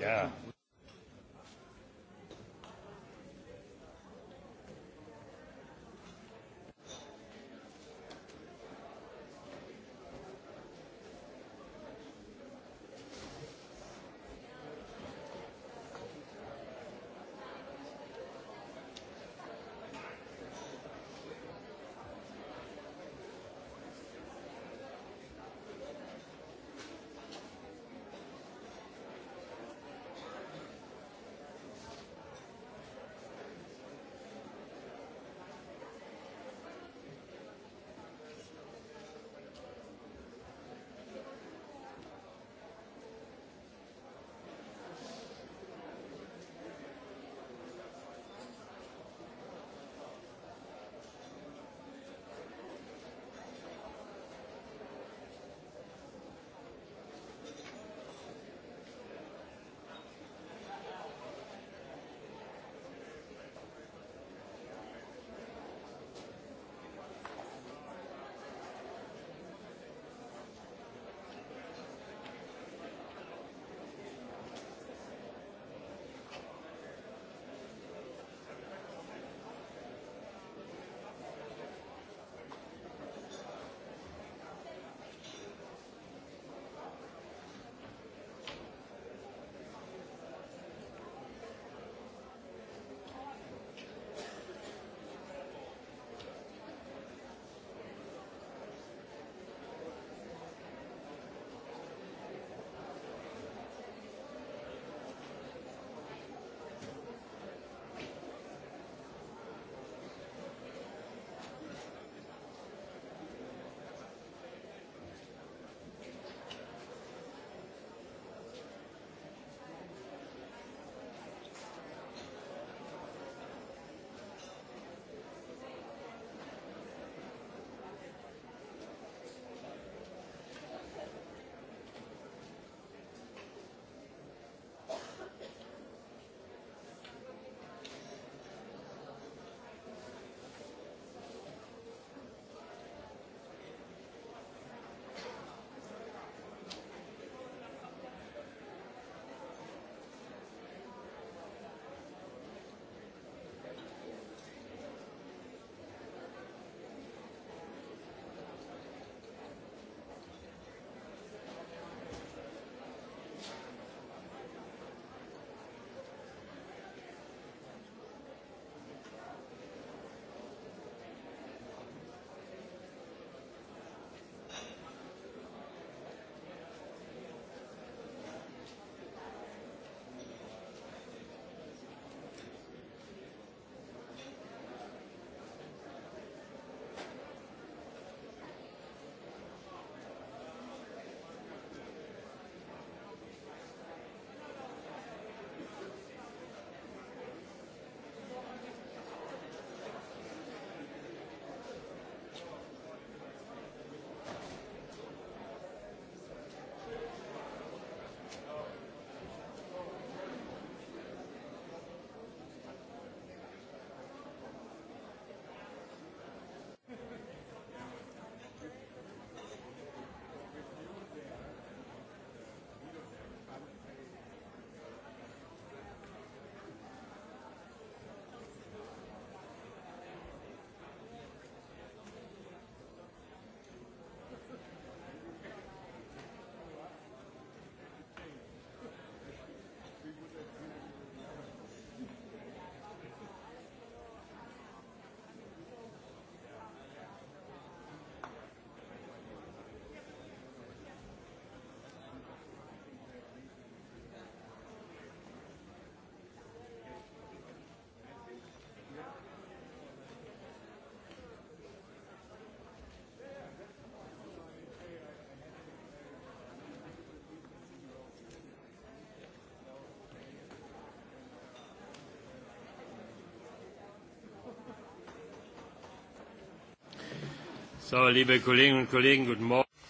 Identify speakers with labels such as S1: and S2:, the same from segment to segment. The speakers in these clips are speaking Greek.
S1: Yeah.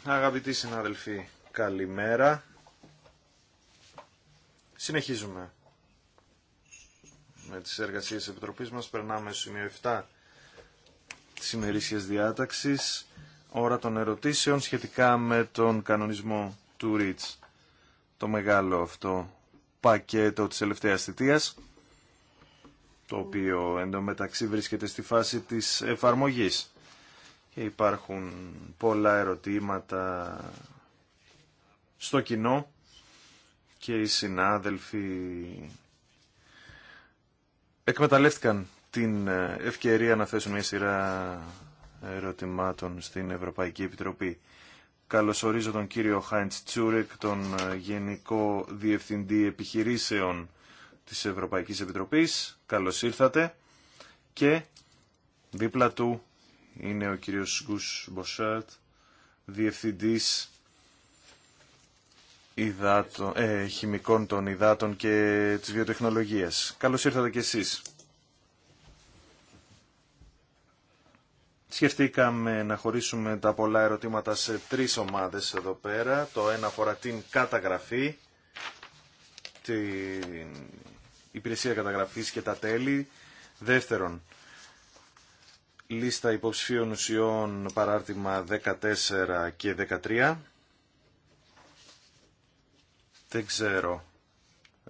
S2: Αγαπητοί
S3: συνάδελφοι, καλημέρα. Συνεχίζουμε με τις εργασίες Επιτροπής μας. Περνάμε στο σημείο 7 της ημερήσιας διάταξης. Ώρα των ερωτήσεων σχετικά με τον κανονισμό του ΡΙΤΣ. Το μεγάλο αυτό πακέτο της τελευταίας θητείας, το οποίο εντωμεταξύ βρίσκεται στη φάση της εφαρμογής. Υπάρχουν πολλά ερωτήματα στο κοινό και οι συνάδελφοι εκμεταλλεύτηκαν την ε, ευκαιρία να θέσουν μια σειρά ερωτημάτων στην Ευρωπαϊκή Επιτροπή. Καλωσορίζω τον κύριο Χάιντς Τσούρεκ, τον ε, Γενικό Διευθυντή Επιχειρήσεων της Ευρωπαϊκής Επιτροπής. Καλώς ήρθατε. Και δίπλα του είναι ο κύριος Γκους Μποσάρτ, διευθυντής ε, χημικών των υδάτων και της βιοτεχνολογίας. Καλώς ήρθατε κι εσείς. Σκεφτήκαμε να χωρίσουμε τα πολλά ερωτήματα σε τρεις ομάδες εδώ πέρα. Το ένα αφορά την καταγραφή, την υπηρεσία καταγραφής και τα τέλη. Δεύτερον, λίστα υποψηφίων ουσιών παράρτημα 14 και 13. Δεν ξέρω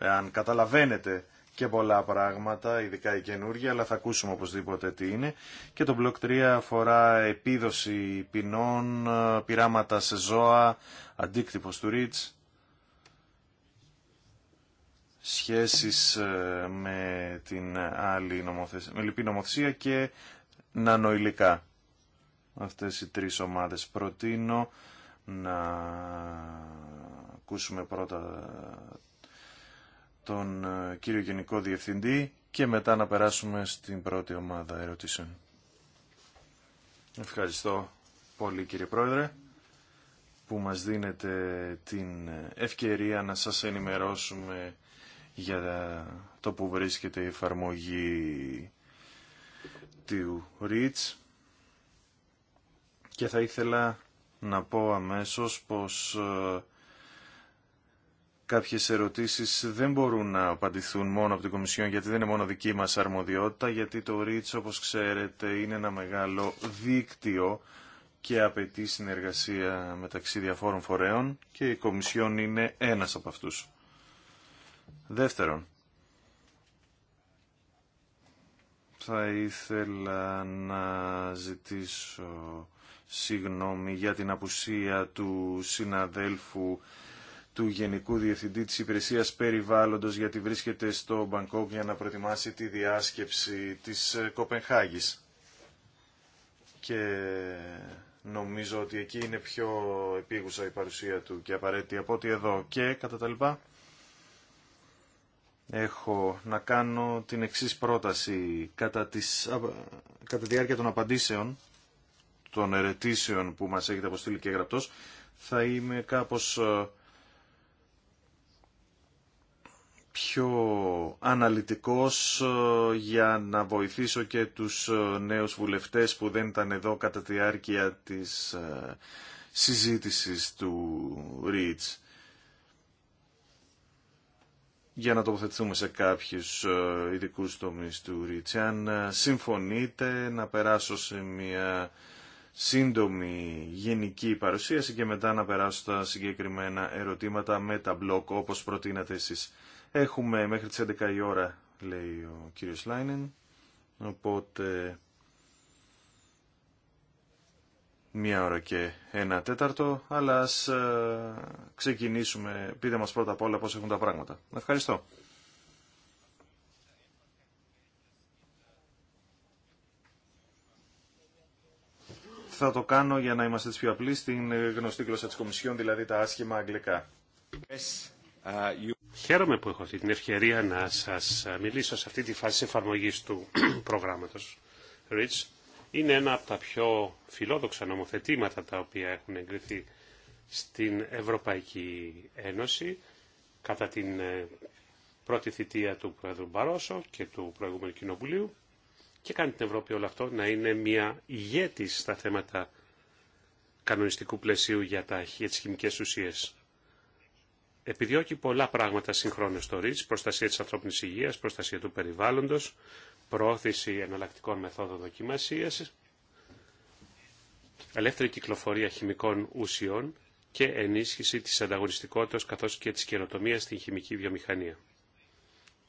S3: αν καταλαβαίνετε και πολλά πράγματα, ειδικά οι καινούργια, αλλά θα ακούσουμε οπωσδήποτε τι είναι. Και το μπλοκ 3 αφορά επίδοση ποινών, πειράματα σε ζώα, αντίκτυπος του ρίτς, σχέσεις ε, με την άλλη νομοθεσία, με λυπή νομοθεσία και νανοηλικά. Αυτές οι τρεις ομάδες προτείνω να ακούσουμε πρώτα τον ε, κύριο Γενικό Διευθυντή και μετά να περάσουμε στην πρώτη ομάδα ερωτήσεων. Ευχαριστώ πολύ κύριε Πρόεδρε που μας δίνετε την ευκαιρία να σας ενημερώσουμε για το που βρίσκεται η εφαρμογή του ΡΙΤΣ και θα ήθελα να πω αμέσως πως ε, κάποιες ερωτήσεις δεν μπορούν να απαντηθούν μόνο από την Κομισιόν γιατί δεν είναι μόνο δική μας αρμοδιότητα γιατί το ΡΙΤΣ όπως ξέρετε είναι ένα μεγάλο δίκτυο και απαιτεί συνεργασία μεταξύ διαφόρων φορέων και η Κομισιόν είναι ένας από αυτούς. Δεύτερον, θα ήθελα να ζητήσω συγγνώμη για την απουσία του συναδέλφου του Γενικού Διευθυντή της Υπηρεσίας Περιβάλλοντος γιατί βρίσκεται στο Μπανκόκ για να προετοιμάσει τη διάσκεψη της Κοπενχάγης. Και νομίζω ότι εκεί είναι πιο επίγουσα η παρουσία του και απαραίτητη από ότι εδώ και κατά τα λοιπά έχω να κάνω την εξής πρόταση κατά, τις, κατά τη διάρκεια των απαντήσεων των ερετήσεων που μας έχετε αποστείλει και γραπτός θα είμαι κάπως πιο αναλυτικός για να βοηθήσω και τους νέους βουλευτές που δεν ήταν εδώ κατά τη διάρκεια της συζήτησης του ΡΙΤΣ για να τοποθετηθούμε σε κάποιους ε, ειδικούς τομείς του Ρίτσι. Αν ε, συμφωνείτε να περάσω σε μια σύντομη γενική παρουσίαση και μετά να περάσω στα συγκεκριμένα ερωτήματα με τα μπλοκ όπως προτείνατε εσείς. Έχουμε μέχρι τις 11 η ώρα λέει ο κύριος Λάινεν οπότε μία ώρα και ένα τέταρτο, αλλά ας ε, ξεκινήσουμε. Πείτε μας πρώτα απ' όλα πώς έχουν τα πράγματα. Ευχαριστώ. Θα το κάνω για να είμαστε τις πιο απλοί στην γνωστή γλώσσα της
S2: Κομισιόν, δηλαδή τα άσχημα αγγλικά. Uh, Χαίρομαι που έχω αυτή την ευκαιρία να σας μιλήσω σε αυτή τη φάση εφαρμογής του προγράμματος. Rich είναι ένα από τα πιο φιλόδοξα νομοθετήματα τα οποία έχουν εγκριθεί στην Ευρωπαϊκή Ένωση κατά την ε, πρώτη θητεία του Πρόεδρου Μπαρόσο και του προηγούμενου Κοινοβουλίου και κάνει την Ευρώπη όλο αυτό να είναι μια ηγέτη στα θέματα κανονιστικού πλαισίου για, τα, για τις χημικές ουσίες. Επιδιώκει πολλά πράγματα συγχρόνως στο ΡΙΤΣ, προστασία της ανθρώπινης υγείας, προστασία του περιβάλλοντος, πρόθεση εναλλακτικών μεθόδων δοκιμασίας, ελεύθερη κυκλοφορία χημικών ουσιών και ενίσχυση της ανταγωνιστικότητας καθώς και της καινοτομίας στην χημική βιομηχανία.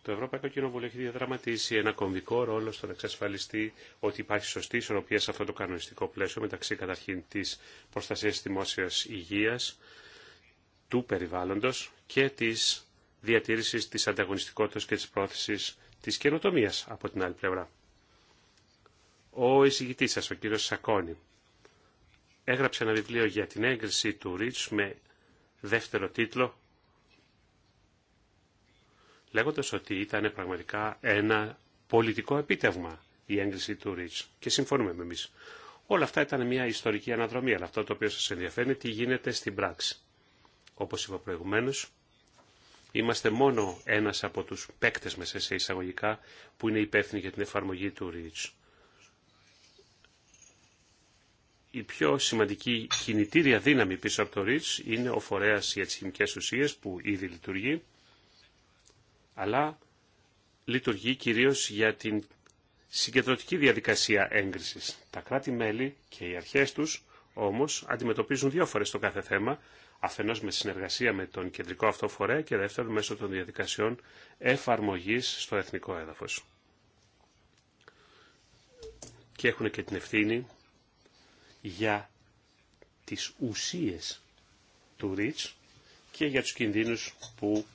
S2: Το Ευρωπαϊκό Κοινοβούλιο έχει διαδραματίσει ένα κομβικό ρόλο στο να εξασφαλιστεί ότι υπάρχει σωστή ισορροπία σε αυτό το κανονιστικό πλαίσιο μεταξύ καταρχήν της προστασίας δημόσιας υγείας, του περιβάλλοντος και της διατήρησης της ανταγωνιστικότητας και της πρόθεση της καινοτομίας από την άλλη πλευρά. Ο εισηγητής σας, ο κύριος Σακώνη, έγραψε ένα βιβλίο για την έγκριση του Ρίτς με δεύτερο τίτλο λέγοντας ότι ήταν πραγματικά ένα πολιτικό επίτευγμα η έγκριση του Ρίτς και συμφωνούμε με εμείς. Όλα αυτά ήταν μια ιστορική αναδρομή, αλλά αυτό το οποίο σας ενδιαφέρει είναι τι γίνεται στην πράξη. Όπως είπα προηγουμένως, Είμαστε μόνο ένας από τους παίκτες μέσα σε εισαγωγικά που είναι υπεύθυνοι για την εφαρμογή του REACH. Η πιο σημαντική κινητήρια δύναμη πίσω από το REACH είναι ο φορέας για τις χημικές ουσίες που ήδη λειτουργεί, αλλά λειτουργεί κυρίως για την συγκεντρωτική διαδικασία έγκρισης. Τα κράτη-μέλη και οι αρχές τους όμως αντιμετωπίζουν δύο φορές το κάθε θέμα Αφενό με συνεργασία με τον κεντρικό αυτό φορέα και δεύτερον μέσω των διαδικασιών εφαρμογή στο εθνικό Έδαφο. Και έχουν και την ευθύνη για τις ουσίες του ΡΙΤΣ και για τους κινδύνους που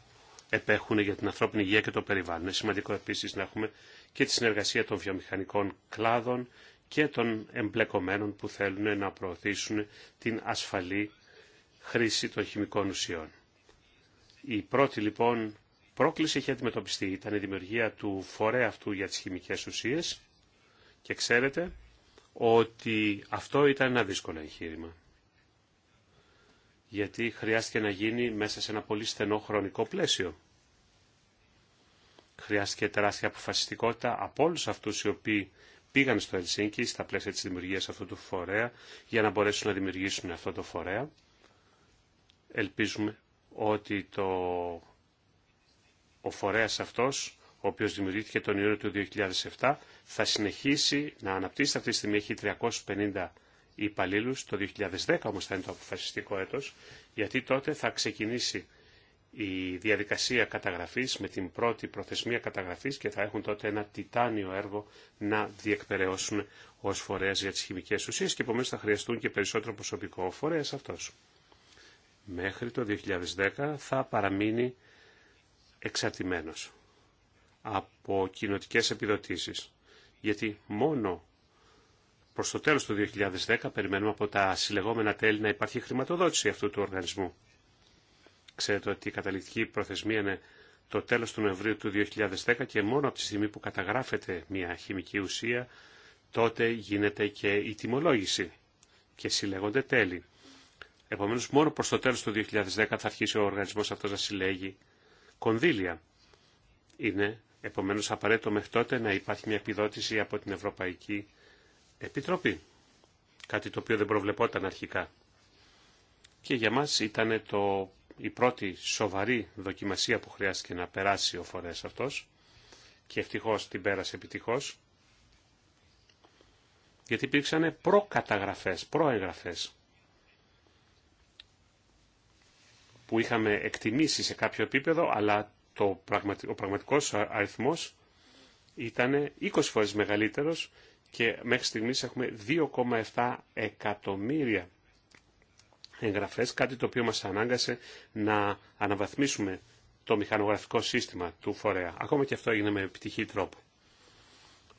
S2: επέχουν για την ανθρώπινη υγεία και το περιβάλλον. Είναι σημαντικό επίσης να έχουμε και τη συνεργασία των βιομηχανικών κλάδων και των εμπλεκομένων που θέλουν να προωθήσουν την ασφαλή χρήση των χημικών ουσιών. Η πρώτη λοιπόν πρόκληση έχει αντιμετωπιστεί. Ήταν η δημιουργία του φορέα αυτού για τις χημικές ουσίες και ξέρετε ότι αυτό ήταν ένα δύσκολο εγχείρημα. Γιατί χρειάστηκε να γίνει μέσα σε ένα πολύ στενό χρονικό πλαίσιο. Χρειάστηκε τεράστια αποφασιστικότητα από όλου αυτούς οι οποίοι πήγαν στο Ελσίνκι στα πλαίσια της δημιουργίας αυτού του φορέα για να μπορέσουν να δημιουργήσουν αυτό το φορέα Ελπίζουμε ότι το... ο φορέας αυτός, ο οποίος δημιουργήθηκε τον Ιούνιο του 2007, θα συνεχίσει να αναπτύσσεται αυτή τη στιγμή. Έχει 350 υπαλλήλου. Το 2010 όμως θα είναι το αποφασιστικό έτος, γιατί τότε θα ξεκινήσει η διαδικασία καταγραφής με την πρώτη προθεσμία καταγραφής και θα έχουν τότε ένα τιτάνιο έργο να διεκπαιρεώσουν ως φορέας για τις χημικές ουσίες και επομένως θα χρειαστούν και περισσότερο προσωπικό φορέας αυτός μέχρι το 2010 θα παραμείνει εξαρτημένος από κοινοτικές επιδοτήσεις. Γιατί μόνο προς το τέλος του 2010 περιμένουμε από τα συλλεγόμενα τέλη να υπάρχει χρηματοδότηση αυτού του οργανισμού. Ξέρετε ότι η καταληκτική προθεσμία είναι το τέλος του Νοεμβρίου του 2010 και μόνο από τη στιγμή που καταγράφεται μια χημική ουσία τότε γίνεται και η τιμολόγηση και συλλέγονται τέλη. Επομένως μόνο προς το τέλος του 2010 θα αρχίσει ο οργανισμός αυτός να συλλέγει κονδύλια. Είναι επομένως απαραίτητο μέχρι τότε να υπάρχει μια επιδότηση από την Ευρωπαϊκή Επιτροπή. Κάτι το οποίο δεν προβλεπόταν αρχικά. Και για μας ήταν το, η πρώτη σοβαρή δοκιμασία που χρειάστηκε να περάσει ο φορέας αυτός και ευτυχώς την πέρασε επιτυχώς γιατί υπήρξαν προκαταγραφές, προεγγραφές. που είχαμε εκτιμήσει σε κάποιο επίπεδο, αλλά το ο πραγματικός αριθμός ήταν 20 φορές μεγαλύτερος και μέχρι στιγμής έχουμε 2,7 εκατομμύρια εγγραφές, κάτι το οποίο μας ανάγκασε να αναβαθμίσουμε το μηχανογραφικό σύστημα του φορέα. Ακόμα και αυτό έγινε με επιτυχή τρόπο.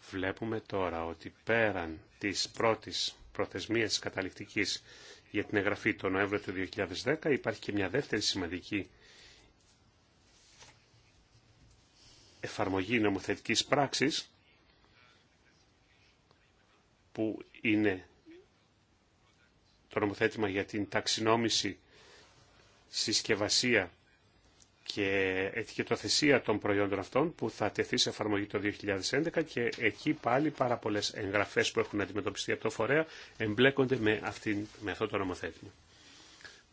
S2: Βλέπουμε τώρα ότι πέραν της πρώτης προθεσμίας καταληκτικής για την εγγραφή το Νοέμβριο του 2010. Υπάρχει και μια δεύτερη σημαντική εφαρμογή νομοθετικής πράξης που είναι το νομοθέτημα για την ταξινόμηση συσκευασία και ετικετοθεσία των προϊόντων αυτών που θα τεθεί σε εφαρμογή το 2011 και εκεί πάλι πάρα πολλέ εγγραφέ που έχουν αντιμετωπιστεί από το φορέα εμπλέκονται με, αυτή, με αυτό το νομοθέτημα.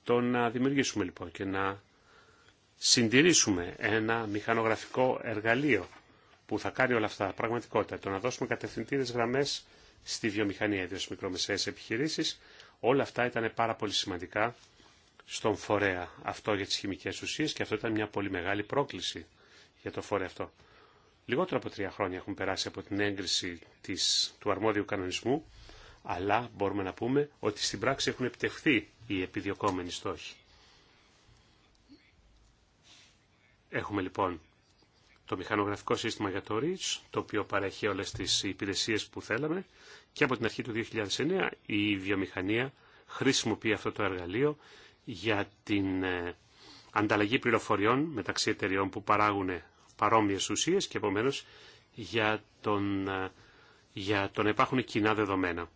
S2: Το να δημιουργήσουμε λοιπόν και να συντηρήσουμε ένα μηχανογραφικό εργαλείο που θα κάνει όλα αυτά πραγματικότητα, το να δώσουμε κατευθυντήρε γραμμέ στη βιομηχανία, ιδίω στι μικρομεσαίε επιχειρήσει, όλα αυτά ήταν πάρα πολύ σημαντικά στον φορέα αυτό για τις χημικές ουσίες και αυτό ήταν μια πολύ μεγάλη πρόκληση για το φορέα αυτό. Λιγότερο από τρία χρόνια έχουν περάσει από την έγκριση της, του αρμόδιου κανονισμού, αλλά μπορούμε να πούμε ότι στην πράξη έχουν επιτευχθεί οι επιδιωκόμενοι στόχοι. Έχουμε λοιπόν το μηχανογραφικό σύστημα για το REACH, το οποίο παρέχει όλες τις υπηρεσίες που θέλαμε και από την αρχή του 2009 η βιομηχανία χρησιμοποιεί αυτό το εργαλείο για την ε, ανταλλαγή πληροφοριών μεταξύ εταιριών που παράγουν παρόμοιες ουσίες και επομένως για τον, ε, για τον υπάρχουν κοινά δεδομένα.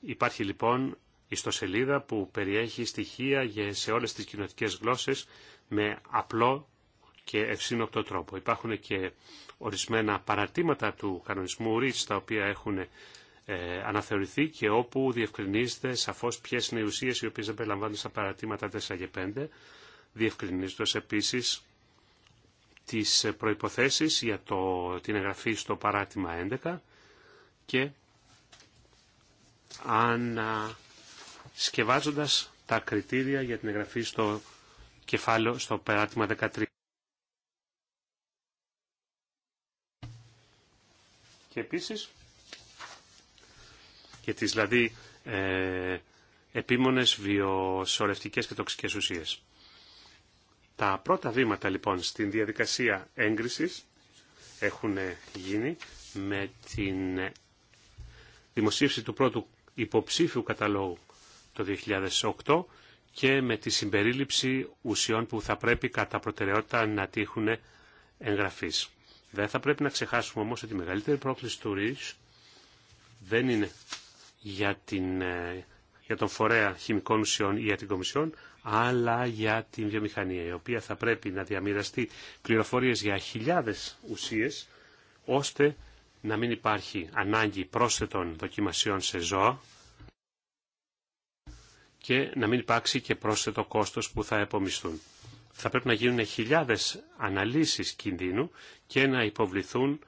S2: Υπάρχει λοιπόν ιστοσελίδα που περιέχει στοιχεία σε όλες τις κοινωτικές γλώσσες με απλό και ευσύνοπτο τρόπο. Υπάρχουν και ορισμένα παρατήματα του κανονισμού REACH τα οποία έχουν ε, αναθεωρηθεί και όπου διευκρινίζεται σαφώς ποιες είναι οι ουσίες οι οποίες δεν περιλαμβάνονται στα παρατήματα 4 και 5, διευκρινίζοντας επίσης τις προϋποθέσεις για το, την εγγραφή στο παράτημα 11 και ανασκευάζοντας τα κριτήρια για την εγγραφή στο κεφάλαιο στο παράτημα 13. Και επίσης για τις δηλαδή ε, επίμονες βιοσορευτικές και τοξικές ουσίες. Τα πρώτα βήματα λοιπόν στην διαδικασία έγκρισης έχουν γίνει με την δημοσίευση του πρώτου υποψήφιου καταλόγου το 2008 και με τη συμπερίληψη ουσιών που θα πρέπει κατά προτεραιότητα να τύχουν εγγραφής. Δεν θα πρέπει να ξεχάσουμε όμως ότι η μεγαλύτερη πρόκληση του ΡΙΣ δεν είναι για, την, ε, τον φορέα χημικών ουσιών ή για την Κομισιόν, αλλά για την βιομηχανία, η οποία θα πρέπει να διαμοιραστεί πληροφορίες για χιλιάδες ουσίες, ώστε να μην υπάρχει ανάγκη πρόσθετων δοκιμασιών σε ζώα και να μην υπάρξει και πρόσθετο κόστος που θα επομισθούν. Θα πρέπει να γίνουν χιλιάδες αναλύσεις κινδύνου και να υποβληθούν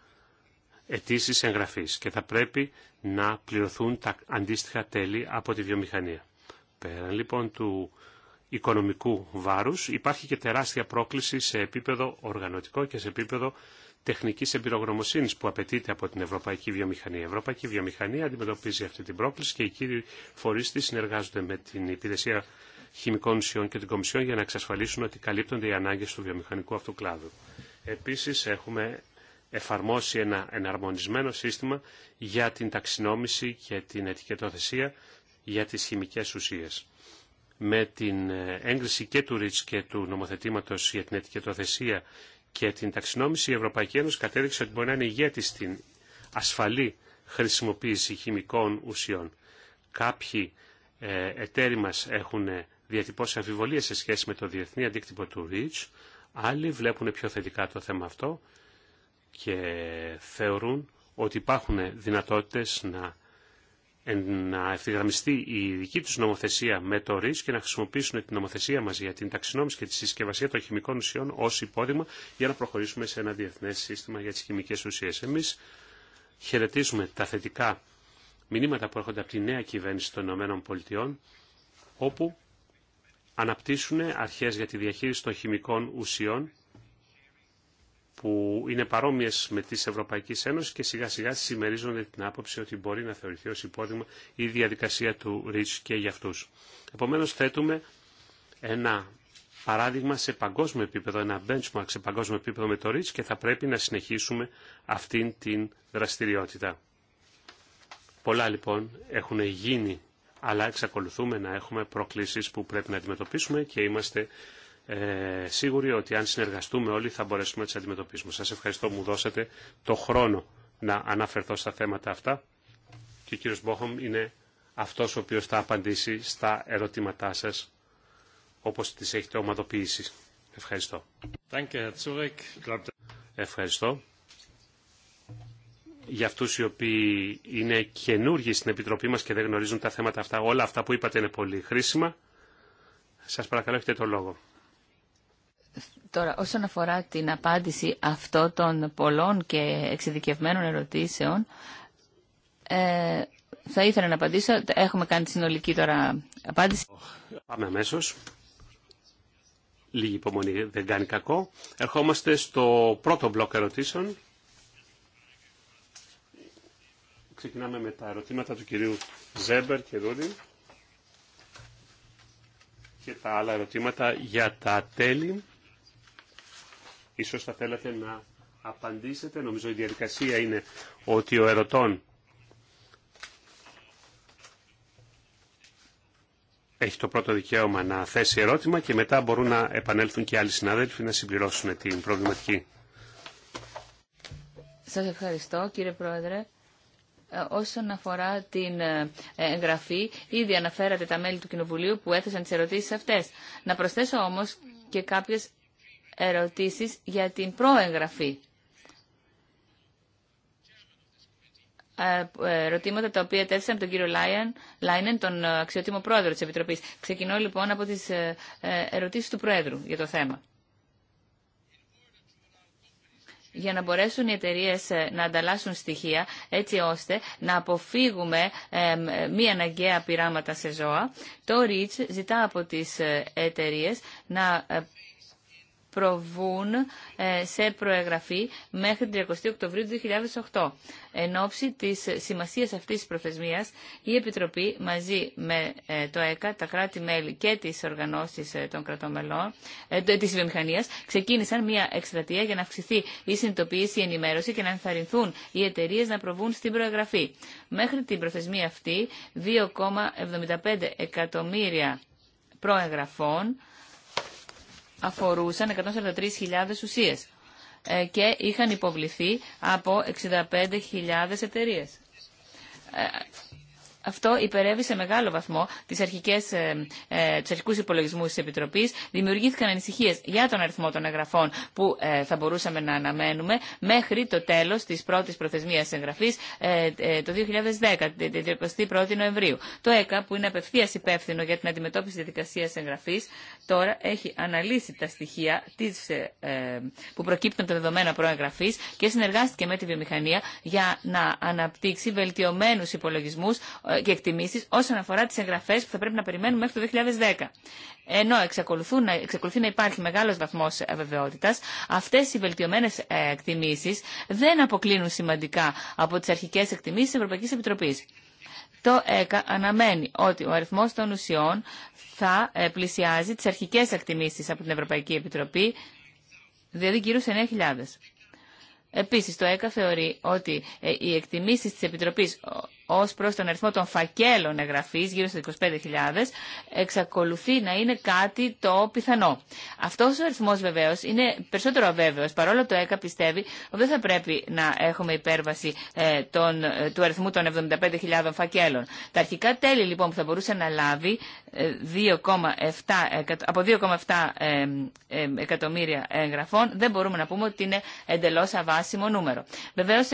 S2: αιτήσει εγγραφή και θα πρέπει να πληρωθούν τα αντίστοιχα τέλη από τη βιομηχανία. Πέραν λοιπόν του οικονομικού βάρους υπάρχει και τεράστια πρόκληση σε επίπεδο οργανωτικό και σε επίπεδο τεχνικής εμπειρογνωμοσύνης που απαιτείται από την Ευρωπαϊκή Βιομηχανία. Η Ευρωπαϊκή Βιομηχανία αντιμετωπίζει αυτή την πρόκληση και οι κύριοι φορείς της συνεργάζονται με την Υπηρεσία Χημικών Ουσιών και την Κομισιόν για να εξασφαλίσουν ότι καλύπτονται οι ανάγκες του βιομηχανικού αυτού κλάδου. Επίσης έχουμε εφαρμόσει ένα εναρμονισμένο σύστημα για την ταξινόμηση και την ετικετοθεσία για τις χημικές ουσίες. Με την ε, έγκριση και του ΡΙΤΣ και του νομοθετήματος για την ετικετοθεσία και την ταξινόμηση, η Ευρωπαϊκή Ένωση κατέδειξε ότι μπορεί να είναι ηγέτη στην ασφαλή χρησιμοποίηση χημικών ουσιών. Κάποιοι ε, εταίροι μας έχουν διατυπώσει αμφιβολίες σε σχέση με το διεθνή αντίκτυπο του REACH, άλλοι βλέπουν πιο θετικά το θέμα αυτό και θεωρούν ότι υπάρχουν δυνατότητες να, να ευθυγραμμιστεί η δική τους νομοθεσία με το ΡΙΣ και να χρησιμοποιήσουν την νομοθεσία μας για την ταξινόμηση και τη συσκευασία των χημικών ουσιών ως υπόδειγμα για να προχωρήσουμε σε ένα διεθνές σύστημα για τις χημικές ουσίες. Εμείς χαιρετίζουμε τα θετικά μηνύματα που έρχονται από τη νέα κυβέρνηση των ΗΠΑ όπου αναπτύσσουν αρχές για τη διαχείριση των χημικών ουσιών που είναι παρόμοιε με τις Ευρωπαϊκή Ένωση και σιγά σιγά συμμερίζονται την άποψη ότι μπορεί να θεωρηθεί ω υπόδειγμα η διαδικασία του ΡΙΤΣ και για αυτού. Επομένω, θέτουμε ένα παράδειγμα σε παγκόσμιο επίπεδο, ένα benchmark σε παγκόσμιο επίπεδο με το ΡΙΤΣ και θα πρέπει να συνεχίσουμε αυτήν την δραστηριότητα. Πολλά λοιπόν έχουν γίνει, αλλά εξακολουθούμε να έχουμε προκλήσεις που πρέπει να αντιμετωπίσουμε και είμαστε ε, σίγουροι ότι αν συνεργαστούμε όλοι θα μπορέσουμε να τι αντιμετωπίσουμε. Σας ευχαριστώ που μου δώσατε το χρόνο να αναφερθώ στα θέματα αυτά και ο κύριος Μπόχομ είναι αυτός ο οποίος θα απαντήσει στα ερωτήματά σας όπως τις έχετε ομαδοποιήσει. Ευχαριστώ. Ευχαριστώ. Για αυτούς οι οποίοι είναι καινούργοι στην Επιτροπή μας και δεν γνωρίζουν τα θέματα αυτά, όλα αυτά που είπατε είναι πολύ χρήσιμα. Σας παρακαλώ έχετε το λόγο.
S1: Τώρα, όσον αφορά την απάντηση αυτών των πολλών και εξειδικευμένων ερωτήσεων, ε, θα ήθελα να απαντήσω. Έχουμε κάνει τη συνολική τώρα απάντηση.
S2: Πάμε αμέσω. Λίγη υπομονή δεν κάνει κακό. Ερχόμαστε στο πρώτο μπλοκ ερωτήσεων. Ξεκινάμε με τα ερωτήματα του κυρίου Ζέμπερ και Ρούλη και τα άλλα ερωτήματα για τα τέλη. Ίσως θα θέλατε να απαντήσετε. Νομίζω η διαδικασία είναι ότι ο ερωτών έχει το πρώτο δικαίωμα να θέσει ερώτημα και μετά μπορούν να επανέλθουν και άλλοι συνάδελφοι να συμπληρώσουν την προβληματική.
S1: Σας ευχαριστώ κύριε Πρόεδρε. Ε, όσον αφορά την ε, εγγραφή, ήδη αναφέρατε τα μέλη του Κοινοβουλίου που έθεσαν τις ερωτήσεις αυτές. Να προσθέσω όμως και κάποιες ερωτήσεις για την προεγγραφή. Ε, ε, ερωτήματα τα οποία τέθησαν από τον κύριο Λάιεν, Λάινεν, τον αξιότιμο πρόεδρο της Επιτροπής. Ξεκινώ λοιπόν από τις ε, ερωτήσεις του πρόεδρου για το θέμα. για να μπορέσουν οι εταιρείε να ανταλλάσσουν στοιχεία, έτσι ώστε να αποφύγουμε μη αναγκαία πειράματα σε ζώα, το REACH ζητά από τις εταιρείε να προβούν ε, σε προεγραφή μέχρι την 30 Οκτωβρίου 2008. Εν ώψη της σημασίας αυτής της προθεσμίας, η Επιτροπή μαζί με ε, το ΕΚΑ, τα κράτη-μέλη και τις οργανώσεις ε, των κρατών μελών, της βιομηχανίας, ξεκίνησαν μια εκστρατεία για να αυξηθεί η συνειδητοποίηση, η ενημέρωση και να ενθαρρυνθούν οι εταιρείε να προβούν στην προεγραφή. Μέχρι την προθεσμία αυτή, 2,75 εκατομμύρια προεγραφών αφορούσαν 143.000 ουσίες ε, και είχαν υποβληθεί από 65.000 εταιρείες. Ε, αυτό υπερεύει σε μεγάλο βαθμό τις αρχικές, ε, ε, τους αρχικούς υπολογισμούς της Επιτροπής. Δημιουργήθηκαν ανησυχίες για τον αριθμό των εγγραφών που ε, θα μπορούσαμε να αναμένουμε μέχρι το τέλος της πρώτης προθεσμίας εγγραφής ε, ε, το 2010, την 31η Νοεμβρίου. Το ΕΚΑ, που είναι απευθεία υπεύθυνο για την αντιμετώπιση της διαδικασίας εγγραφής, τώρα έχει αναλύσει τα στοιχεία της, που προκύπτουν από τα δεδομένα προεγγραφής και συνεργάστηκε με τη βιομηχανία για να αναπτύξει βελτιωμένους υπολογισμούς και εκτιμήσεις όσον αφορά τι εγγραφέ που θα πρέπει να περιμένουμε μέχρι το 2010. Ενώ να, εξακολουθεί να υπάρχει μεγάλο βαθμό αβεβαιότητα, αυτέ οι βελτιωμένε εκτιμήσει δεν αποκλίνουν σημαντικά από τι αρχικέ εκτιμήσει τη Ευρωπαϊκή Επιτροπής. Το ΕΚΑ αναμένει ότι ο αριθμό των ουσιών θα ε, πλησιάζει τι αρχικέ εκτιμήσει από την Ευρωπαϊκή Επιτροπή, δηλαδή γύρω σε 9.000. Επίσης, το ΕΚΑ θεωρεί ότι ε, οι εκτιμήσεις της Επιτροπής ως προς τον αριθμό των φακέλων εγγραφής, γύρω στις 25.000, εξακολουθεί να είναι κάτι το πιθανό. Αυτός ο αριθμός βεβαίως είναι περισσότερο αβέβαιος, παρόλο το ΕΚΑ πιστεύει ότι δεν θα πρέπει να έχουμε υπέρβαση ε, ε του αριθμού των 75.000 φακέλων. Τα αρχικά τέλη λοιπόν που θα μπορούσε να λάβει 2,7, ε, από 2,7 ε, εκατομμύρια εγγραφών δεν μπορούμε να πούμε ότι είναι εντελώς αβάσιμο νούμερο. Βεβαίως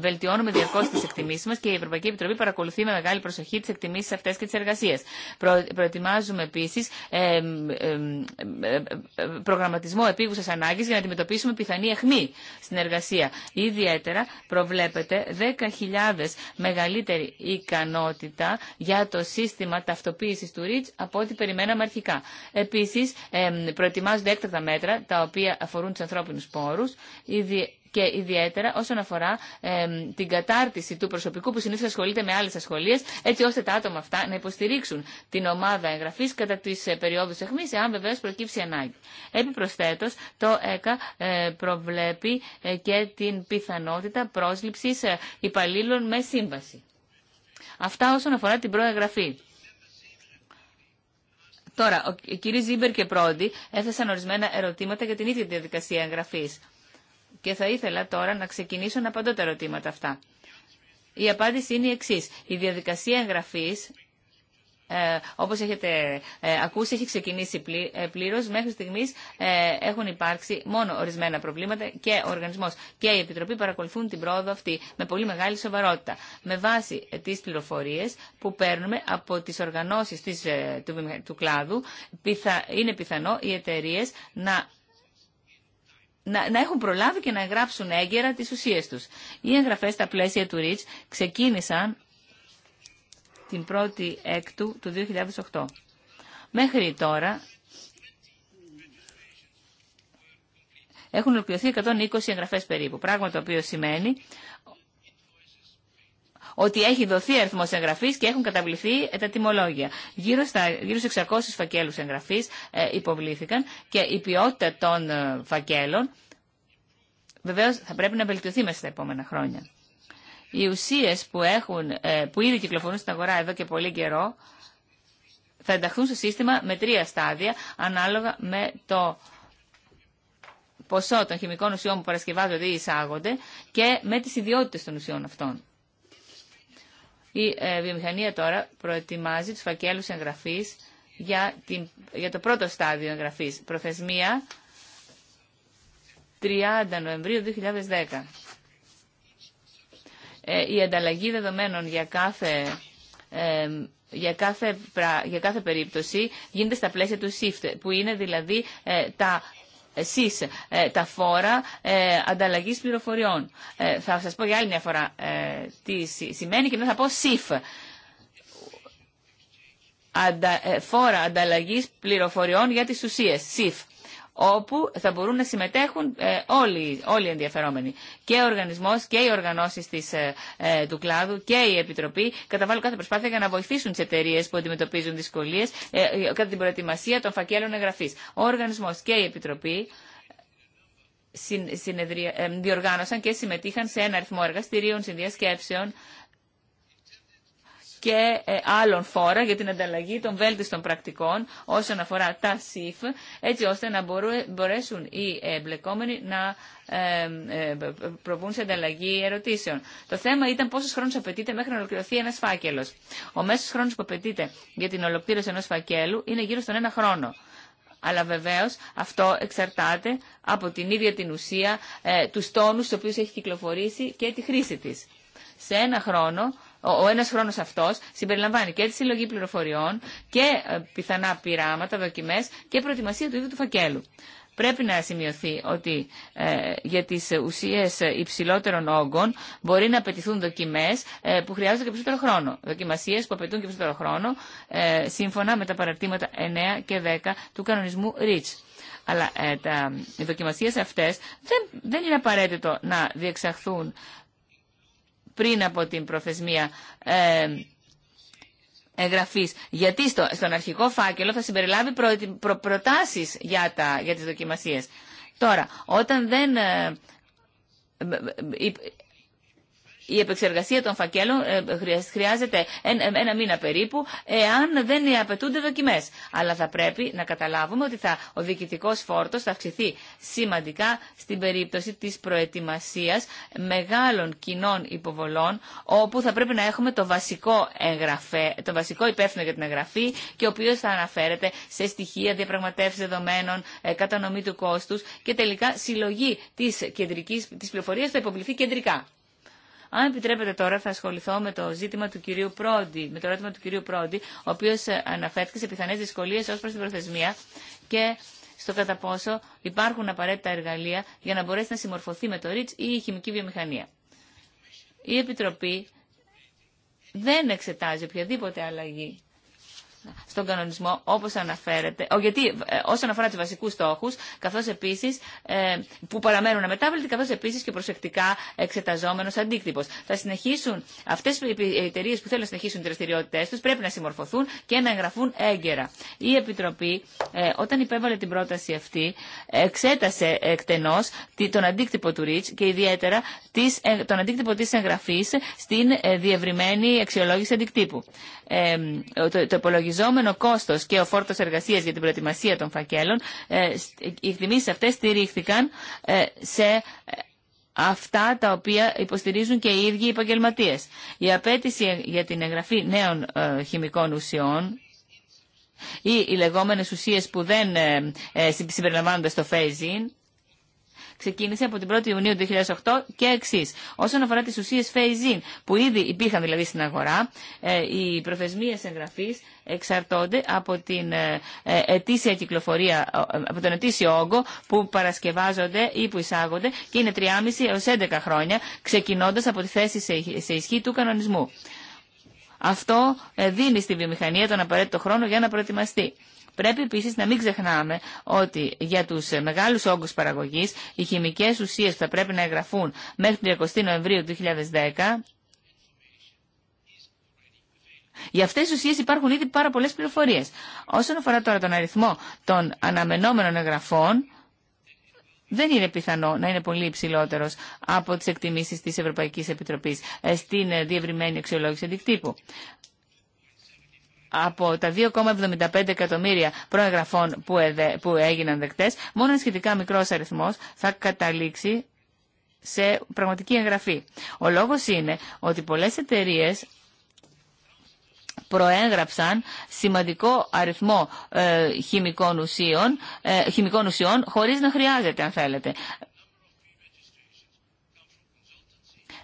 S1: βελτιώνουμε διαρκώς τις και Ευρωπαϊκή Επιτροπή παρακολουθεί με μεγάλη προσοχή τι εκτιμήσει αυτέ και τι εργασίε. Προ, προετοιμάζουμε επίση ε, προγραμματισμό επίγουσα ανάγκη για να αντιμετωπίσουμε πιθανή αιχμή στην εργασία. Ιδιαίτερα προβλέπεται 10.000 μεγαλύτερη ικανότητα για το σύστημα ταυτοποίηση του REACH από ό,τι περιμέναμε αρχικά. Επίση, προετοιμάζονται έκτακτα μέτρα τα οποία αφορούν του ανθρώπινου πόρου και ιδιαίτερα όσον αφορά την κατάρτιση του προσωπικού που συνήθω ασχολείται με άλλε ασχολίε, έτσι ώστε τα άτομα αυτά να υποστηρίξουν την ομάδα εγγραφή κατά τι ε, περιόδου αιχμή, εάν βεβαίω προκύψει ανάγκη. Επιπροσθέτω, το ΕΚΑ ε, προβλέπει ε, και την πιθανότητα πρόσληψη υπαλλήλων με σύμβαση. Αυτά όσον αφορά την προεγγραφή. Τώρα, ο κ. Ζήμπερ και Πρόντι έθεσαν ορισμένα ερωτήματα για την ίδια διαδικασία εγγραφής και θα ήθελα τώρα να ξεκινήσω να απαντώ τα ερωτήματα αυτά. Η απάντηση είναι η εξή. Η διαδικασία εγγραφή, ε, όπω έχετε ε, ακούσει, έχει ξεκινήσει πλή, ε, πλήρω. Μέχρι στιγμή ε, έχουν υπάρξει μόνο ορισμένα προβλήματα και ο οργανισμό και η Επιτροπή παρακολουθούν την πρόοδο αυτή με πολύ μεγάλη σοβαρότητα. Με βάση τι πληροφορίε που παίρνουμε από τι οργανώσει του, κλάδου, είναι πιθανό οι εταιρείε να να, έχουν προλάβει και να γράψουν έγκαιρα τις ουσίες τους. Οι εγγραφές στα πλαίσια του ΡΙΤΣ ξεκίνησαν την 1η έκτου του 2008. Μέχρι τώρα έχουν ολοκληρωθεί 120 εγγραφές περίπου, πράγμα το οποίο σημαίνει ότι έχει δοθεί αριθμό εγγραφή και έχουν καταβληθεί ε, τα τιμολόγια. Γύρω, στα, γύρω στου 600 φακέλου εγγραφή ε, υποβλήθηκαν και η ποιότητα των ε, φακέλων βεβαίω θα πρέπει να βελτιωθεί μέσα στα επόμενα χρόνια. Οι ουσίε που, που ήδη κυκλοφορούν στην αγορά εδώ και πολύ καιρό θα ενταχθούν στο σύστημα με τρία στάδια ανάλογα με το ποσό των χημικών ουσιών που παρασκευάζονται ή εισάγονται και με τις ιδιότητες των ουσιών αυτών. Η ε, βιομηχανία τώρα προετοιμάζει τους φακέλους εγγραφής για, την, το πρώτο στάδιο εγγραφής. Προθεσμία 30 Νοεμβρίου 2010. Ε, η ανταλλαγή δεδομένων για κάθε ε, για κάθε, περίπτωση γίνεται στα πλαίσια του SIFT, που είναι δηλαδή τα εσείς ε, τα φόρα ε, ανταλλαγής πληροφοριών. Ε, θα σας πω για άλλη μια φορά τι σημαίνει και μετά θα πω ΣΥΦ. φόρα ανταλλαγής πληροφοριών για τις ουσίες, ΣΥΦ όπου θα μπορούν να συμμετέχουν ε, όλοι, όλοι οι ενδιαφερόμενοι. Και ο οργανισμό και οι οργανώσει ε, ε, του κλάδου και η Επιτροπή καταβάλουν κάθε προσπάθεια για να βοηθήσουν τι εταιρείε που αντιμετωπίζουν δυσκολίε ε, κατά την προετοιμασία των φακέλων εγγραφή. Ο οργανισμό και η Επιτροπή διοργάνωσαν και συμμετείχαν σε ένα αριθμό εργαστηρίων, συνδιασκέψεων και ε, άλλων φόρα για την ανταλλαγή των βέλτιστων πρακτικών όσον αφορά τα ΣΥΦ, έτσι ώστε να μπορέσουν οι εμπλεκόμενοι να ε, ε, προβούν σε ανταλλαγή ερωτήσεων. Το θέμα ήταν πόσο χρόνο απαιτείται μέχρι να ολοκληρωθεί ένα φάκελο. Ο μέσο χρόνο που απαιτείται για την ολοκλήρωση ενό φακέλου είναι γύρω στον ένα χρόνο. Αλλά βεβαίως αυτό εξαρτάται από την ίδια την ουσία, ε, τους τόνους στους οποίους έχει κυκλοφορήσει και τη χρήση της. Σε ένα χρόνο ο ένα χρόνο αυτό συμπεριλαμβάνει και τη συλλογή πληροφοριών και ε, πιθανά πειράματα, δοκιμέ και προετοιμασία του ίδιου του φακέλου. Πρέπει να σημειωθεί ότι ε, για τι ουσίε υψηλότερων όγκων μπορεί να απαιτηθούν δοκιμέ ε, που χρειάζονται και περισσότερο χρόνο. Δοκιμασίε που απαιτούν και περισσότερο χρόνο σύμφωνα με τα παρατήματα 9 και 10 του κανονισμού REACH. Αλλά τα, οι δοκιμασίε αυτέ δεν, δεν είναι απαραίτητο να διεξαχθούν πριν από την προθεσμία ε, εγγραφής. Γιατί στο, στον αρχικό φάκελο θα συμπεριλάβει προτάσεις για, τα, για τις δοκιμασίες. Τώρα, όταν δεν... Ε, η επεξεργασία των φακέλων ε, χρειάζεται ε, ένα μήνα περίπου, εάν δεν απαιτούνται δοκιμέ. Αλλά θα πρέπει να καταλάβουμε ότι θα, ο διοικητικό φόρτο θα αυξηθεί σημαντικά στην περίπτωση τη προετοιμασία μεγάλων κοινών υποβολών, όπου θα πρέπει να έχουμε το βασικό, εγγραφέ, το βασικό υπεύθυνο για την εγγραφή και ο οποίο θα αναφέρεται σε στοιχεία διαπραγματεύσει δεδομένων, ε, κατανομή του κόστου και τελικά συλλογή τη πληροφορία θα υποβληθεί κεντρικά. Αν επιτρέπετε τώρα, θα ασχοληθώ με το ζήτημα του κυρίου Πρόντι, με το ερώτημα του κυρίου Πρόντι, ο οποίο ε, αναφέρθηκε σε πιθανέ δυσκολίε ω προ την προθεσμία και στο κατά πόσο υπάρχουν απαραίτητα εργαλεία για να μπορέσει να συμμορφωθεί με το ΡΙΤΣ ή η χημική βιομηχανία. Η Επιτροπή δεν εξετάζει οποιαδήποτε αλλαγή στον κανονισμό όπως αναφέρεται, ο, γιατί ε, όσον αφορά τους βασικούς στόχους, καθώς επίσης ε, που παραμένουν αμετάβλητοι, καθώς επίσης και προσεκτικά εξεταζόμενος αντίκτυπος. Θα συνεχίσουν αυτές οι εταιρείε που θέλουν να συνεχίσουν τις δραστηριότητε τους, πρέπει να συμμορφωθούν και να εγγραφούν έγκαιρα. Η Επιτροπή ε, όταν υπέβαλε την πρόταση αυτή εξέτασε εκτενώς τον αντίκτυπο του Ριτς και ιδιαίτερα ε, τον αντίκτυπο της εγγραφής στην διευρυμένη αξιολόγηση αντικτύπου. το, το συνεχιζόμενο κόστος και ο φόρτος εργασίας για την προετοιμασία των φακέλων, ε, οι εκτιμήσει αυτέ στηρίχθηκαν ε, σε ε, αυτά τα οποία υποστηρίζουν και οι ίδιοι οι επαγγελματίε. Η απέτηση για την εγγραφή νέων χημικών ουσιών ή οι λεγόμενε ουσίες που δεν συμπεριλαμβάνονται στο phase-in, ξεκίνησε από την 1η Ιουνίου 2008 και εξή. Όσον αφορά τι ουσίε phase in, που ήδη υπήρχαν δηλαδή στην αγορά, ε, οι προθεσμίε εγγραφή εξαρτώνται από, την, ε, ε, ετήσια κυκλοφορία, από τον ετήσιο όγκο που παρασκευάζονται ή που εισάγονται και είναι 3,5 έω 11 χρόνια, ξεκινώντα από τη θέση σε ισχύ του κανονισμού. Αυτό δίνει στη βιομηχανία τον απαραίτητο χρόνο για να προετοιμαστεί. Πρέπει επίση να μην ξεχνάμε ότι για του μεγάλου όγκου παραγωγή, οι χημικέ ουσίε που θα πρέπει να εγγραφούν μέχρι την 20 Νοεμβρίου 2010 για αυτέ τι ουσίε υπάρχουν ήδη πάρα πολλέ πληροφορίε. Όσον αφορά τώρα τον αριθμό των αναμενόμενων εγγραφών, δεν είναι πιθανό να είναι πολύ υψηλότερο από τι εκτιμήσει τη Ευρωπαϊκή Επιτροπή ε, στην ε, διευρυμένη αξιολόγηση αντικτύπου από τα 2,75 εκατομμύρια προεγγραφών που, που έγιναν δεκτές, μόνο ένα σχετικά μικρός αριθμός θα καταλήξει σε πραγματική εγγραφή. Ο λόγος είναι ότι πολλές εταιρείες προέγραψαν σημαντικό αριθμό ε, χημικών, ουσίων, ε, χημικών ουσιών χωρίς να χρειάζεται αν θέλετε.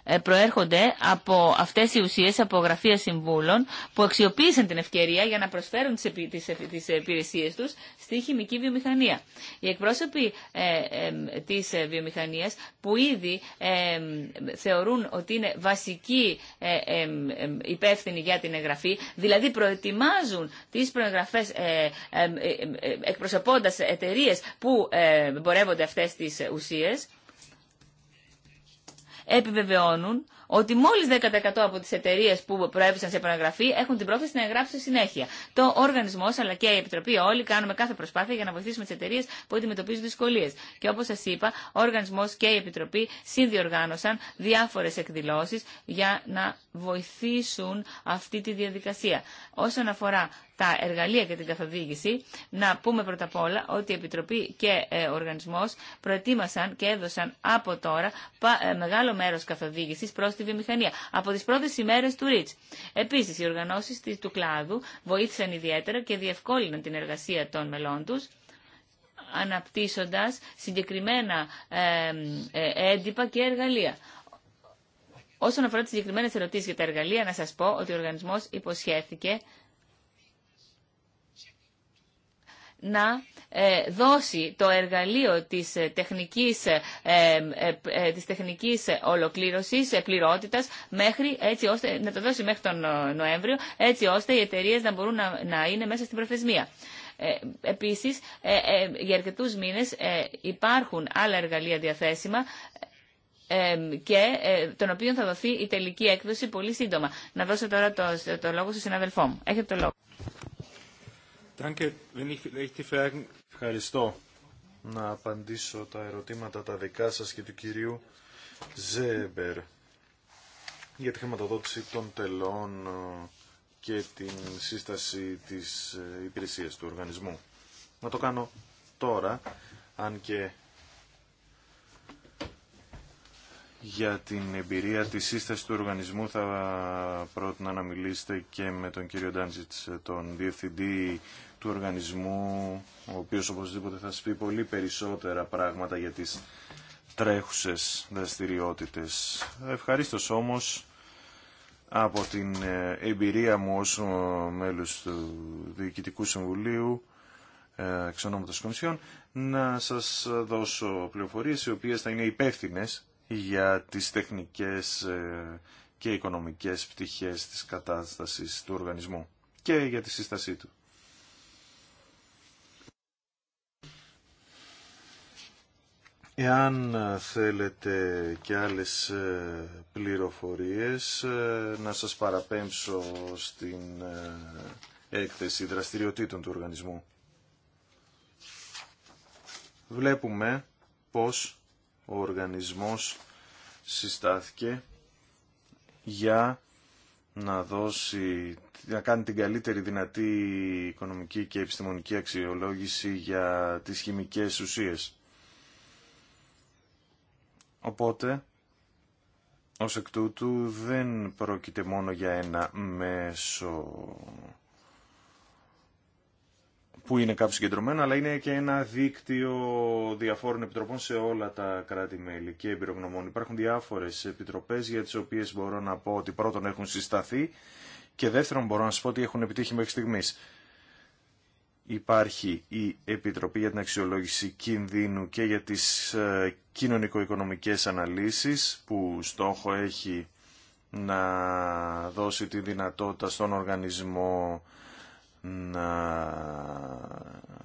S1: Ε, προέρχονται από αυτές οι ουσίες, από γραφεία συμβούλων που αξιοποίησαν την ευκαιρία για να προσφέρουν τις υπηρεσίε τους στη χημική βιομηχανία. Οι εκπρόσωποι ε, ε, της βιομηχανίας που ήδη θεωρούν ότι είναι βασικοί υπεύθυνοι για την εγγραφή, δηλαδή προετοιμάζουν τις προεγγραφές εκπροσωπώντας εταιρείε που εμπορεύονται αυτές τις ουσίες επιβεβαιώνουν ότι μόλις 10% από τις εταιρείες που προέβησαν σε επαναγραφή έχουν την πρόθεση να εγγράψουν συνέχεια. Το οργανισμό, αλλά και η Επιτροπή όλοι κάνουμε κάθε προσπάθεια για να βοηθήσουμε τις εταιρείες που αντιμετωπίζουν δυσκολίες. Και όπως σας είπα, ο οργανισμό και η Επιτροπή συνδιοργάνωσαν διάφορες εκδηλώσεις για να βοηθήσουν αυτή τη διαδικασία. Όσον αφορά τα εργαλεία και την καθοδήγηση, να πούμε πρώτα απ' όλα ότι η Επιτροπή και ε, ο Οργανισμός προετοίμασαν και έδωσαν από τώρα ε, μεγάλο μέρος καθοδήγησης προς στη από τις πρώτες ημέρες του ΡΙΤΣ. Επίσης, οι οργανώσει του κλάδου βοήθησαν ιδιαίτερα και διευκόλυναν την εργασία των μελών του αναπτύσσοντας συγκεκριμένα ε, έντυπα και εργαλεία. Όσον αφορά τις συγκεκριμένες ερωτήσεις για τα εργαλεία, να σας πω ότι ο οργανισμός υποσχέθηκε να ε, δώσει το εργαλείο της ε, τεχνικής, ε, της τεχνικής ολοκλήρωσης, πληρότητας, μέχρι, έτσι ώστε, να το δώσει μέχρι τον Νοέμβριο, έτσι ώστε οι εταιρείε να μπορούν να, να είναι μέσα στην προθεσμία. Ε, επίσης, ε, για αρκετού μήνες υπάρχουν άλλα εργαλεία διαθέσιμα και των οποίων θα δοθεί η τελική έκδοση πολύ σύντομα. Να δώσω τώρα το, το λόγο στον συναδελφό μου. Έχετε το λόγο.
S3: Ευχαριστώ να απαντήσω τα ερωτήματα τα δικά σας και του κυρίου Ζέμπερ για τη χρηματοδότηση των τελών ε, και την σύσταση της ε, υπηρεσίας του οργανισμού. Να το κάνω τώρα, αν και για την εμπειρία της σύσταση του οργανισμού θα πρότεινα να μιλήσετε και με τον κύριο Ντάντζιτς, τον διευθυντή του οργανισμού, ο οποίος οπωσδήποτε θα σας πει πολύ περισσότερα πράγματα για τις τρέχουσες δραστηριότητες. Ευχαριστώ όμως από την ε, εμπειρία μου ως ε, μέλος του Διοικητικού Συμβουλίου ε, εξ ονόματος να σας δώσω πληροφορίες οι οποίες θα είναι υπεύθυνε για τις τεχνικές ε, και οικονομικές πτυχές της κατάστασης του οργανισμού και για τη σύστασή του. Εάν ε, θέλετε και άλλες ε, πληροφορίες, να σας παραπέμψω στην έκθεση δραστηριοτήτων του οργανισμού. Βλέπουμε πως ο οργανισμός συστάθηκε για να δώσει, να κάνει την καλύτερη δυνατή οικονομική και επιστημονική αξιολόγηση για τις χημικές ουσίες. Οπότε, ως εκ τούτου δεν πρόκειται μόνο για ένα μέσο που είναι κάπου συγκεντρωμένο, αλλά είναι και ένα δίκτυο διαφόρων επιτροπών σε όλα τα κράτη-μέλη και εμπειρογνωμών. Υπάρχουν διάφορε επιτροπές για τις οποίες μπορώ να πω ότι πρώτον έχουν συσταθεί και δεύτερον μπορώ να σα πω ότι έχουν επιτύχει μέχρι στιγμή. Υπάρχει η Επιτροπή για την Αξιολόγηση Κινδύνου και για τις ε, κοινωνικο-οικονομικές αναλύσεις που στόχο έχει να δώσει τη δυνατότητα στον οργανισμό να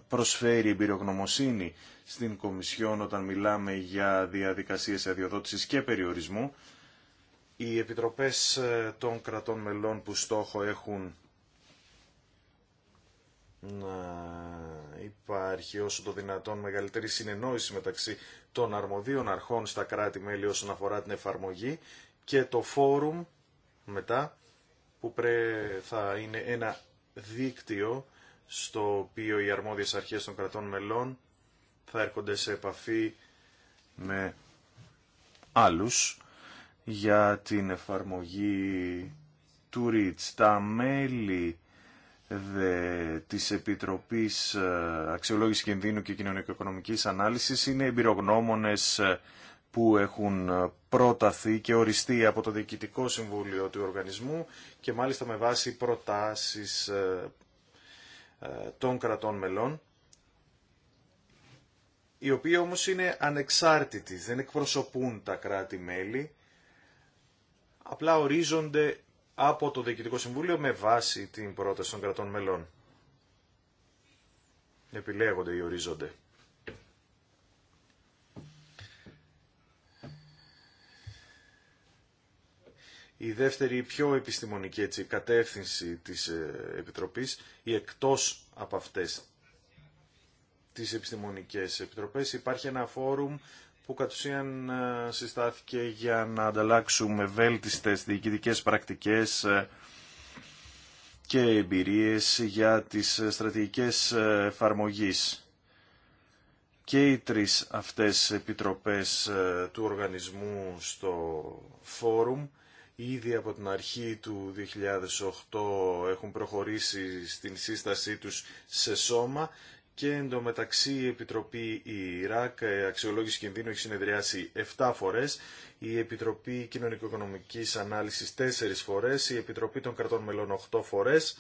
S3: προσφέρει εμπειρογνωμοσύνη στην Κομισιόν όταν μιλάμε για διαδικασίες αδειοδότησης και περιορισμού. Οι επιτροπές ε, των κρατών μελών που στόχο έχουν να υπάρχει όσο το δυνατόν μεγαλύτερη συνεννόηση μεταξύ των αρμοδίων αρχών στα κράτη-μέλη όσον αφορά την εφαρμογή και το φόρουμ μετά που πρέ... θα είναι ένα δίκτυο στο οποίο οι αρμόδιες αρχές των κρατών μελών θα έρχονται σε επαφή με άλλους για την εφαρμογή του ΡΙΤΣ. Τα μέλη δε, της Επιτροπής ε, Αξιολόγησης Κινδύνου και Κοινωνικοοικονομικής Ανάλυσης είναι εμπειρογνώμονες ε, που έχουν ε, πρόταθεί και οριστεί από το Διοικητικό Συμβούλιο του Οργανισμού και μάλιστα με βάση προτάσεις ε, ε, των κρατών μελών, οι οποίοι όμως είναι ανεξάρτητοι, δεν εκπροσωπούν τα κράτη-μέλη, απλά ορίζονται από το Διοικητικό Συμβούλιο με βάση την πρόταση των κρατών μελών. Επιλέγονται ή ορίζονται. η δεύτερη, πιο επιστημονική έτσι, κατεύθυνση της ε, Επιτροπής ή εκτός από αυτές τις επιστημονικές επιτροπές υπάρχει ένα φόρουμ που κατ' ουσίαν ε, συστάθηκε για να ανταλλάξουμε βέλτιστες διοικητικές πρακτικές ε, και εμπειρίες για τις στρατηγικές εφαρμογής. Και οι τρεις αυτές επιτροπές του οργανισμού στο φόρουμ ήδη από την αρχή του 2008 έχουν προχωρήσει στην σύστασή τους σε σώμα και εντωμεταξύ η Επιτροπή Ιράκ ε, Αξιολόγηση Κινδύνου έχει συνεδριάσει 7 φορές, η Επιτροπή Κοινωνικοοικονομικής Ανάλυσης 4 φορές, η Επιτροπή των Κρατών Μελών 8 φορές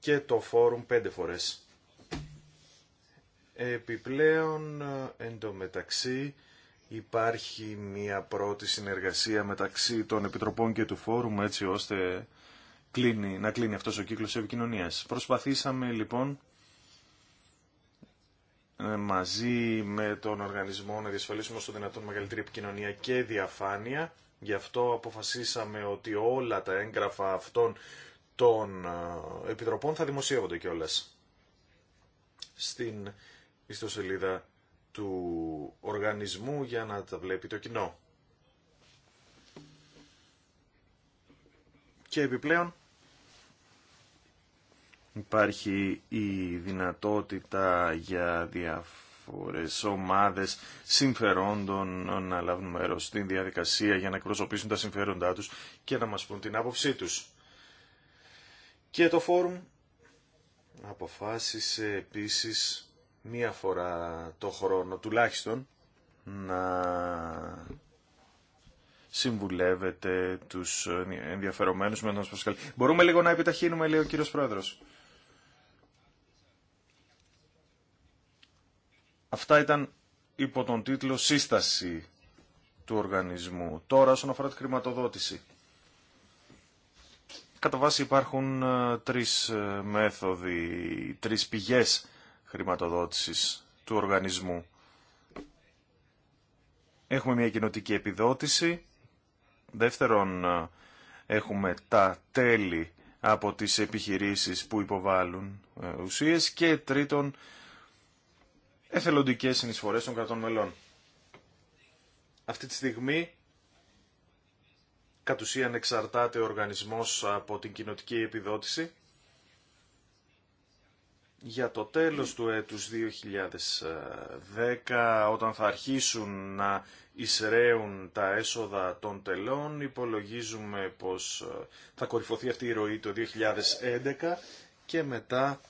S3: και το Φόρουμ 5 φορές. Επιπλέον ε, εντωμεταξύ υπάρχει μια πρώτη συνεργασία μεταξύ των Επιτροπών και του Φόρουμ έτσι ώστε κλείνει, να κλείνει αυτός ο κύκλος επικοινωνίας. Προσπαθήσαμε λοιπόν ε, μαζί με τον οργανισμό να διασφαλίσουμε όσο δυνατόν μεγαλύτερη επικοινωνία και διαφάνεια. Γι' αυτό αποφασίσαμε ότι όλα τα έγγραφα αυτών των ε, επιτροπών θα δημοσιεύονται κιόλας. στην ιστοσελίδα του οργανισμού για να τα βλέπει το κοινό. Και επιπλέον υπάρχει η δυνατότητα για διάφορες ομάδες συμφερόντων να λάβουν μέρο στην διαδικασία για να εκπροσωπήσουν τα συμφέροντά τους και να μας πούν την άποψή τους. Και το φόρουμ αποφάσισε επίσης μία φορά το χρόνο τουλάχιστον να συμβουλεύετε τους ενδιαφερομένους με τον Πασκαλ. Μπορούμε λίγο να επιταχύνουμε, λέει ο κύριος Πρόεδρος. Αυτά ήταν υπό τον τίτλο «Σύσταση του οργανισμού». Τώρα, όσον αφορά τη χρηματοδότηση. Κατά βάση υπάρχουν ε, τρεις ε, μέθοδοι, τρεις πηγές χρηματοδότησης του οργανισμού. Έχουμε μια κοινοτική επιδότηση. Δεύτερον, έχουμε τα τέλη από τις επιχειρήσεις που υποβάλλουν ε, ουσίες. Και τρίτον, εθελοντικές συνεισφορές των κρατών μελών. Αυτή τη στιγμή κατ' ουσίαν εξαρτάται ο οργανισμός από την κοινοτική επιδότηση για το τέλος του έτους 2010, όταν θα αρχίσουν να εισραίουν τα έσοδα των τελών, υπολογίζουμε πως ε, θα κορυφωθεί αυτή η ροή το 2011 και μετά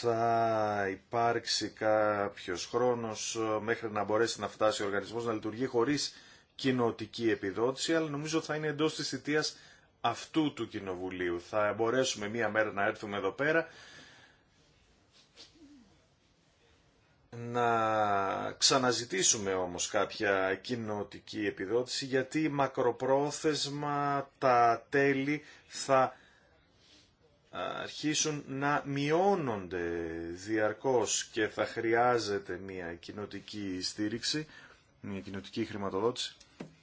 S3: θα υπάρξει κάποιος χρόνος ε, μέχρι να μπορέσει να φτάσει ο οργανισμός να λειτουργεί χωρίς κοινοτική επιδότηση, αλλά νομίζω θα είναι εντός της θητείας αυτού του κοινοβουλίου. Θα μπορέσουμε μία μέρα να έρθουμε εδώ πέρα να ξαναζητήσουμε όμως κάποια κοινοτική επιδότηση γιατί μακροπρόθεσμα τα τέλη θα αρχίσουν να μειώνονται διαρκώς και θα χρειάζεται μια κοινοτική στήριξη, μια κοινοτική χρηματοδότηση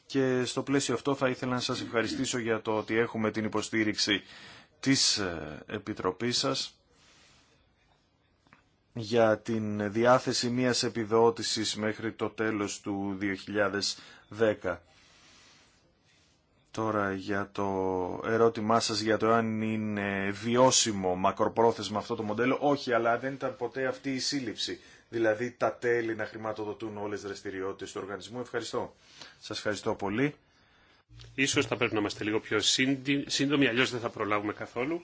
S3: και στο πλαίσιο αυτό θα ήθελα να σας ευχαριστήσω για το ότι έχουμε την υποστήριξη της ε, Επιτροπής σας για την διάθεση μιας επιδότησης μέχρι το τέλος του 2010. Τώρα για το ερώτημά σας για το αν είναι βιώσιμο μακροπρόθεσμα αυτό το μοντέλο. Όχι, αλλά δεν ήταν ποτέ αυτή η σύλληψη δηλαδή τα τέλη να χρηματοδοτούν όλες τις δραστηριότητες του οργανισμού. Ευχαριστώ.
S2: Σας ευχαριστώ πολύ. Ίσως θα πρέπει να είμαστε λίγο πιο σύντομοι, αλλιώς δεν θα προλάβουμε καθόλου.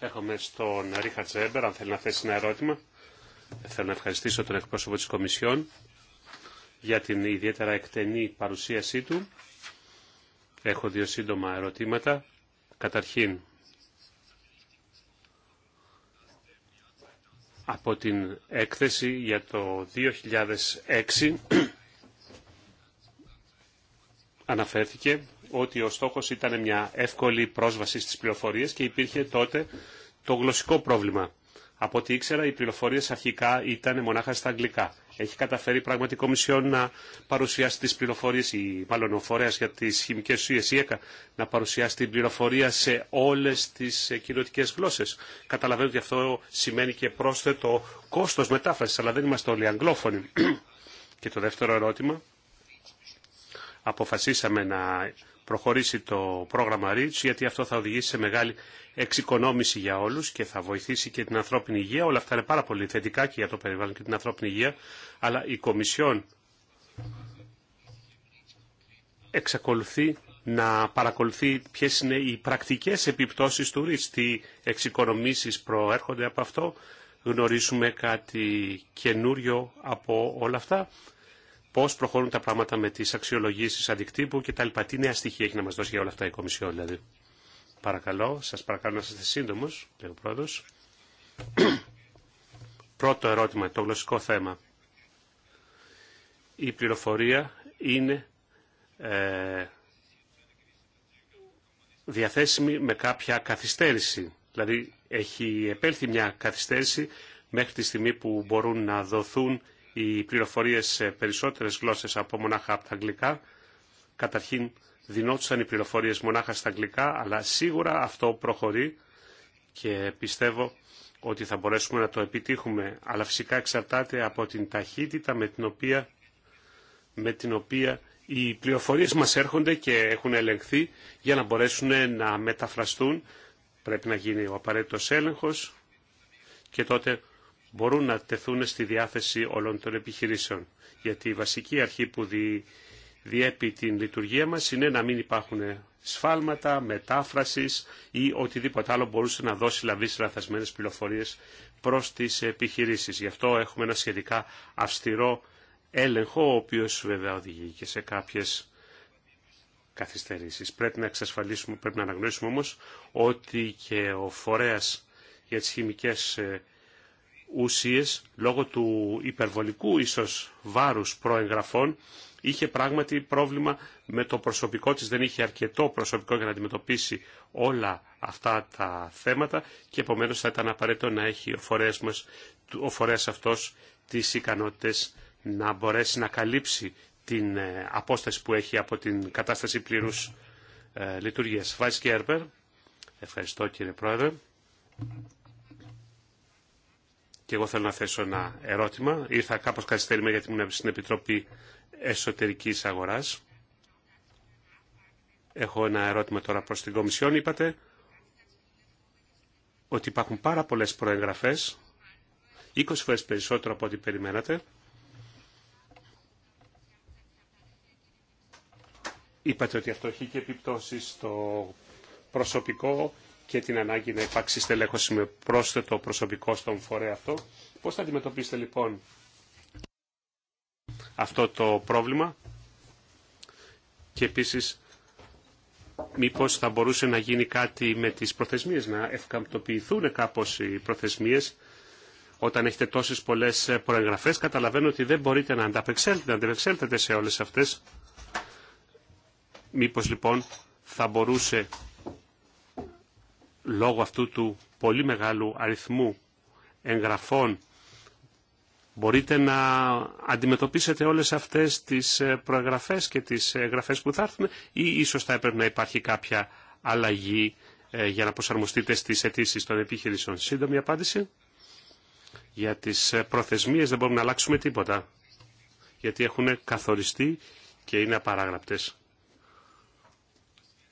S2: Έχουμε στον Ρίχα Τζέμπερ, αν θέλει να θέσει ένα ερώτημα. Θέλω να ευχαριστήσω τον εκπρόσωπο της Κομισιόν για την ιδιαίτερα εκτενή παρουσίασή του. Έχω δύο σύντομα ερωτήματα. Καταρχήν, από την έκθεση για το 2006 αναφέρθηκε ότι ο στόχος ήταν μια εύκολη πρόσβαση στις πληροφορίες και υπήρχε τότε το γλωσσικό πρόβλημα. Από ό,τι ήξερα, οι πληροφορίε αρχικά ήταν μονάχα στα αγγλικά. Έχει καταφέρει πραγματικό Κομισιόν να παρουσιάσει τι πληροφορίε, ή μάλλον ο φορέα για τι χημικέ ουσίε, η ΕΚΑ, να παρουσιάσει την πληροφορία σε όλε τι κοινωτικέ γλώσσε. Καταλαβαίνω ότι αυτό σημαίνει και πρόσθετο κόστο μετάφραση, αλλά δεν είμαστε όλοι αγγλόφωνοι. και το δεύτερο ερώτημα. Αποφασίσαμε να προχωρήσει το πρόγραμμα REACH γιατί αυτό θα οδηγήσει σε μεγάλη εξοικονόμηση για όλου και θα βοηθήσει και την ανθρώπινη υγεία. Όλα αυτά είναι πάρα πολύ θετικά και για το περιβάλλον και την ανθρώπινη υγεία, αλλά η Κομισιόν εξακολουθεί να παρακολουθεί ποιες είναι οι πρακτικές επιπτώσεις του REACH, τι εξοικονομήσεις προέρχονται από αυτό. Γνωρίζουμε κάτι καινούριο από όλα αυτά. Πώ προχωρούν τα πράγματα με τις αξιολογήσει αντικτύπου και τα λοιπά. Τι νέα στοιχεία έχει να μα δώσει για όλα αυτά η Κομισιόν δηλαδή. Παρακαλώ, σας παρακαλώ να είστε σύντομο, λέει ο πρόεδρο. Πρώτο ερώτημα, το γλωσσικό θέμα. Η πληροφορία είναι ε, διαθέσιμη με κάποια καθυστέρηση. Δηλαδή έχει επέλθει μια καθυστέρηση μέχρι τη στιγμή που μπορούν να δοθούν οι πληροφορίες σε περισσότερες γλώσσες από μονάχα από τα αγγλικά. Καταρχήν δινόντουσαν οι πληροφορίες μονάχα στα αγγλικά, αλλά σίγουρα αυτό προχωρεί και πιστεύω ότι θα μπορέσουμε να το επιτύχουμε, αλλά φυσικά εξαρτάται από την ταχύτητα με την οποία, με την οποία οι πληροφορίες μας έρχονται και έχουν ελεγχθεί για να μπορέσουν να μεταφραστούν. Πρέπει να γίνει ο απαραίτητος έλεγχος και τότε μπορούν να τεθούν στη διάθεση όλων των επιχειρήσεων. Γιατί η βασική αρχή που διέπει την λειτουργία μας είναι να μην υπάρχουν σφάλματα, μετάφρασης ή οτιδήποτε άλλο μπορούσε να δώσει λαβή σε λαθασμένες πληροφορίες προς τις επιχειρήσεις. Γι' αυτό έχουμε ένα σχετικά αυστηρό έλεγχο, ο οποίος βέβαια οδηγεί και σε κάποιες καθυστερήσεις. Πρέπει να εξασφαλίσουμε, πρέπει να αναγνωρίσουμε όμως ότι και ο φορέας για τις χημικές ε, ουσίες λόγω του υπερβολικού ίσως βάρους προεγγραφών είχε πράγματι πρόβλημα με το προσωπικό της, δεν είχε αρκετό προσωπικό για να αντιμετωπίσει όλα αυτά τα θέματα και επομένως θα ήταν απαραίτητο να έχει ο φορέας, μας, ο φορέας αυτός τις ικανότητες να μπορέσει να καλύψει την ε, απόσταση που έχει από την κατάσταση πλήρους ε, λειτουργίας. ευχαριστώ κύριε Πρόεδρε. Και εγώ θέλω να θέσω ένα ερώτημα. Ήρθα κάπως καθυστερημένα γιατί ήμουν στην Επιτροπή Εσωτερικής Αγοράς. Έχω ένα ερώτημα τώρα προς την Κομισιόν. Είπατε ότι υπάρχουν πάρα πολλές προεγγραφές, 20 φορές περισσότερο από ό,τι περιμένατε. Είπατε ότι αυτό έχει και επιπτώσεις στο προσωπικό και την ανάγκη να υπάρξει στελέχωση με πρόσθετο προσωπικό στον φορέα αυτό. Πώς θα αντιμετωπίσετε λοιπόν αυτό το πρόβλημα και επίσης μήπως θα μπορούσε να γίνει κάτι με τις προθεσμίες, να ευκαμπτοποιηθούν κάπως οι προθεσμίες όταν έχετε τόσες πολλές προεγγραφές καταλαβαίνω ότι δεν μπορείτε να ανταπεξέλθετε, να σε όλες αυτές. Μήπως λοιπόν θα μπορούσε λόγω αυτού του πολύ μεγάλου αριθμού εγγραφών μπορείτε να αντιμετωπίσετε όλες αυτές τις ε, προεγγραφές και τις εγγραφές που θα έρθουν ή ίσως θα έπρεπε να υπάρχει κάποια αλλαγή ε, για να προσαρμοστείτε στις αιτήσει των επιχειρήσεων. Σύντομη απάντηση. Για τις ε, προθεσμίες δεν μπορούμε να αλλάξουμε τίποτα, γιατί έχουν καθοριστεί και είναι απαράγραπτες.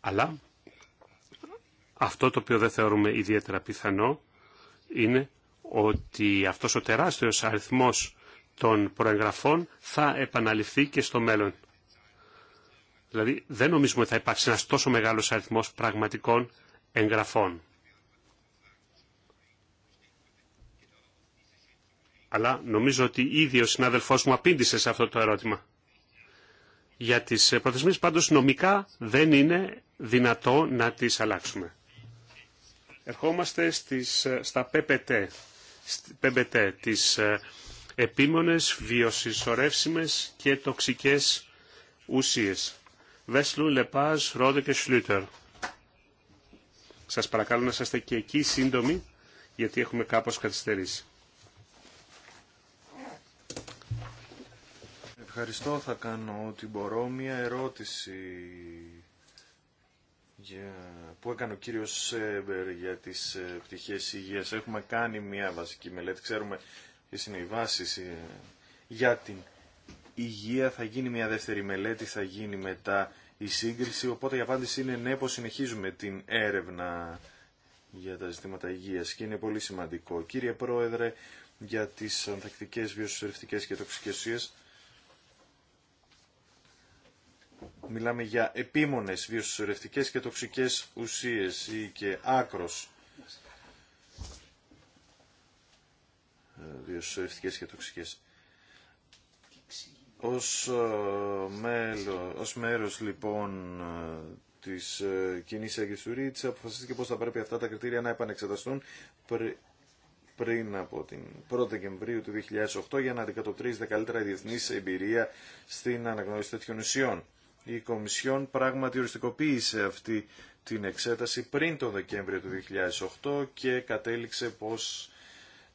S2: Αλλά αυτό το οποίο δεν θεωρούμε ιδιαίτερα πιθανό είναι ότι αυτός ο τεράστιος αριθμός των προεγγραφών θα επαναληφθεί και στο μέλλον. Δηλαδή δεν νομίζουμε ότι θα υπάρξει ένας τόσο μεγάλος αριθμός πραγματικών εγγραφών. Αλλά νομίζω ότι ήδη ο συνάδελφός μου απήντησε σε αυτό το ερώτημα. Για τις προθεσμίες πάντως νομικά δεν είναι δυνατό να τις αλλάξουμε. Ερχόμαστε ε, στα PPT, PPT τις ε, επίμονες, βιοσυσσωρεύσιμες και τοξικές ουσίες. Βέσλου, Λεπάζ, Ρόδο και Σλούτερ. Σας παρακαλώ να είστε και εκεί σύντομοι, γιατί έχουμε κάπως καθυστερήσει.
S3: Ευχαριστώ, θα κάνω ό,τι μπορώ. Μία ερώτηση που έκανε ο κύριος Σέμπερ για τις ε, πτυχές υγείας. Έχουμε κάνει μια βασική μελέτη, ξέρουμε ποιες είναι οι βάσεις ε, για την υγεία. Θα γίνει μια δεύτερη μελέτη, θα γίνει μετά η σύγκριση, οπότε η απάντηση είναι ναι πως συνεχίζουμε την έρευνα για τα ζητήματα υγείας και είναι πολύ σημαντικό. Κύριε Πρόεδρε, για τις ανθεκτικές, βιοσυσορυφτικές και τοξικές ουσίες, Μιλάμε για επίμονες βιοσυσορευτικές και τοξικές ουσίες ή και άκρος ε, βιοσυσορευτικές και τοξικές. Ως, ε, μέλο, ως μέρος λοιπόν ε, της κοινή Αγγιστουρίτης αποφασίστηκε πώς θα πρέπει αυτά τα κριτήρια να επανεξεταστούν πριν από την 1η Δεκεμβρίου του 2008 για να αντικατοπτρίζεται καλύτερα η διεθνή εμπειρία στην αναγνώριση τέτοιων ουσιών η Κομισιόν πράγματι οριστικοποίησε αυτή την εξέταση πριν τον Δεκέμβριο του 2008 και κατέληξε πως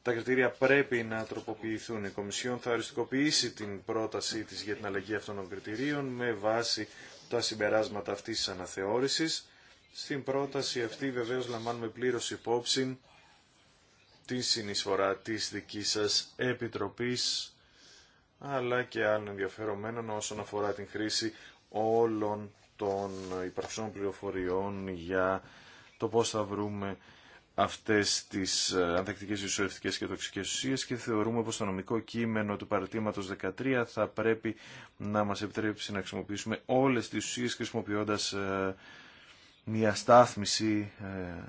S3: τα κριτήρια πρέπει να τροποποιηθούν. Η Κομισιόν θα οριστικοποιήσει την πρότασή της για την αλλαγή αυτών των κριτηρίων με βάση τα συμπεράσματα αυτής της αναθεώρησης. Στην πρόταση αυτή βεβαίως λαμβάνουμε πλήρως υπόψη τη συνεισφορά της δικής σας Επιτροπής αλλά και άλλων ενδιαφερομένων όσον αφορά την χρήση όλων των υπαρξών πληροφοριών για το πώς θα βρούμε αυτές τις ε, ανθεκτικές ισορρευτικές και τοξικές ουσίες και θεωρούμε πως το νομικό κείμενο του παρατήματος 13 θα πρέπει να μας επιτρέψει να χρησιμοποιήσουμε όλες τις ουσίες χρησιμοποιώντας ε, μια στάθμιση ε,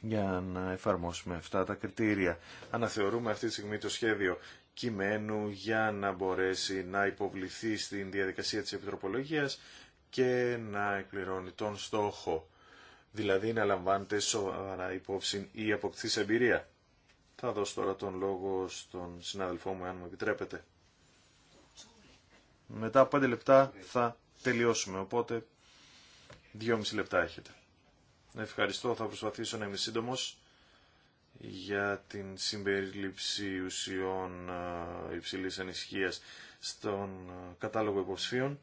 S3: για να εφαρμόσουμε αυτά τα κριτήρια. Αναθεωρούμε αυτή τη στιγμή το σχέδιο κειμένου για να μπορέσει να υποβληθεί στην διαδικασία της επιτροπολογίας και να εκπληρώνει τον στόχο, δηλαδή να λαμβάνεται σοβαρά υπόψη η αποκτήσει εμπειρία. Θα δώσω τώρα τον λόγο στον συνάδελφό μου, αν μου επιτρέπετε. Μετά από πέντε λεπτά θα τελειώσουμε, οπότε δυόμιση λεπτά έχετε. Ευχαριστώ, θα προσπαθήσω να είμαι σύντομος για την συμπερίληψη ουσιών ε, υψηλής ανησυχίας στον ε, κατάλογο υποψηφίων.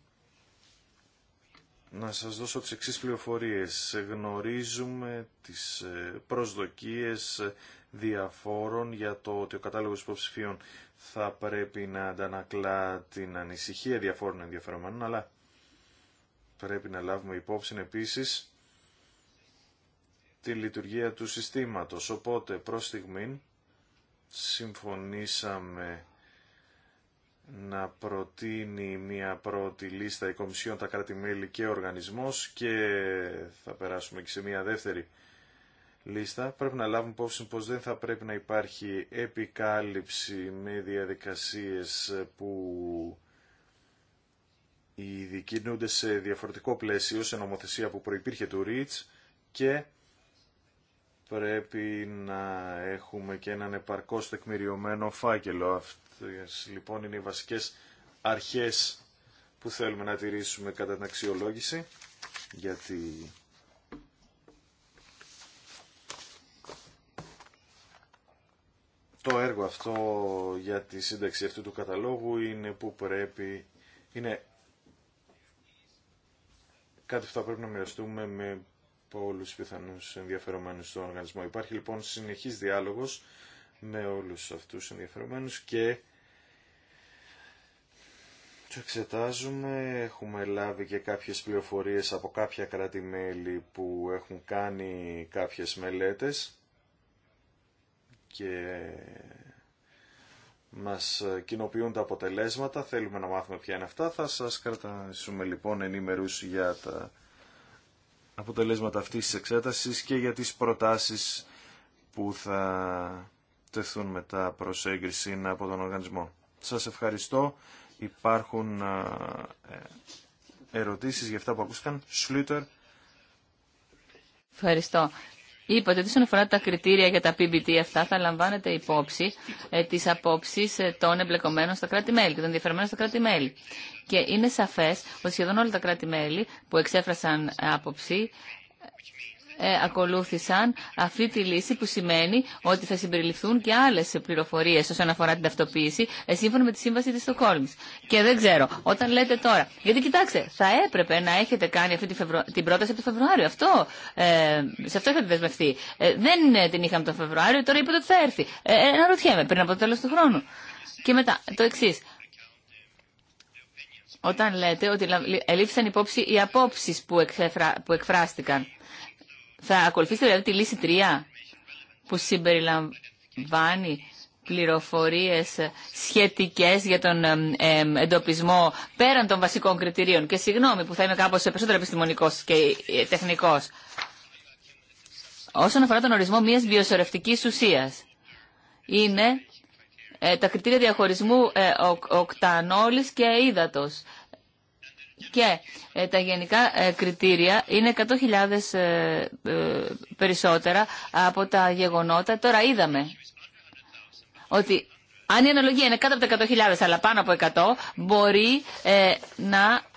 S3: Να σας δώσω τις εξής πληροφορίες. Γνωρίζουμε τις ε, προσδοκίες διαφόρων για το ότι ο κατάλογος υποψηφίων θα πρέπει να αντανακλά την ανησυχία διαφόρων ενδιαφερομένων, αλλά πρέπει να λάβουμε υπόψη επίσης τη λειτουργία του συστήματος. Οπότε προς στιγμήν συμφωνήσαμε να προτείνει μια πρώτη λίστα η Κομισιόν, τα κράτη-μέλη και ο οργανισμός και θα περάσουμε και σε μια δεύτερη λίστα. Πρέπει να λάβουμε υπόψη πως δεν θα πρέπει να υπάρχει επικάλυψη με διαδικασίες που οι σε διαφορετικό πλαίσιο, σε νομοθεσία που προϋπήρχε του ΡΙΤΣ και πρέπει να έχουμε και έναν επαρκώς τεκμηριωμένο φάκελο. Αυτές λοιπόν είναι οι βασικές αρχές που θέλουμε να τηρήσουμε κατά την αξιολόγηση, γιατί το έργο αυτό για τη σύνταξη αυτού του καταλόγου είναι που πρέπει, είναι κάτι που θα πρέπει να μοιραστούμε με από όλους τους πιθανούς ενδιαφερομένους στον οργανισμό. Υπάρχει λοιπόν συνεχής διάλογος με όλους αυτούς του ενδιαφερομένους και το εξετάζουμε. Έχουμε λάβει και κάποιες πληροφορίες από κάποια κράτη-μέλη που έχουν κάνει κάποιες μελέτες και μας κοινοποιούν τα αποτελέσματα. Θέλουμε να μάθουμε ποια είναι αυτά. Θα σας κρατάσουμε λοιπόν ενήμερους για τα αποτελέσματα αυτής της εξέτασης και για τις προτάσεις που θα τεθούν μετά προς έγκριση από τον οργανισμό. Σας ευχαριστώ. Υπάρχουν ε, ερωτήσεις για αυτά που ακούστηκαν. Σλούτερ.
S1: Ευχαριστώ. Είπατε ότι όσον αφορά τα κριτήρια για τα PBT αυτά θα λαμβάνετε υπόψη ε, τις απόψεις ε, των εμπλεκομένων στα κράτη-μέλη και των ενδιαφερμένων στα κράτη-μέλη. Και είναι σαφές ότι σχεδόν όλα τα κράτη-μέλη που εξέφρασαν άποψη ε, ακολούθησαν αυτή τη λύση που σημαίνει ότι θα συμπεριληφθούν και άλλε πληροφορίε όσον αφορά την ταυτοποίηση ε, σύμφωνα με τη Σύμβαση τη Στοκόλμη. Και δεν ξέρω, όταν λέτε τώρα. Γιατί κοιτάξτε, θα έπρεπε να έχετε κάνει αυτή την πρόταση από το Φεβρουάριο. Αυτό, ε, σε αυτό είχατε δεσμευτεί. Ε, δεν την είχαμε το Φεβρουάριο, τώρα είπατε ότι θα έρθει. Ε, αναρωτιέμαι πριν από το τέλο του χρόνου. Και μετά, το εξή όταν λέτε ότι ελήφθησαν υπόψη οι απόψει που, εκφρα... που εκφράστηκαν. Θα ακολουθήσετε δηλαδή τη λύση 3 που συμπεριλαμβάνει πληροφορίες σχετικές για τον εντοπισμό πέραν των βασικών κριτηρίων. Και συγγνώμη που θα είμαι κάπως περισσότερο επιστημονικός και ε, τεχνικός. Όσον αφορά τον ορισμό μιας βιοσορευτικής ουσίας, είναι ε, τα κριτήρια διαχωρισμού ε, οκτανόλης και ύδατος και ε, τα γενικά ε, κριτήρια είναι 100.000 ε, περισσότερα από τα γεγονότα. Τώρα είδαμε ότι αν η αναλογία είναι κάτω από τα 100.000 αλλά πάνω από 100 μπορεί να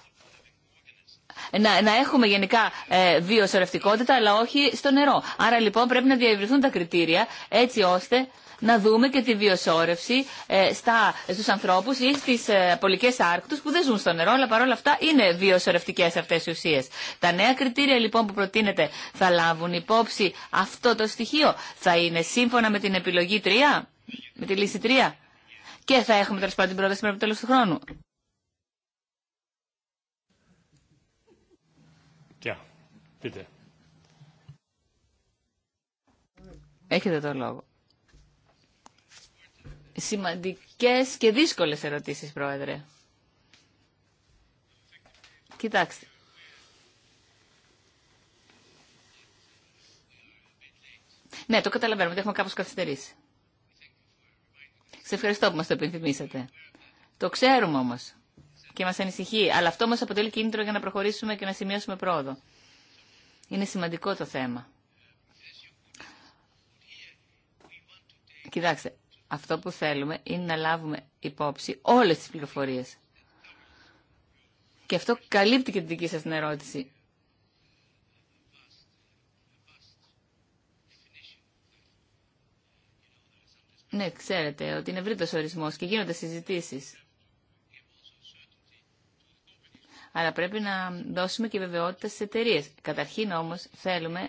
S1: να, έχουμε γενικά ε, σωρευτικότητα, αλλά όχι στο νερό. Άρα λοιπόν πρέπει να διαβριθούν τα κριτήρια έτσι ώστε να δούμε και τη βιοσόρευση ε, στα, στους ανθρώπους ή στις ε, πολικές άρκτους που δεν ζουν στο νερό, αλλά παρόλα αυτά είναι βιοσορευτικές αυτές οι ουσίες. Τα νέα κριτήρια λοιπόν που προτείνεται θα λάβουν υπόψη αυτό το στοιχείο. Θα είναι σύμφωνα με την επιλογή 3, με τη λύση 3 και θα έχουμε τέλος πάντων την πρόταση μέχρι το τέλος του χρόνου. Έχετε το λόγο σημαντικές και δύσκολες ερωτήσεις, Πρόεδρε. Κοιτάξτε. Ναι, το καταλαβαίνουμε Δεν έχουμε κάπως καθυστερήσει. Σε ευχαριστώ που μας το επιθυμήσατε. Το ξέρουμε όμως και μας ανησυχεί, αλλά αυτό μας αποτελεί κίνητρο για να προχωρήσουμε και να σημειώσουμε πρόοδο. Είναι σημαντικό το θέμα. Κοιτάξτε, αυτό που θέλουμε είναι να λάβουμε υπόψη όλες τις πληροφορίες. Και αυτό καλύπτει και την δική σας την ερώτηση. Ναι, ξέρετε ότι είναι ευρύτερο ορισμός και γίνονται συζητήσεις. Αλλά πρέπει να δώσουμε και βεβαιότητα στι εταιρείε. Καταρχήν όμως θέλουμε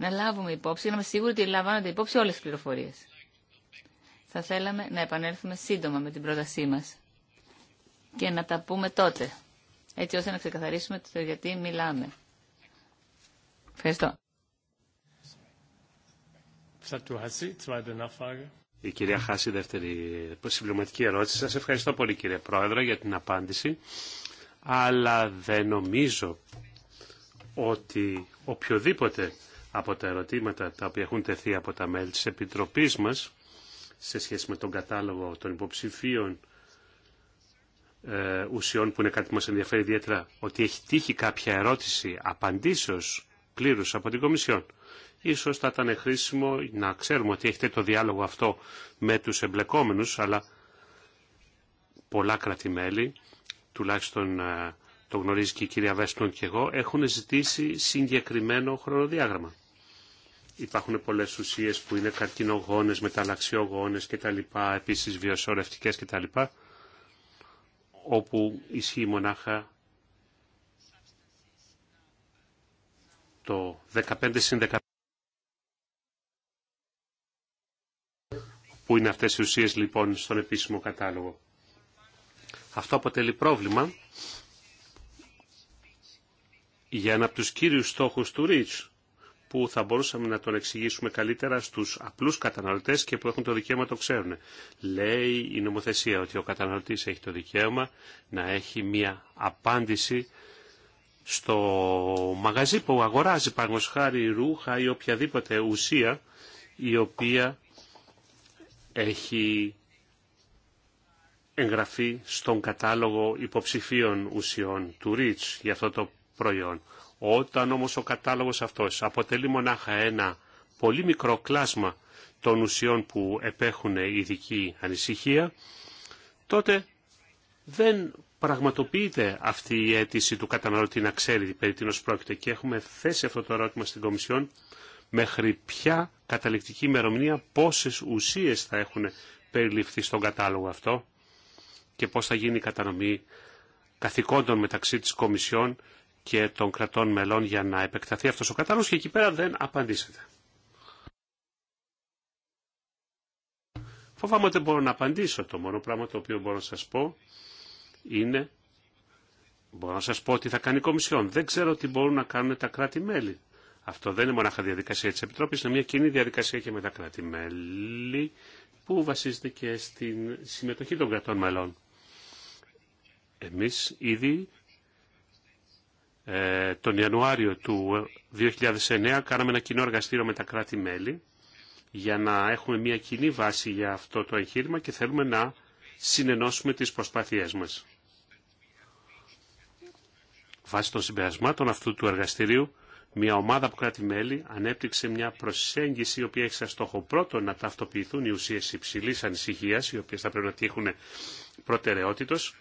S1: να λάβουμε υπόψη, να είμαστε σίγουροι ότι λαμβάνονται υπόψη όλες τις πληροφορίες. Θα θέλαμε να επανέλθουμε σύντομα με την πρότασή μας και να τα πούμε τότε, έτσι ώστε να ξεκαθαρίσουμε το γιατί μιλάμε. Ευχαριστώ.
S2: Η κυρία Χάση, δεύτερη συμπληρωματική ερώτηση. Σας ευχαριστώ πολύ κύριε Πρόεδρε για την απάντηση, αλλά δεν νομίζω ότι οποιοδήποτε από τα ερωτήματα τα οποία έχουν τεθεί από τα μέλη της Επιτροπής μας σε σχέση με τον κατάλογο των υποψηφίων ε, ουσιών που είναι κάτι που μας ενδιαφέρει ιδιαίτερα ότι έχει τύχει κάποια ερώτηση απαντήσεως πλήρους από την Κομισιόν. Ίσως θα ήταν χρήσιμο να ξέρουμε ότι έχετε το διάλογο αυτό με τους εμπλεκόμενους, αλλά πολλά κρατημέλη, τουλάχιστον ε, το γνωρίζει και η κυρία Βέστον και εγώ, έχουν ζητήσει συγκεκριμένο χρονοδιάγραμμα υπάρχουν πολλές ουσίες που είναι καρκινογόνες, μεταλλαξιογόνες κτλ. Επίσης βιοσορευτικές κτλ. Όπου ισχύει μονάχα το 15 συν 15 που είναι αυτές οι ουσίες λοιπόν στον επίσημο κατάλογο. Αυτό αποτελεί πρόβλημα για ένα από τους κύριους στόχους του ΡΙΤΣ, που θα μπορούσαμε να τον εξηγήσουμε καλύτερα στους απλούς καταναλωτές και που έχουν το δικαίωμα το ξέρουν. Λέει η νομοθεσία ότι ο καταναλωτής έχει το δικαίωμα να έχει μία απάντηση στο μαγαζί που αγοράζει παραγωγός χάρη οποιαδήποτε ουσία η οποία έχει εγγραφεί στον κατάλογο υποψηφίων ουσιών του ΡΙΤΣ για αυτό το προϊόν. Όταν όμως ο κατάλογος αυτός αποτελεί μονάχα ένα πολύ μικρό κλάσμα των ουσιών που επέχουν ειδική ανησυχία, τότε δεν πραγματοποιείται αυτή η αίτηση του καταναλωτή να ξέρει περί τίνος πρόκειται και έχουμε θέσει αυτό το ερώτημα στην Κομισιόν μέχρι ποια καταληκτική ημερομηνία πόσες ουσίες θα έχουν περιληφθεί στον κατάλογο αυτό και πώς θα γίνει η κατανομή καθηκόντων μεταξύ της Κομισιόν και των κρατών μελών για να επεκταθεί αυτός ο κατάλογος και εκεί πέρα δεν απαντήσετε. Φοβάμαι ότι μπορώ να απαντήσω. Το μόνο πράγμα το οποίο μπορώ να σας πω είναι... Μπορώ να σας πω ότι θα κάνει η Κομισιόν. Δεν ξέρω τι μπορούν να κάνουν τα κράτη-μέλη. Αυτό δεν είναι μονάχα διαδικασία της Επιτρόπης, είναι μια κοινή διαδικασία και με τα κράτη-μέλη που βασίζεται και στην συμμετοχή των κρατών μελών. Εμείς ήδη ε, τον Ιανουάριο του 2009 κάναμε ένα κοινό εργαστήριο με τα κράτη-μέλη για να έχουμε μια κοινή βάση για αυτό το εγχείρημα και θέλουμε να συνενώσουμε τις προσπάθειές μας. Βάσει των συμπερασμάτων αυτού του εργαστηρίου, μια ομάδα από κράτη-μέλη ανέπτυξε μια προσέγγιση η οποία έχει σαν στόχο πρώτο να ταυτοποιηθούν οι ουσίες υψηλής ανησυχίας, οι οποίες θα πρέπει να τύχουν προτεραιότητος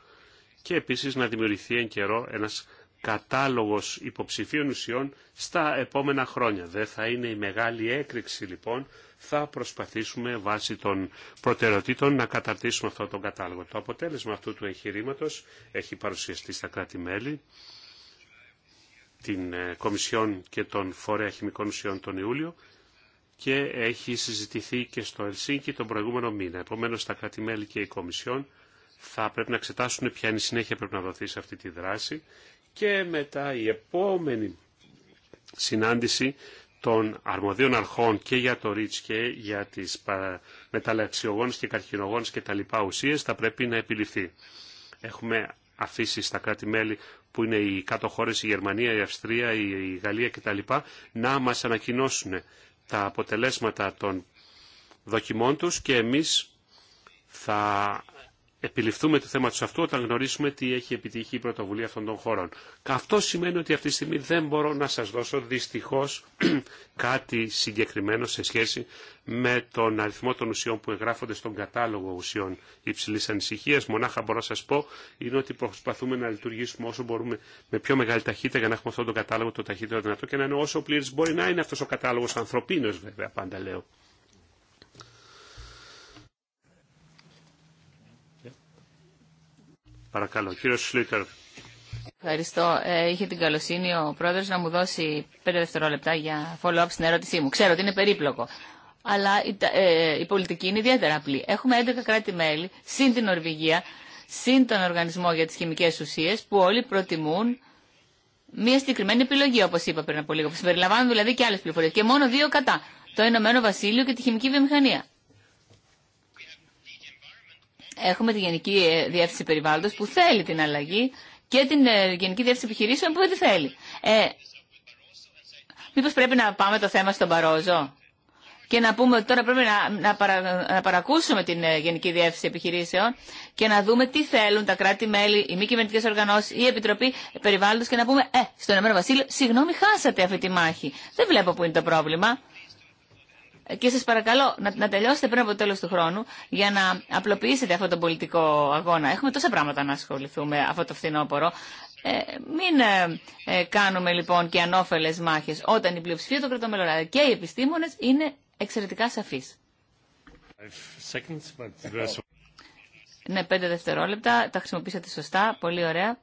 S2: και επίσης να δημιουργηθεί εν καιρό ένας κατάλογος υποψηφίων ουσιών στα επόμενα χρόνια. Δεν θα είναι η μεγάλη έκρηξη λοιπόν. Θα προσπαθήσουμε βάσει των προτεραιοτήτων να καταρτήσουμε αυτό τον κατάλογο. Το αποτέλεσμα αυτού του εγχειρήματο έχει παρουσιαστεί στα κράτη-μέλη, την ε, Κομισιόν και τον Φορέα Χημικών Ουσιών τον Ιούλιο και έχει συζητηθεί και στο Ελσίνκι τον προηγούμενο μήνα. Επομένως τα κράτη-μέλη και η Κομισιόν θα πρέπει να εξετάσουν ποια είναι η συνέχεια πρέπει να δοθεί σε αυτή τη δράση και μετά η επόμενη συνάντηση των αρμοδίων αρχών και για το ΡΙΤΣ και για τις μεταλλαξιογόνες και καρκινογόνες και τα λοιπά ουσίες θα πρέπει να επιληφθεί. Έχουμε αφήσει στα κράτη-μέλη που είναι οι κάτω χώρες, η Γερμανία, η Αυστρία, η Γαλλία κτλ. να μας ανακοινώσουν τα αποτελέσματα των δοκιμών τους και εμείς θα επιληφθούμε το θέμα του αυτού όταν γνωρίσουμε τι έχει επιτύχει η πρωτοβουλία αυτών των χωρών. Αυτό σημαίνει ότι αυτή τη στιγμή δεν μπορώ να σας δώσω δυστυχώς κάτι συγκεκριμένο σε σχέση με τον αριθμό των ουσιών που εγγράφονται στον κατάλογο ουσιών υψηλής ανησυχίας. Μονάχα μπορώ να σας πω είναι ότι προσπαθούμε να λειτουργήσουμε όσο μπορούμε με πιο μεγάλη ταχύτητα για να έχουμε αυτόν τον κατάλογο το ταχύτερο δυνατό και να είναι όσο πλήρης μπορεί να είναι αυτός ο κατάλογος ανθρωπίνος βέβαια πάντα λέω. Παρακαλώ, κύριο Σλίτερ.
S1: Ευχαριστώ. Ε, είχε την καλοσύνη ο πρόεδρο να μου δώσει πέντε δευτερόλεπτα για follow-up στην ερώτησή μου. Ξέρω ότι είναι περίπλοκο. Αλλά η, ε, η πολιτική είναι ιδιαίτερα απλή. Έχουμε 11 κράτη-μέλη, συν την Ορβηγία, συν τον Οργανισμό για τι χημικέ Ουσίε, που όλοι προτιμούν μια συγκεκριμένη επιλογή, όπω είπα πριν από λίγο. Συμπεριλαμβάνουν δηλαδή και άλλε πληροφορίε. Και μόνο δύο κατά. Το Ηνωμένο Βασίλειο και τη χημική βιομηχανία έχουμε τη Γενική ε, Διεύθυνση Περιβάλλοντος που θέλει την αλλαγή και την ε, Γενική Διεύθυνση Επιχειρήσεων που δεν τη θέλει. Ε, μήπως πρέπει να πάμε το θέμα στον Παρόζο και να πούμε ότι τώρα πρέπει να, να, παρα, παρακούσουμε την ε, Γενική Διεύθυνση Επιχειρήσεων και να δούμε τι θέλουν τα κράτη-μέλη, οι μη κυβερνητικέ οργανώσει, η Επιτροπή Περιβάλλοντος και να πούμε Ε, στον Εμένο Βασίλειο, συγγνώμη, χάσατε αυτή τη μάχη. Δεν βλέπω που είναι το πρόβλημα και σας παρακαλώ να, να τελειώσετε πριν από το τέλος του χρόνου για να απλοποιήσετε αυτό το πολιτικό αγώνα. Έχουμε τόσα πράγματα να ασχοληθούμε αυτό το φθινόπωρο. Ε, μην ε, ε, κάνουμε λοιπόν και ανώφελες μάχες όταν η πλειοψηφία των κρατών και οι επιστήμονες είναι εξαιρετικά σαφείς. Ναι, πέντε δευτερόλεπτα, τα χρησιμοποίησατε σωστά, πολύ ωραία.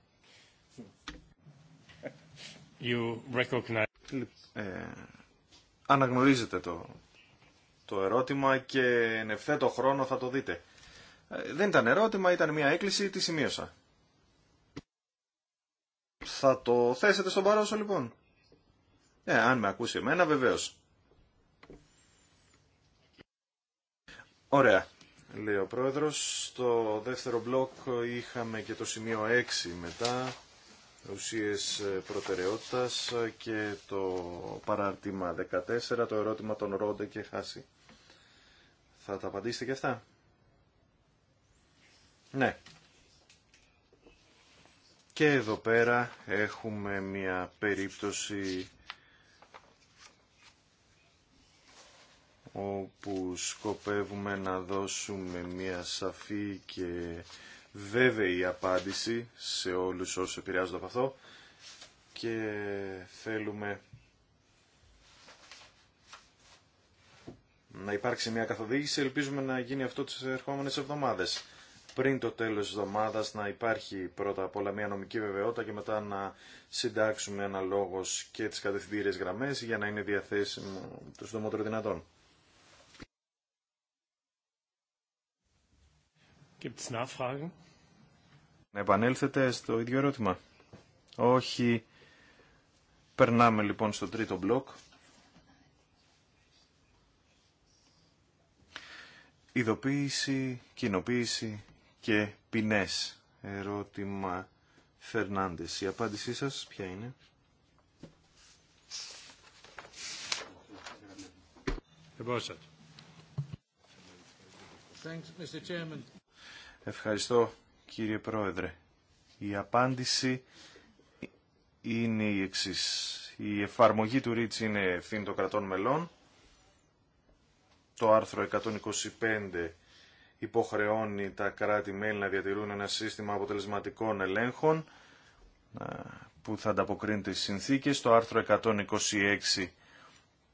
S3: Ε, αναγνωρίζετε το το ερώτημα και εν ευθέτω χρόνο θα το δείτε. Ε, δεν ήταν ερώτημα, ήταν μια έκκληση, τη σημείωσα. Θα το θέσετε στον Παρόσο λοιπόν. Ε, αν με ακούσει εμένα βεβαίως. Ωραία. Λέει ο πρόεδρος, στο δεύτερο μπλοκ είχαμε και το σημείο 6 μετά, ουσίες ε, προτεραιότητας και το παράρτημα 14, το ερώτημα των Ρόντε και Χάση. Θα τα απαντήσετε και αυτά. Ναι. Και εδώ πέρα έχουμε μια περίπτωση όπου σκοπεύουμε να δώσουμε μια σαφή και βέβαιη απάντηση σε όλους όσοι επηρεάζονται από αυτό και θέλουμε να υπάρξει μια καθοδήγηση. Ελπίζουμε να γίνει αυτό τις ερχόμενες εβδομάδες. Πριν το τέλος της εβδομάδας να υπάρχει πρώτα απ' όλα μια νομική βεβαιότητα και μετά να συντάξουμε αναλόγως και τις κατευθυντήριες γραμμές για να είναι διαθέσιμο το συντομότερο δυνατόν.
S2: Gibt's nachfragen?
S3: Να επανέλθετε στο ίδιο ερώτημα. Όχι. Περνάμε λοιπόν στο τρίτο μπλοκ. Ειδοποίηση, κοινοποίηση και ποινές. Ερώτημα Φερνάντες. Η απάντησή σας ποια είναι. Ευχαριστώ κύριε Πρόεδρε. Η απάντηση είναι η εξής. Η εφαρμογή του ΡΙΤΣ είναι ευθύνη των κρατών μελών το άρθρο 125 υποχρεώνει τα κράτη-μέλη να διατηρούν ένα σύστημα αποτελεσματικών ελέγχων που θα ανταποκρίνει τις συνθήκες. Το άρθρο 126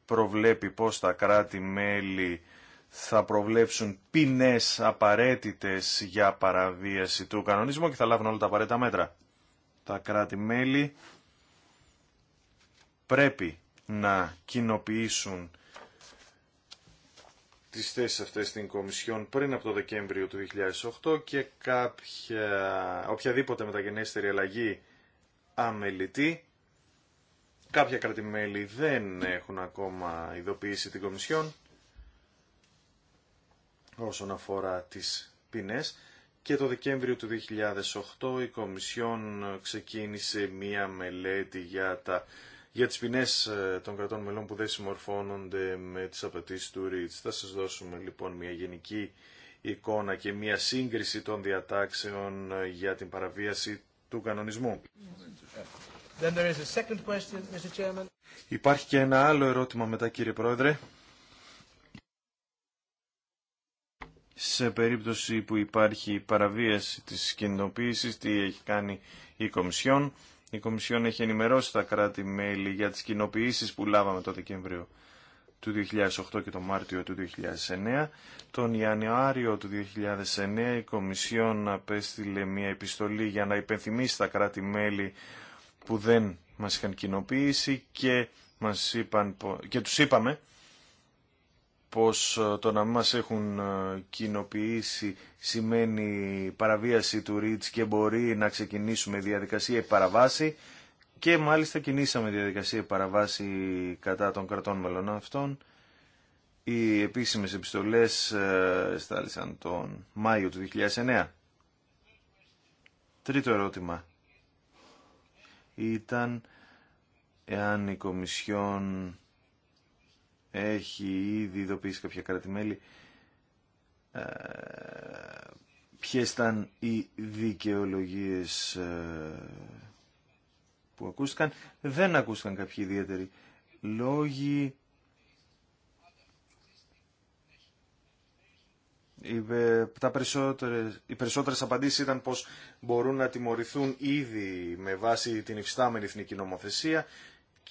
S3: προβλέπει πως τα κράτη-μέλη θα προβλέψουν ποινές απαραίτητες για παραβίαση του κανονισμού και θα λάβουν όλα τα απαραίτητα μέτρα. Τα κράτη-μέλη πρέπει να κοινοποιήσουν τις θέσεις αυτές στην Κομισιόν πριν από το Δεκέμβριο του 2008 και κάποια, οποιαδήποτε μεταγενέστερη αλλαγή αμελητή. Κάποια κρατημέλη δεν έχουν ακόμα ειδοποιήσει την Κομισιόν όσον αφορά τις ποινές και το Δεκέμβριο του 2008 η Κομισιόν ξεκίνησε μία μελέτη για τα για τις ποινές ε, των κρατών μελών που δεν συμμορφώνονται με τις απαιτήσει του ΡΙΤΣ. Θα σας δώσουμε λοιπόν μια γενική εικόνα και μια σύγκριση των διατάξεων ε, για την παραβίαση του κανονισμού. Υπάρχει και ένα άλλο ερώτημα μετά κύριε Πρόεδρε. σε περίπτωση που υπάρχει παραβίαση της κινητοποίησης, τι έχει κάνει η Κομισιόν η Κομισιόν έχει ενημερώσει τα κράτη-μέλη για τις κοινοποιήσεις που λάβαμε το Δεκέμβριο του 2008 και τον Μάρτιο του 2009. Τον Ιανουάριο του 2009 η Κομισιόν απέστειλε μια επιστολή για να υπενθυμίσει τα κράτη-μέλη που δεν μας είχαν κοινοποίησει και, μας είπαν, και τους είπαμε πως ε, το να μας έχουν ε, κοινοποιήσει σημαίνει παραβίαση του ΡΙΤΣ και μπορεί να ξεκινήσουμε διαδικασία παραβάση και μάλιστα κινήσαμε διαδικασία παραβάση κατά των κρατών μελών αυτών. Οι επίσημες επιστολές ε, στάλησαν τον Μάιο του 2009. Τρίτο ερώτημα ήταν εάν η Κομισιόν έχει ήδη ειδοποιήσει κάποια κράτη-μέλη ε, ποιες ήταν οι δικαιολογίες ε, που ακούστηκαν. Δεν ακούστηκαν κάποιοι ιδιαίτεροι λόγοι. Τα περισσότερες, οι περισσότερες απαντήσεις ήταν πως μπορούν να τιμωρηθούν ήδη με βάση την υφιστάμενη εθνική νομοθεσία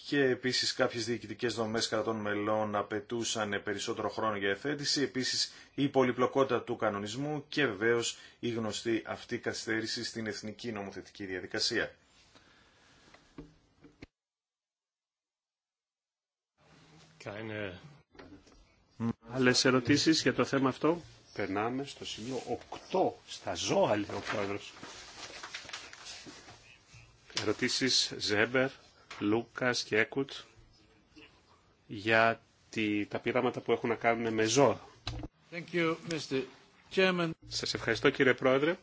S3: και επίσης κάποιες διοικητικέ δομές κρατών μελών απαιτούσαν περισσότερο χρόνο για εφέτηση, επίσης η πολυπλοκότητα του κανονισμού και βεβαίω η γνωστή αυτή καθυστέρηση στην εθνική νομοθετική διαδικασία.
S2: Άλλε Άλλες ερωτήσεις για το θέμα αυτό. Περνάμε στο σημείο 8, στα ζώα λέει ο πρόεδρο. Ερωτήσει, Ζέμπερ, Λούκας και Έκουτ για τη, τα πειράματα που έχουν να κάνουν με ζώα.
S1: Thank
S2: Σας ευχαριστώ κύριε Πρόεδρε.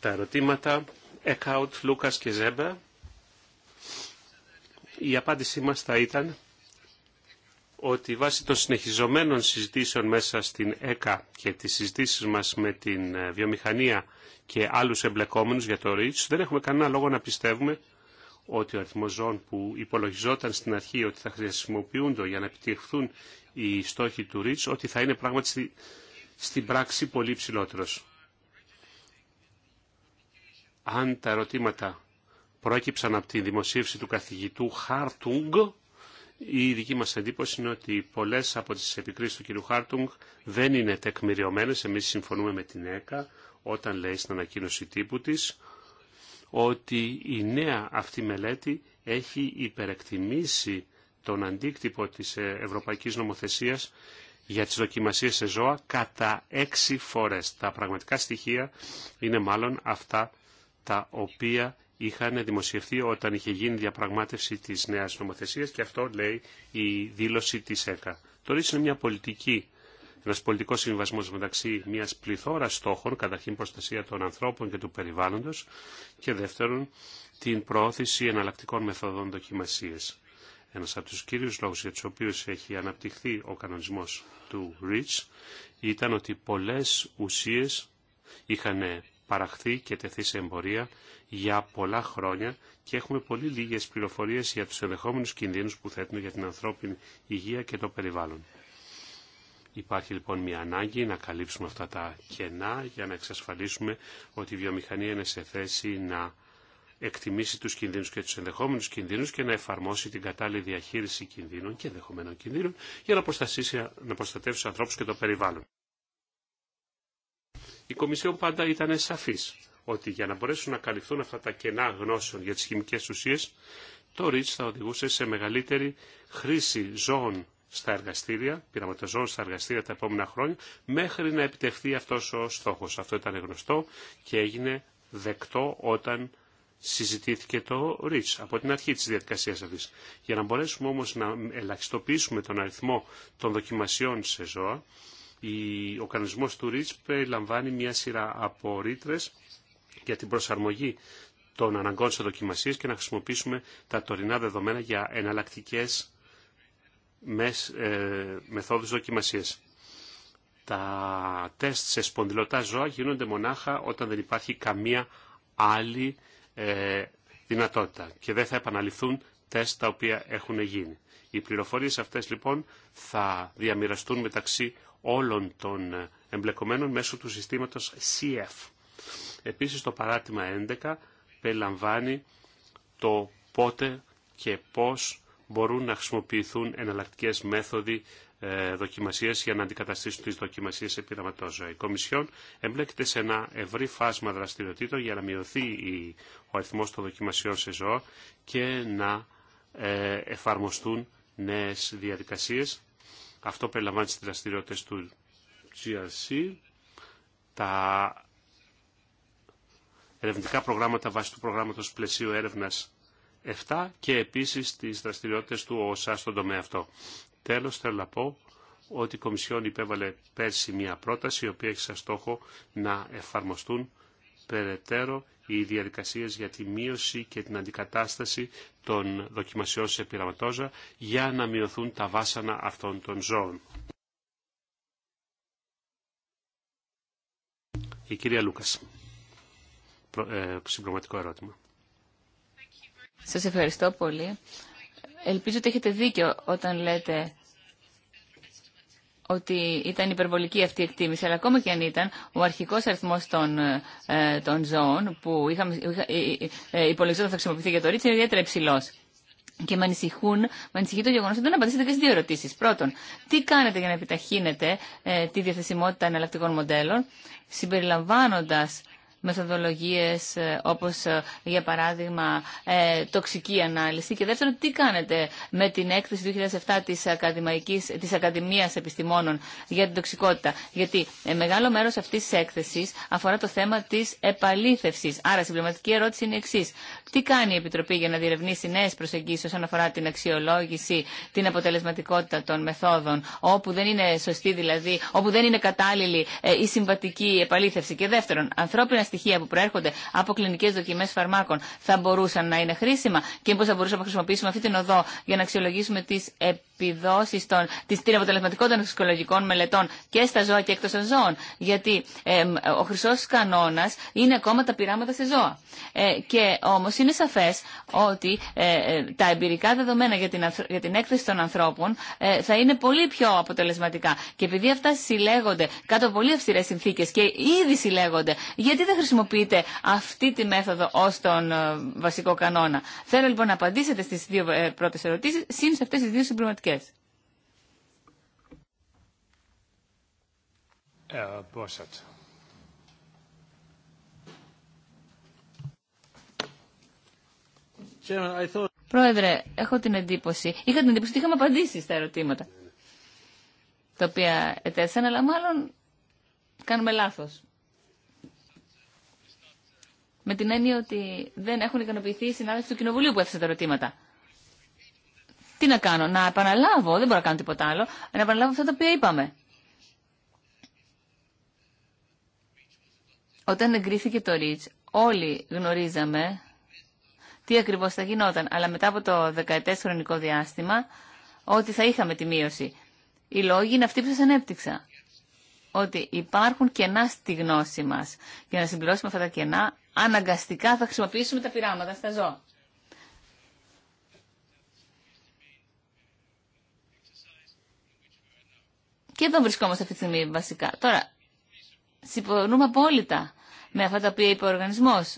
S2: Τα ερωτήματα Έκουτ, Λούκας και Ζέμπα. Η απάντησή μας θα ήταν ότι βάσει των συνεχιζομένων συζητήσεων μέσα στην ΕΚΑ και τις συζητήσεις μας με την ε, βιομηχανία και άλλους εμπλεκόμενους για το ΡΙΤΣ, δεν έχουμε κανένα λόγο να πιστεύουμε ότι ο αριθμός ζώων που υπολογιζόταν στην αρχή ότι θα χρησιμοποιούνται για να επιτυχθούν οι στόχοι του ΡΙΤΣ, ότι θα είναι πράγματι στην πράξη πολύ ψηλότερος. Αν τα ερωτήματα από τη δημοσίευση του καθηγητού Χάρτουγκ, η δική μας εντύπωση είναι ότι πολλές από τις επικρίσεις του κ. Χάρτουγκ δεν είναι τεκμηριωμένες. Εμείς συμφωνούμε με την ΕΚΑ όταν λέει στην ανακοίνωση τύπου της ότι η νέα αυτή μελέτη έχει υπερεκτιμήσει τον αντίκτυπο της ε, Ευρωπαϊκής Νομοθεσίας για τις δοκιμασίες σε ζώα κατά έξι φορές. Τα πραγματικά στοιχεία είναι μάλλον αυτά τα οποία είχαν δημοσιευθεί όταν είχε γίνει διαπραγμάτευση της νέας νομοθεσίας και αυτό λέει η δήλωση της ΕΚΑ. Τώρα είναι μια πολιτική, ένας πολιτικός συμβασμός μεταξύ μιας πληθώρας στόχων, καταρχήν προστασία των ανθρώπων και του περιβάλλοντος και δεύτερον την προώθηση εναλλακτικών μεθοδών δοκιμασίες. Ένας από τους κύριους λόγους για τους οποίους έχει αναπτυχθεί ο κανονισμός του REACH ήταν ότι πολλές ουσίες είχαν παραχθεί και τεθεί σε εμπορία για πολλά χρόνια και έχουμε πολύ λίγες πληροφορίες για τους ενδεχόμενου κινδύνους που θέτουν για την ανθρώπινη υγεία και το περιβάλλον. Υπάρχει λοιπόν μια ανάγκη να καλύψουμε αυτά τα κενά για να εξασφαλίσουμε ότι η βιομηχανία είναι σε θέση να εκτιμήσει τους κινδύνους και τους ενδεχόμενου κινδύνους και να εφαρμόσει την κατάλληλη διαχείριση κινδύνων και ενδεχομένων κινδύνων για να, να προστατεύσει τους ανθρώπους και το περιβάλλον. Η Κομισιόν πάντα ήταν σαφής ότι για να μπορέσουν να καλυφθούν αυτά τα κενά γνώσεων για τις χημικές ουσίες, το REACH θα οδηγούσε σε μεγαλύτερη χρήση ζώων στα εργαστήρια, πειραματοζώων στα εργαστήρια τα επόμενα χρόνια, μέχρι να επιτευχθεί αυτός ο στόχος. Αυτό ήταν γνωστό και έγινε δεκτό όταν συζητήθηκε το REACH από την αρχή της διαδικασίας αυτής. Για να μπορέσουμε όμως να ελαχιστοποιήσουμε τον αριθμό των δοκιμασιών σε ζώα, ο κανονισμός του ΡΙΤΣ περιλαμβάνει μια σειρά από ρήτρες για την προσαρμογή των αναγκών σε δοκιμασίες και να χρησιμοποιήσουμε τα τωρινά δεδομένα για εναλλακτικέ ε, μεθόδους δοκιμασίες. Τα τεστ σε σπονδυλωτά ζώα γίνονται μονάχα όταν δεν υπάρχει καμία άλλη ε, δυνατότητα και δεν θα επαναληφθούν τεστ τα οποία έχουν γίνει. Οι πληροφορίες αυτές λοιπόν θα διαμοιραστούν μεταξύ όλων των εμπλεκομένων μέσω του συστήματος CF. Επίσης το παράτημα 11 περιλαμβάνει το πότε και πώς μπορούν να χρησιμοποιηθούν εναλλακτικές μέθοδοι ε, δοκιμασίες για να αντικαταστήσουν τις δοκιμασίες πειραματόζωα. Η Κομισιόν εμπλέκεται σε ένα ευρύ φάσμα δραστηριοτήτων για να μειωθεί ο αριθμός των δοκιμασιών σε ζώα και να ε, εφαρμοστούν νέες διαδικασίες. Αυτό περιλαμβάνει τις δραστηριότητες του GRC, τα ερευνητικά προγράμματα βάσει του προγράμματος πλαισίου έρευνας 7 και επίσης τις δραστηριότητες του ΟΣΑ στον τομέα αυτό. Τέλος θέλω να πω ότι η Κομισιόν υπέβαλε πέρσι μια πρόταση η οποία έχει σαν στόχο να εφαρμοστούν περαιτέρω οι διαδικασίες για τη μείωση και την αντικατάσταση των δοκιμασιών σε πειραματόζα για να μειωθούν τα βάσανα αυτών των ζώων. Η κυρία Λούκας. Ε, συμπληρωματικό ερώτημα.
S1: Σας ευχαριστώ πολύ. Ελπίζω ότι έχετε δίκιο όταν λέτε ότι ήταν υπερβολική αυτή η εκτίμηση, αλλά ακόμα και αν ήταν, ο αρχικός αριθμός των, ε, των ζώων που είχαμε, ε, ε, υπολογιζόταν θα χρησιμοποιηθεί για το ρίτσι είναι ιδιαίτερα υψηλό. Και με, ανησυχούν, με ανησυχεί το γεγονό ότι δεν απαντήσετε και στι δύο ερωτήσει. Πρώτον, τι κάνετε για να επιταχύνετε ε, τη διαθεσιμότητα εναλλακτικών μοντέλων, συμπεριλαμβάνοντα μεθοδολογίες ε, όπως ε, για παράδειγμα ε, τοξική ανάλυση και δεύτερον τι κάνετε με την έκθεση 2007 της, Ακαδημαϊκής, της Ακαδημίας Επιστημόνων για την τοξικότητα. Γιατί μεγάλο μέρος αυτής της έκθεσης αφορά το θέμα της επαλήθευσης. Άρα συμπληρωματική ερώτηση είναι εξή. Τι κάνει η Επιτροπή για να διερευνήσει νέε προσεγγίσεις όσον αφορά την αξιολόγηση, την αποτελεσματικότητα των μεθόδων, όπου δεν είναι σωστή δηλαδή, όπου δεν είναι κατάλληλη η συμβατική επαλήθευση. Και δεύτερον, ανθρώπινα στοιχεία που προέρχονται από κλινικέ δοκιμέ φαρμάκων θα μπορούσαν να είναι χρήσιμα και πώ θα μπορούσαμε να χρησιμοποιήσουμε αυτή την οδό για να αξιολογήσουμε τι επιδόσει των, αποτελεσματικότητα των φυσικολογικών μελετών και στα ζώα και εκτό των ζώων. Γιατί ε, ο χρυσό κανόνα είναι ακόμα τα πειράματα σε ζώα. Ε, και όμω είναι σαφέ ότι ε, ε, τα εμπειρικά δεδομένα για την, για την έκθεση των ανθρώπων ε, θα είναι πολύ πιο αποτελεσματικά. Και επειδή αυτά συλλέγονται κάτω από πολύ αυστηρέ συνθήκε και ήδη συλλέγονται, γιατί δεν χρησιμοποιείτε αυτή τη μέθοδο ω τον ε, βασικό κανόνα. Θέλω λοιπόν να απαντήσετε στι δύο πρώτε ερωτήσει σύν σε αυτέ τι δύο συμπληρωματικέ. Ε, Πρόεδρε, έχω την εντύπωση, είχα την εντύπωση ότι είχαμε απαντήσει στα ερωτήματα τα οποία ετέθησαν, αλλά μάλλον κάνουμε λάθος. Με την έννοια ότι δεν έχουν ικανοποιηθεί οι συνάδελφοι του Κοινοβουλίου που έθεσαν τα ερωτήματα. Τι να κάνω, να επαναλάβω, δεν μπορώ να κάνω τίποτα άλλο, να επαναλάβω αυτά τα οποία είπαμε. Όταν εγκρίθηκε το ΡΙΤΣ, όλοι γνωρίζαμε τι ακριβώς θα γινόταν, αλλά μετά από το 14 χρονικό διάστημα, ότι θα είχαμε τη μείωση. Οι λόγοι είναι αυτοί που σας ανέπτυξα. Ότι υπάρχουν κενά στη γνώση μας. Για να συμπληρώσουμε αυτά τα κενά, αναγκαστικά θα χρησιμοποιήσουμε τα πειράματα στα ζώα. Και εδώ βρισκόμαστε αυτή τη στιγμή βασικά. Τώρα, συμφωνούμε απόλυτα με αυτά τα οποία είπε ο οργανισμός.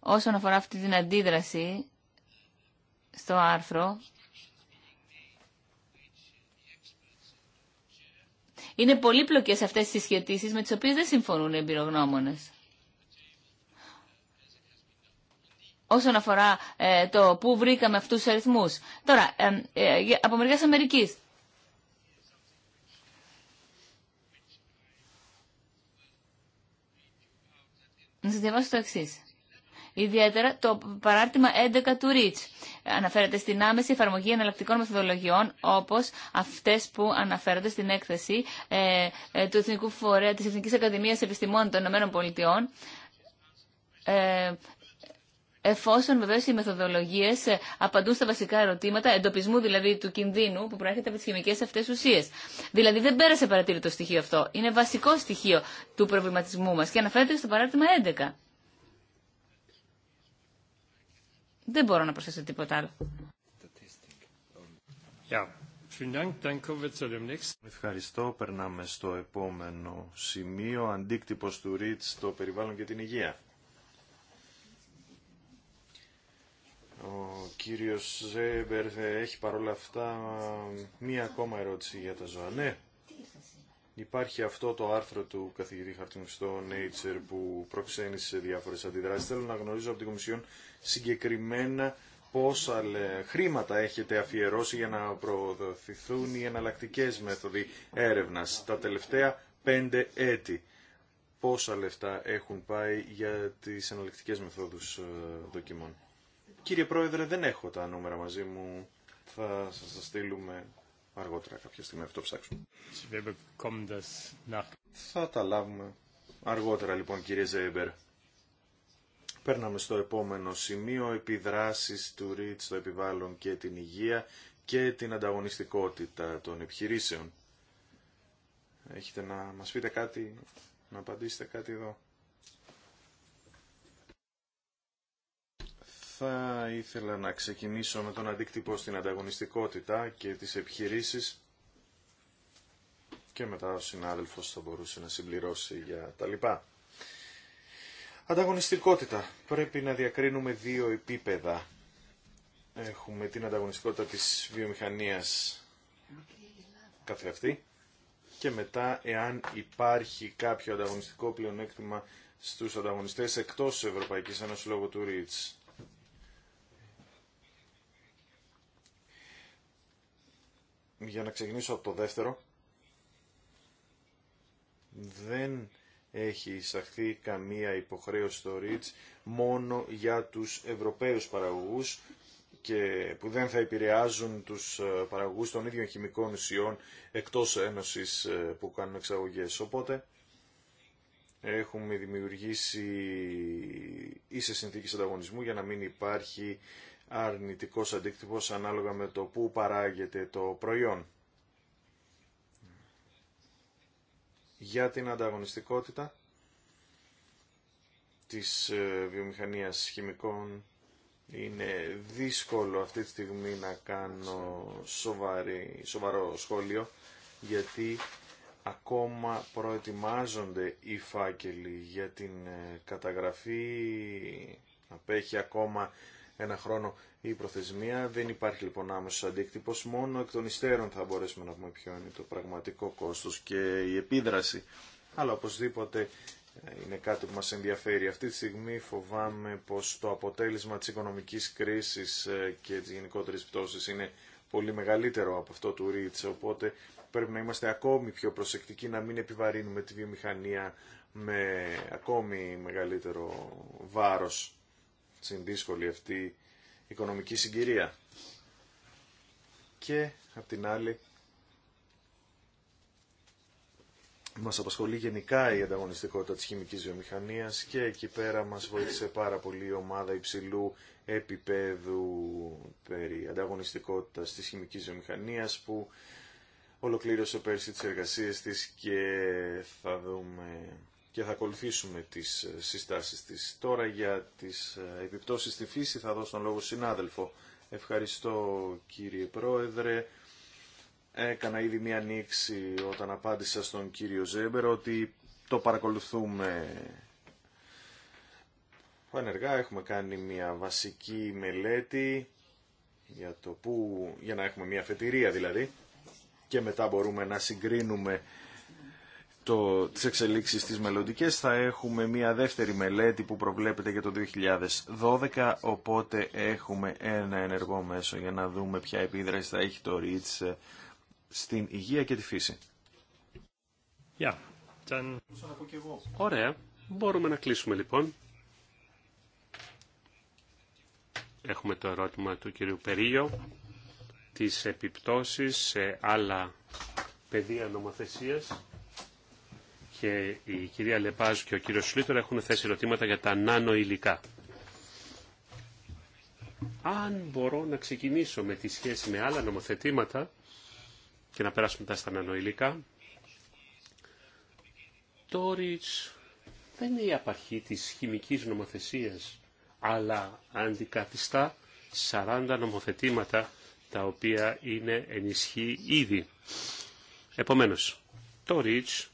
S1: Όσον αφορά αυτή την αντίδραση στο άρθρο, είναι πολύπλοκες αυτές οι σχετήσεις με τις οποίες δεν συμφωνούν οι εμπειρογνώμονες. όσον αφορά ε, το πού βρήκαμε αυτούς τους αριθμούς. Τώρα, ε, ε, από μερικές Αμερικής. Να σας διαβάσω το εξή. Ιδιαίτερα το παράρτημα 11 του ΡΙΤΣ αναφέρεται στην άμεση εφαρμογή εναλλακτικών μεθοδολογιών όπως αυτές που αναφέρονται στην έκθεση του Εθνικού Φορέα της Εθνικής Ακαδημίας Επιστημών των Ηνωμένων Πολιτειών εφόσον βεβαίω οι μεθοδολογίε ε, απαντούν στα βασικά ερωτήματα εντοπισμού δηλαδή του κινδύνου που προέρχεται από τι χημικέ αυτέ ουσίε. Δηλαδή δεν πέρασε παρατήρητο στοιχείο αυτό. Είναι βασικό στοιχείο του προβληματισμού μα και αναφέρεται στο παράδειγμα 11. Δεν μπορώ να προσθέσω τίποτα άλλο.
S3: Ευχαριστώ. Περνάμε στο επόμενο σημείο. Αντίκτυπος του Ριτς στο περιβάλλον και την υγεία. Ο κύριος Ζέμπερ έχει παρόλα αυτά ε, μία ακόμα ερώτηση για τα ζώα. Ναι, υπάρχει αυτό το άρθρο του καθηγητή Χαρτινού στο Nature που προξένησε διάφορες αντιδράσεις. Θέλω να γνωρίζω από την Κομισιόν συγκεκριμένα πόσα χρήματα έχετε αφιερώσει για να προωθηθούν οι εναλλακτικέ μέθοδοι έρευνας τα τελευταία πέντε έτη. Πόσα λεφτά έχουν πάει για τις εναλλακτικέ μεθόδους ε, δοκιμών. Κύριε Πρόεδρε, δεν έχω τα νούμερα μαζί μου. Θα σας τα στείλουμε αργότερα κάποια στιγμή αυτό ψάξουμε. Θα τα λάβουμε αργότερα λοιπόν κύριε Ζέιμπερ. Παίρναμε στο επόμενο σημείο επιδράσεις του ΡΙΤ στο επιβάλλον και την υγεία και την ανταγωνιστικότητα των επιχειρήσεων. Έχετε να μας πείτε κάτι, να απαντήσετε κάτι εδώ. Θα ήθελα να ξεκινήσω με τον αντίκτυπο στην ανταγωνιστικότητα και τις επιχειρήσεις και μετά ο συνάδελφος θα μπορούσε να συμπληρώσει για τα λοιπά. Ανταγωνιστικότητα. Πρέπει να διακρίνουμε δύο επίπεδα. Έχουμε την ανταγωνιστικότητα της βιομηχανίας καθεαυτή και μετά εάν υπάρχει κάποιο ανταγωνιστικό πλεονέκτημα στους ανταγωνιστές εκτός Ευρωπαϊκής Ένωσης λόγω του REACH. για να ξεκινήσω από το δεύτερο, δεν έχει εισαχθεί καμία υποχρέωση στο REACH μόνο για τους Ευρωπαίους παραγωγούς και που δεν θα επηρεάζουν τους ε, παραγωγούς των ίδιων χημικών ουσιών εκτός ένωσης ε, που κάνουν εξαγωγές. Οπότε έχουμε δημιουργήσει ίσες συνθήκες ανταγωνισμού για να μην υπάρχει αρνητικός αντίκτυπος ανάλογα με το πού παράγεται το προϊόν. Για την ανταγωνιστικότητα της ε, βιομηχανίας χημικών είναι δύσκολο αυτή τη στιγμή να κάνω σοβαρό σχόλιο γιατί ακόμα προετοιμάζονται οι φάκελοι για την ε, καταγραφή απέχει ακόμα ένα χρόνο η προθεσμία. Δεν υπάρχει λοιπόν άμεσο αντίκτυπο. Μόνο εκ των υστέρων θα μπορέσουμε να πούμε ποιο είναι το πραγματικό κόστο και η επίδραση. Αλλά οπωσδήποτε ε, είναι κάτι που μας ενδιαφέρει. Αυτή τη στιγμή φοβάμαι πως το αποτέλεσμα της οικονομικής κρίσης ε, και της γενικότερης πτώσης είναι πολύ μεγαλύτερο από αυτό του ΡΙΤΣ, οπότε πρέπει να είμαστε ακόμη πιο προσεκτικοί να μην επιβαρύνουμε τη βιομηχανία με ακόμη μεγαλύτερο βάρος στην δύσκολη αυτή οικονομική συγκυρία. Και απ' την άλλη μας απασχολεί γενικά η ανταγωνιστικότητα της χημικής βιομηχανίας και εκεί πέρα μας βοήθησε πάρα πολύ η ομάδα υψηλού επίπεδου περί ανταγωνιστικότητας της χημικής βιομηχανίας που ολοκλήρωσε πέρσι τις εργασίες της και θα δούμε και θα ακολουθήσουμε τις ε, συστάσεις της. Τώρα για τις ε, επιπτώσεις στη φύση θα δώσω τον λόγο συνάδελφο. Ευχαριστώ κύριε Πρόεδρε. Έκανα ήδη μία ανοίξη όταν απάντησα στον κύριο Ζέμπερ ότι το παρακολουθούμε ενεργά. Έχουμε κάνει μία βασική μελέτη για, το που, για να έχουμε μία φετηρία δηλαδή και μετά μπορούμε να συγκρίνουμε το, τις εξελίξεις τις μελλοντικέ θα έχουμε μια δεύτερη μελέτη που προβλέπεται για το 2012 οπότε έχουμε ένα ενεργό μέσο για να δούμε ποια επίδραση θα έχει το ΡΙΤΣ ε,
S2: στην υγεία και τη φύση. Yeah. Ωραία. Μπορούμε να κλείσουμε λοιπόν. Έχουμε το ερώτημα του κυρίου Περίγιο τις επιπτώσεις σε άλλα πεδία νομοθεσίας και η κυρία Λεπάζ και ο κύριος Σλίτορ έχουν θέσει ερωτήματα για τα νάνο Αν μπορώ να ξεκινήσω με τη σχέση με άλλα νομοθετήματα και να περάσουμε τα στα νανοηλικά, το ριτς δεν είναι η απαρχή της χημικής νομοθεσίας, αλλά αντικαθιστά 40 νομοθετήματα τα οποία είναι ενισχύ ήδη. Επομένως, το REACH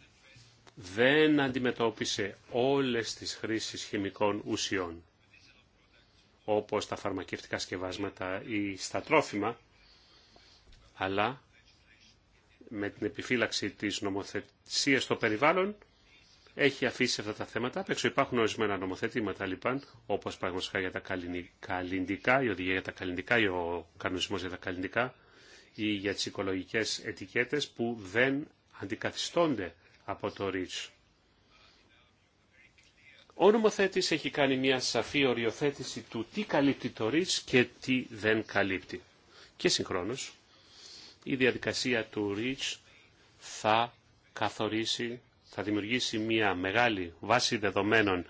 S2: δεν αντιμετώπισε όλες τις χρήσεις χημικών ουσιών, όπως τα φαρμακευτικά σκευάσματα ή στα τρόφιμα, αλλά με την επιφύλαξη της νομοθεσίας στο περιβάλλον, έχει αφήσει αυτά τα θέματα απ' έξω. Υπάρχουν ορισμένα νομοθετήματα λοιπόν, όπως πραγματικά για τα καλλιντικά, η οδηγία για τα καλλιντικά ο κανονισμός για τα καλλιντικά ή για τις οικολογικές ετικέτες που δεν αντικαθιστώνται από το Ο νομοθέτης έχει κάνει μια σαφή οριοθέτηση του τι καλύπτει το ΡΙΤΣ και τι δεν καλύπτει. Και συγχρόνως η διαδικασία του ΡΙΤΣ θα καθορίσει, θα δημιουργήσει μια μεγάλη βάση δεδομένων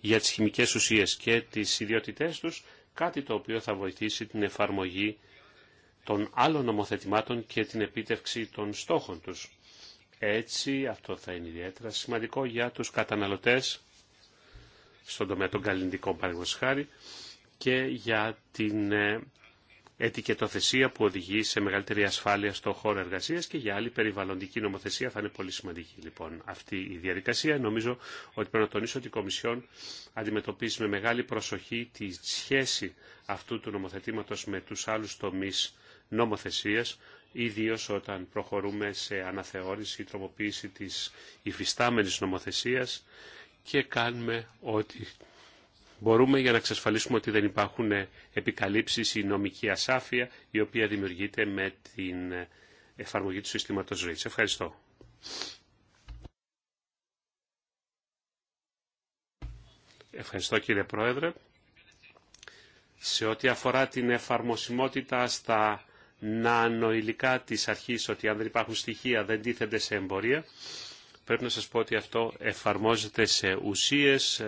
S2: για τις χημικές ουσίες και τις ιδιότητές τους, κάτι το οποίο θα βοηθήσει την εφαρμογή των άλλων νομοθετημάτων και την επίτευξη των στόχων τους. Έτσι αυτό θα είναι ιδιαίτερα σημαντικό για τους καταναλωτές στον τομέα των καλλιντικών παραγωγής χάρη και για την ε, ετικετοθεσία που οδηγεί σε μεγαλύτερη ασφάλεια στον χώρο εργασίας και για άλλη περιβαλλοντική νομοθεσία θα είναι πολύ σημαντική λοιπόν αυτή η διαδικασία. Νομίζω ότι πρέπει να τονίσω ότι η Κομισιόν αντιμετωπίζει με μεγάλη προσοχή τη σχέση αυτού του νομοθετήματος με τους άλλους τομείς νομοθεσίας ιδίω όταν προχωρούμε σε αναθεώρηση ή τροποποίηση της υφιστάμενης νομοθεσίας και κάνουμε ό,τι μπορούμε για να εξασφαλίσουμε ότι δεν υπάρχουν επικαλύψεις ή νομική ασάφεια η οποία δημιουργείται με την εφαρμογή του συστήματος REACH. Ευχαριστώ. Ευχαριστώ κύριε Πρόεδρε. Σε ό,τι αφορά την εφαρμοσιμότητα στα να νανοηλικά της αρχής ότι αν δεν υπάρχουν στοιχεία δεν τίθενται σε εμπορία. Πρέπει να σας πω ότι αυτό εφαρμόζεται σε ουσίες,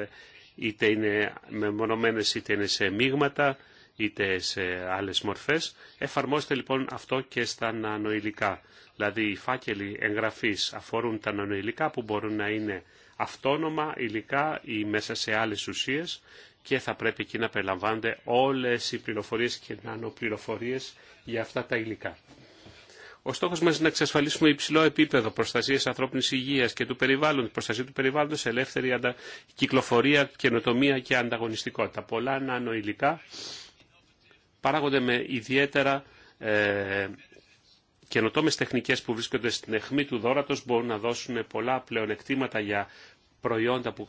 S2: είτε είναι μεμονωμένες είτε είναι σε μείγματα, είτε σε άλλες μορφές. Εφαρμόζεται λοιπόν αυτό και στα νανοηλικά. Δηλαδή οι φάκελοι εγγραφής αφορούν τα νανοηλικά που μπορούν να είναι αυτόνομα υλικά ή μέσα σε άλλε ουσίε και θα πρέπει εκεί να περιλαμβάνονται όλες οι πληροφορίες και νανοπληροφορίες για αυτά τα υλικά. Ο στόχος μας είναι να εξασφαλίσουμε υψηλό επίπεδο προστασίας ανθρώπινης υγείας και του περιβάλλοντος, προστασία του περιβάλλοντος, ελεύθερη αντα... κυκλοφορία, καινοτομία και ανταγωνιστικότητα. Πολλά νανοηλικά παράγονται με ιδιαίτερα ε, καινοτόμες τεχνικές που βρίσκονται στην αιχμή του δόρατος, μπορούν να δώσουν πολλά πλεονεκτήματα για προϊόντα που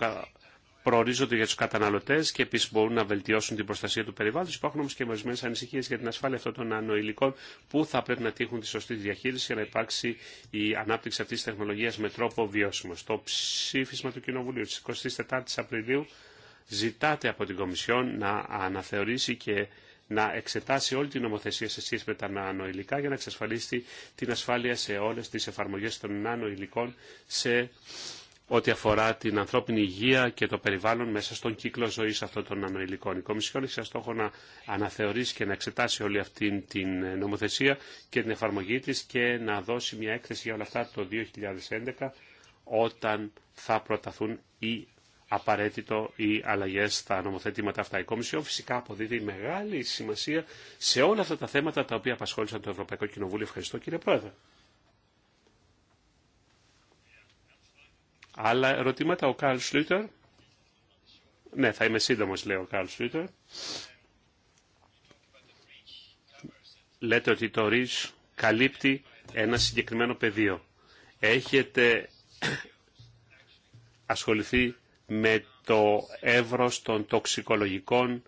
S2: προορίζονται για του καταναλωτέ και επίση μπορούν να βελτιώσουν την προστασία του περιβάλλοντο. Υπάρχουν όμω και ορισμένε ανησυχίε για την ασφάλεια αυτών των ανοηλικών που θα πρέπει να τύχουν τη σωστή διαχείριση για να υπάρξει η ανάπτυξη αυτή τη τεχνολογία με τρόπο βιώσιμο. Στο ψήφισμα του Κοινοβουλίου τη 24η Απριλίου ζητάτε από την Κομισιόν να αναθεωρήσει και να εξετάσει όλη την νομοθεσία σε σχέση με τα νανοηλικά για να εξασφαλίσει την ασφάλεια σε όλες τις εφαρμογές των νανοηλικών σε ό,τι αφορά την ανθρώπινη υγεία και το περιβάλλον μέσα στον κύκλο ζωή αυτών των ανοηλικών. Η Κομισιόν έχει σαν στόχο να αναθεωρήσει και να εξετάσει όλη αυτή την νομοθεσία και την εφαρμογή τη και να δώσει μια έκθεση για όλα αυτά το 2011 όταν θα προταθούν οι απαραίτητο οι αλλαγέ στα νομοθετήματα αυτά. Η Κομισιόν φυσικά αποδίδει μεγάλη σημασία σε όλα αυτά τα θέματα τα οποία απασχόλησαν το Ευρωπαϊκό Κοινοβούλιο. Ευχαριστώ κύριε Πρόεδρε. Άλλα ερωτήματα, ο Καρλ Σλούτερ. Ναι, θα είμαι σύντομος, λέει ο Καρλ Σλούτερ. Λέτε ότι το ριζ καλύπτει ένα συγκεκριμένο πεδίο. Έχετε ασχοληθεί με το εύρος των τοξικολογικών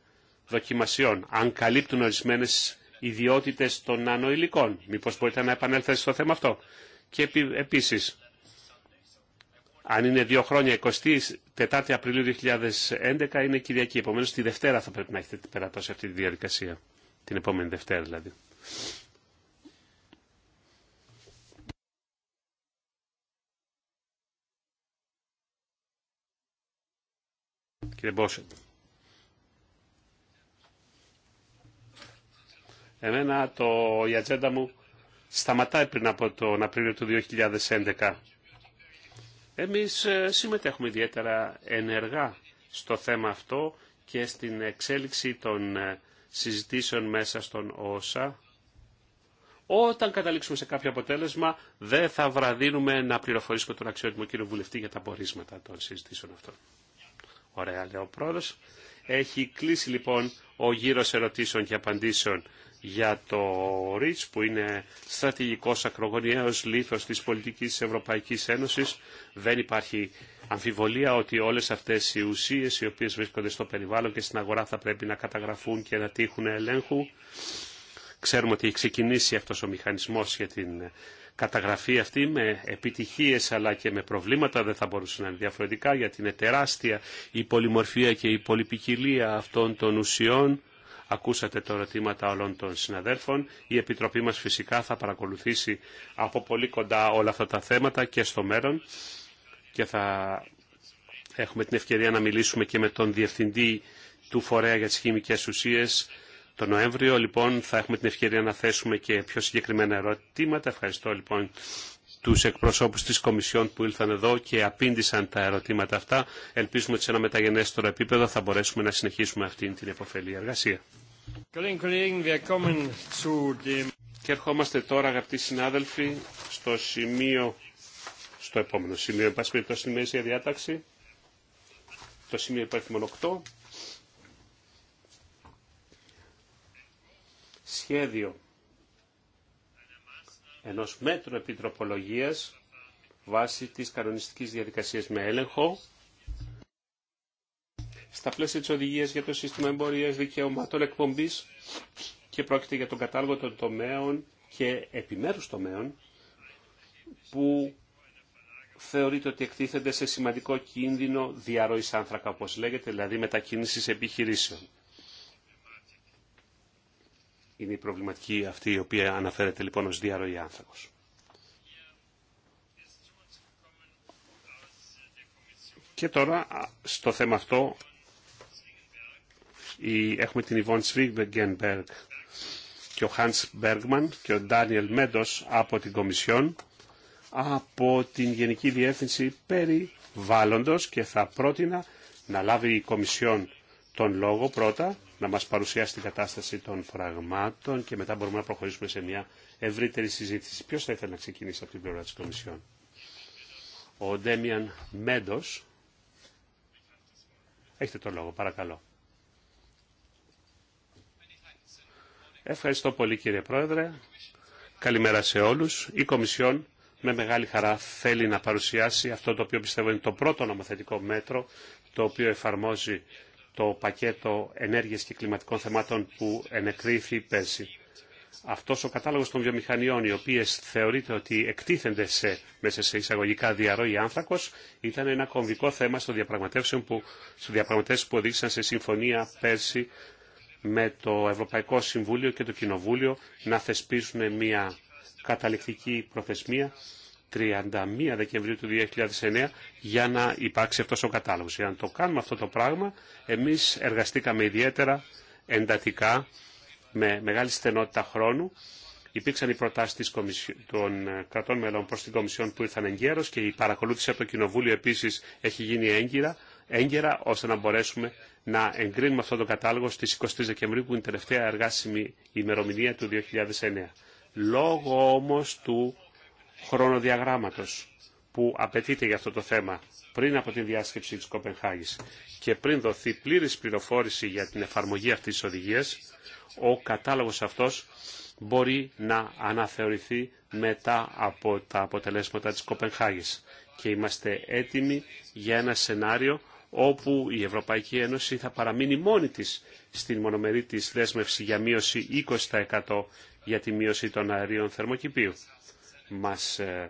S2: δοκιμασιών. Αν καλύπτουν ορισμένες ιδιότητες των νανοηλικών. Μήπως μπορείτε να επανέλθετε στο θέμα αυτό. Και επίσης, αν είναι δύο χρόνια, 24 Απριλίου 2011 είναι Κυριακή. Επομένως τη Δευτέρα θα πρέπει να έχετε περατώσει αυτή τη διαδικασία. Την επόμενη Δευτέρα δηλαδή. Κύριε Μπόσετ. Εμένα το, η ατζέντα μου σταματάει πριν από τον Απρίλιο του 2011. Εμείς ε, συμμετέχουμε ιδιαίτερα ενεργά στο θέμα αυτό και στην εξέλιξη των ε, συζητήσεων μέσα στον ΩΣΑ. Όταν καταλήξουμε σε κάποιο αποτέλεσμα, δεν θα βραδύνουμε να πληροφορήσουμε τον αξιότιμο κύριο Βουλευτή για τα πορίσματα των συζητήσεων αυτών. Ωραία, λέει ο πρόεδρος. Έχει κλείσει λοιπόν ο γύρος ερωτήσεων και απαντήσεων για το ΡΙΤΣ που είναι στρατηγικός ακρογωνιαίος λήθος της πολιτικής της Ευρωπαϊκής Ένωσης. Δεν υπάρχει αμφιβολία ότι όλες αυτές οι ουσίες οι οποίες βρίσκονται στο περιβάλλον και στην αγορά θα πρέπει να καταγραφούν και να τύχουν ελέγχου. Ξέρουμε ότι έχει ξεκινήσει αυτός ο μηχανισμός για την καταγραφή αυτή με επιτυχίες αλλά και με προβλήματα δεν θα μπορούσαν να είναι διαφορετικά γιατί είναι τεράστια η πολυμορφία και η πολυπικιλία αυτών των ουσιών Ακούσατε τα ερωτήματα όλων των συναδέλφων. Η Επιτροπή μας φυσικά θα παρακολουθήσει από πολύ κοντά όλα αυτά τα θέματα και στο μέλλον και θα έχουμε την ευκαιρία να μιλήσουμε και με τον Διευθυντή του Φορέα για τις Χημικές Ουσίες το Νοέμβριο. Λοιπόν, θα έχουμε την ευκαιρία να θέσουμε και πιο συγκεκριμένα ερωτήματα. Ευχαριστώ λοιπόν τους εκπροσώπους της Κομισιόν που ήλθαν εδώ και απήντησαν τα ερωτήματα αυτά. Ελπίζουμε ότι σε ένα μεταγενέστερο επίπεδο θα μπορέσουμε να συνεχίσουμε αυτή την επωφελή εργασία. Και ερχόμαστε τώρα αγαπητοί συνάδελφοι στο σημείο, στο επόμενο σημείο, πάση περιπτώσει μέση διάταξη, το σημείο υπάρχει μόνο 8. Σχέδιο ενός μέτρου επιτροπολογίας βάσει της κανονιστικής διαδικασίας με έλεγχο στα πλαίσια της οδηγίας για το σύστημα εμπορίας δικαιωμάτων εκπομπής και πρόκειται για τον κατάλογο των τομέων και επιμέρους τομέων που θεωρείται ότι εκτίθενται σε σημαντικό κίνδυνο διαρροής άνθρακα, όπως λέγεται, δηλαδή μετακίνησης επιχειρήσεων. Είναι η προβληματική αυτή η οποία αναφέρεται λοιπόν ως διαρροή άνθρακος. Και τώρα στο θέμα αυτό έχουμε την Ιβόν Σβίγγενμπεργκ και ο Χάνς Μπέργμαν και ο Ντάνιελ Μέντος από την Κομισιόν από την Γενική Διεύθυνση Περιβάλλοντος και θα πρότεινα να λάβει η Κομισιόν τον λόγο πρώτα να μας παρουσιάσει την κατάσταση των πραγμάτων και μετά μπορούμε να προχωρήσουμε σε μια ευρύτερη συζήτηση. Ποιος θα ήθελε να ξεκινήσει από την πλευρά της Κομισιόν. Ο Ντέμιαν Μέντος. Έχετε το λόγο, παρακαλώ. Ευχαριστώ πολύ κύριε Πρόεδρε. Καλημέρα σε όλους. Η Κομισιόν με μεγάλη χαρά θέλει να παρουσιάσει αυτό το οποίο πιστεύω είναι το πρώτο νομοθετικό μέτρο το οποίο εφαρμόζει το πακέτο ενέργειας και κλιματικών θεμάτων που ενεκρίθη πέρσι. Αυτός ο κατάλογος των βιομηχανιών, οι οποίες θεωρείται ότι εκτίθενται σε, μέσα σε εισαγωγικά διαρροή άνθρακος, ήταν ένα κομβικό θέμα στο διαπραγματεύσεων που, στο που οδήγησαν σε συμφωνία πέρσι με το Ευρωπαϊκό Συμβούλιο και το Κοινοβούλιο να θεσπίσουν μια καταληκτική προθεσμία 31 Δεκεμβρίου του 2009 για να υπάρξει αυτός ο κατάλογος. Για να το κάνουμε αυτό το πράγμα, εμείς εργαστήκαμε ιδιαίτερα εντατικά, με μεγάλη στενότητα χρόνου. Υπήρξαν οι προτάσει των ε, κρατών μελών προ την Κομισιόν που ήρθαν εγκαίρω και η παρακολούθηση από το Κοινοβούλιο επίση έχει γίνει έγκυρα, έγκαιρα ώστε να μπορέσουμε να εγκρίνουμε αυτό το κατάλογο στι 23 Δεκεμβρίου που είναι η τελευταία εργάσιμη ημερομηνία του 2009. Λόγω όμω του χρονοδιαγράμματος που απαιτείται για αυτό το θέμα πριν από τη διάσκεψη της Κοπενχάγης και πριν δοθεί πλήρης πληροφόρηση για την εφαρμογή αυτής της οδηγίας, ο κατάλογος αυτός μπορεί να αναθεωρηθεί μετά από τα αποτελέσματα της Κοπενχάγης. Και είμαστε έτοιμοι για ένα σενάριο όπου η Ευρωπαϊκή Ένωση θα παραμείνει μόνη της στην μονομερή της δέσμευση για μείωση 20% για τη μείωση των αερίων θερμοκηπίου μας ε,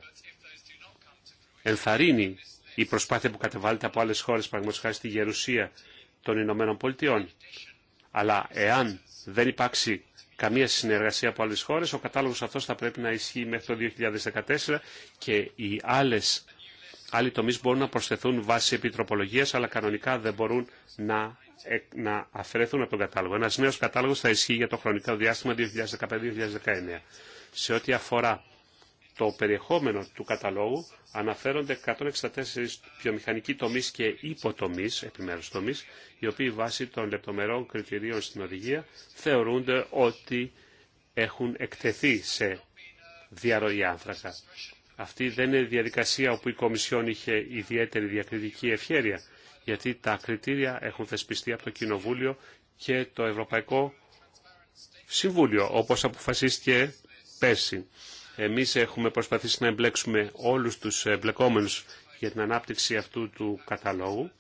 S2: ενθαρρύνει η προσπάθεια που κατεβάλλεται από άλλες χώρες, παραδείγματος χάρη στη Γερουσία των Ηνωμένων Πολιτειών. Αλλά εάν δεν υπάρξει καμία συνεργασία από άλλες χώρες, ο κατάλογος αυτός θα πρέπει να ισχύει μέχρι το 2014 και οι άλλες, άλλοι τομείς μπορούν να προσθεθούν βάσει επιτροπολογίας, αλλά κανονικά δεν μπορούν να, να αφαιρεθούν από τον κατάλογο. Ένας νέος κατάλογος θα ισχύει για το χρονικό διάστημα 2015-2019. Σε ό,τι αφορά το περιεχόμενο του καταλόγου αναφέρονται 164 βιομηχανικοί τομεί και υποτομεί, επιμέρου τομεί, οι οποίοι βάσει των λεπτομερών κριτηρίων στην οδηγία θεωρούνται ότι έχουν εκτεθεί σε διαρροή άνθρακα. Αυτή δεν είναι διαδικασία όπου η Κομισιόν είχε ιδιαίτερη διακριτική ευχέρεια, γιατί τα κριτήρια έχουν θεσπιστεί από το Κοινοβούλιο και το Ευρωπαϊκό Συμβούλιο, όπως αποφασίστηκε πέρσι. Εμείς έχουμε προσπαθήσει να εμπλέξουμε όλους τους εμπλεκόμενους για την ανάπτυξη αυτού του καταλόγου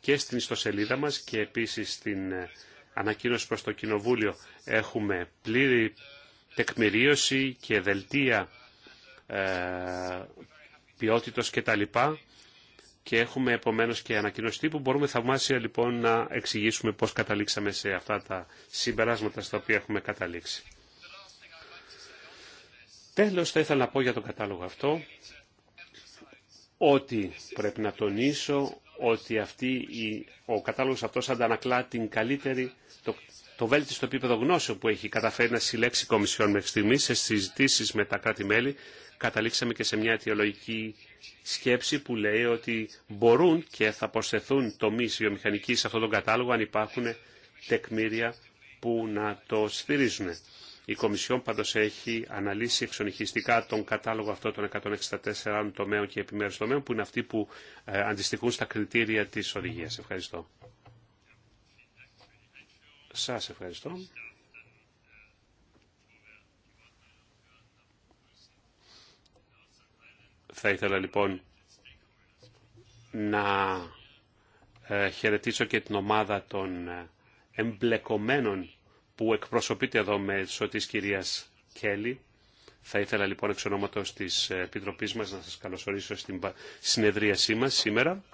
S2: και στην ιστοσελίδα μας και επίσης στην ε, ανακοίνωση προς το Κοινοβούλιο έχουμε πλήρη τεκμηρίωση και δελτία ε, κτλ. Και έχουμε επομένω και ανακοίνωση που Μπορούμε θαυμάσια λοιπόν να εξηγήσουμε πώς καταλήξαμε σε αυτά τα συμπεράσματα στα οποία έχουμε καταλήξει. Τέλος θα ήθελα να πω για τον κατάλογο αυτό ότι πρέπει να τονίσω ότι αυτή η, ο κατάλογος αυτός αντανακλά την καλύτερη, το, το βέλτιστο επίπεδο γνώσεων που έχει καταφέρει να συλλέξει η Κομισιόν μέχρι στιγμή σε συζητήσει με τα κράτη-μέλη. Καταλήξαμε και σε μια αιτιολογική σκέψη που λέει ότι μπορούν και θα προσθεθούν τομείς βιομηχανικοί σε αυτόν τον κατάλογο αν υπάρχουν τεκμήρια που να το στηρίζουν. Η Κομισιόν πάντως έχει αναλύσει εξονυχιστικά τον κατάλογο αυτό των 164 τομέων και επιμέρους τομέων που είναι αυτοί που ε, αντιστοιχούν στα κριτήρια της οδηγίας. Ευχαριστώ. Σας ευχαριστώ. Θα ήθελα λοιπόν να ε, χαιρετήσω και την ομάδα των ε, εμπλεκομένων που εκπροσωπείται εδώ μέσω της κυρίας Κέλλη. Θα ήθελα λοιπόν εξ ονόματος της Επιτροπής μας να σας καλωσορίσω στην συνεδρίασή μας σήμερα.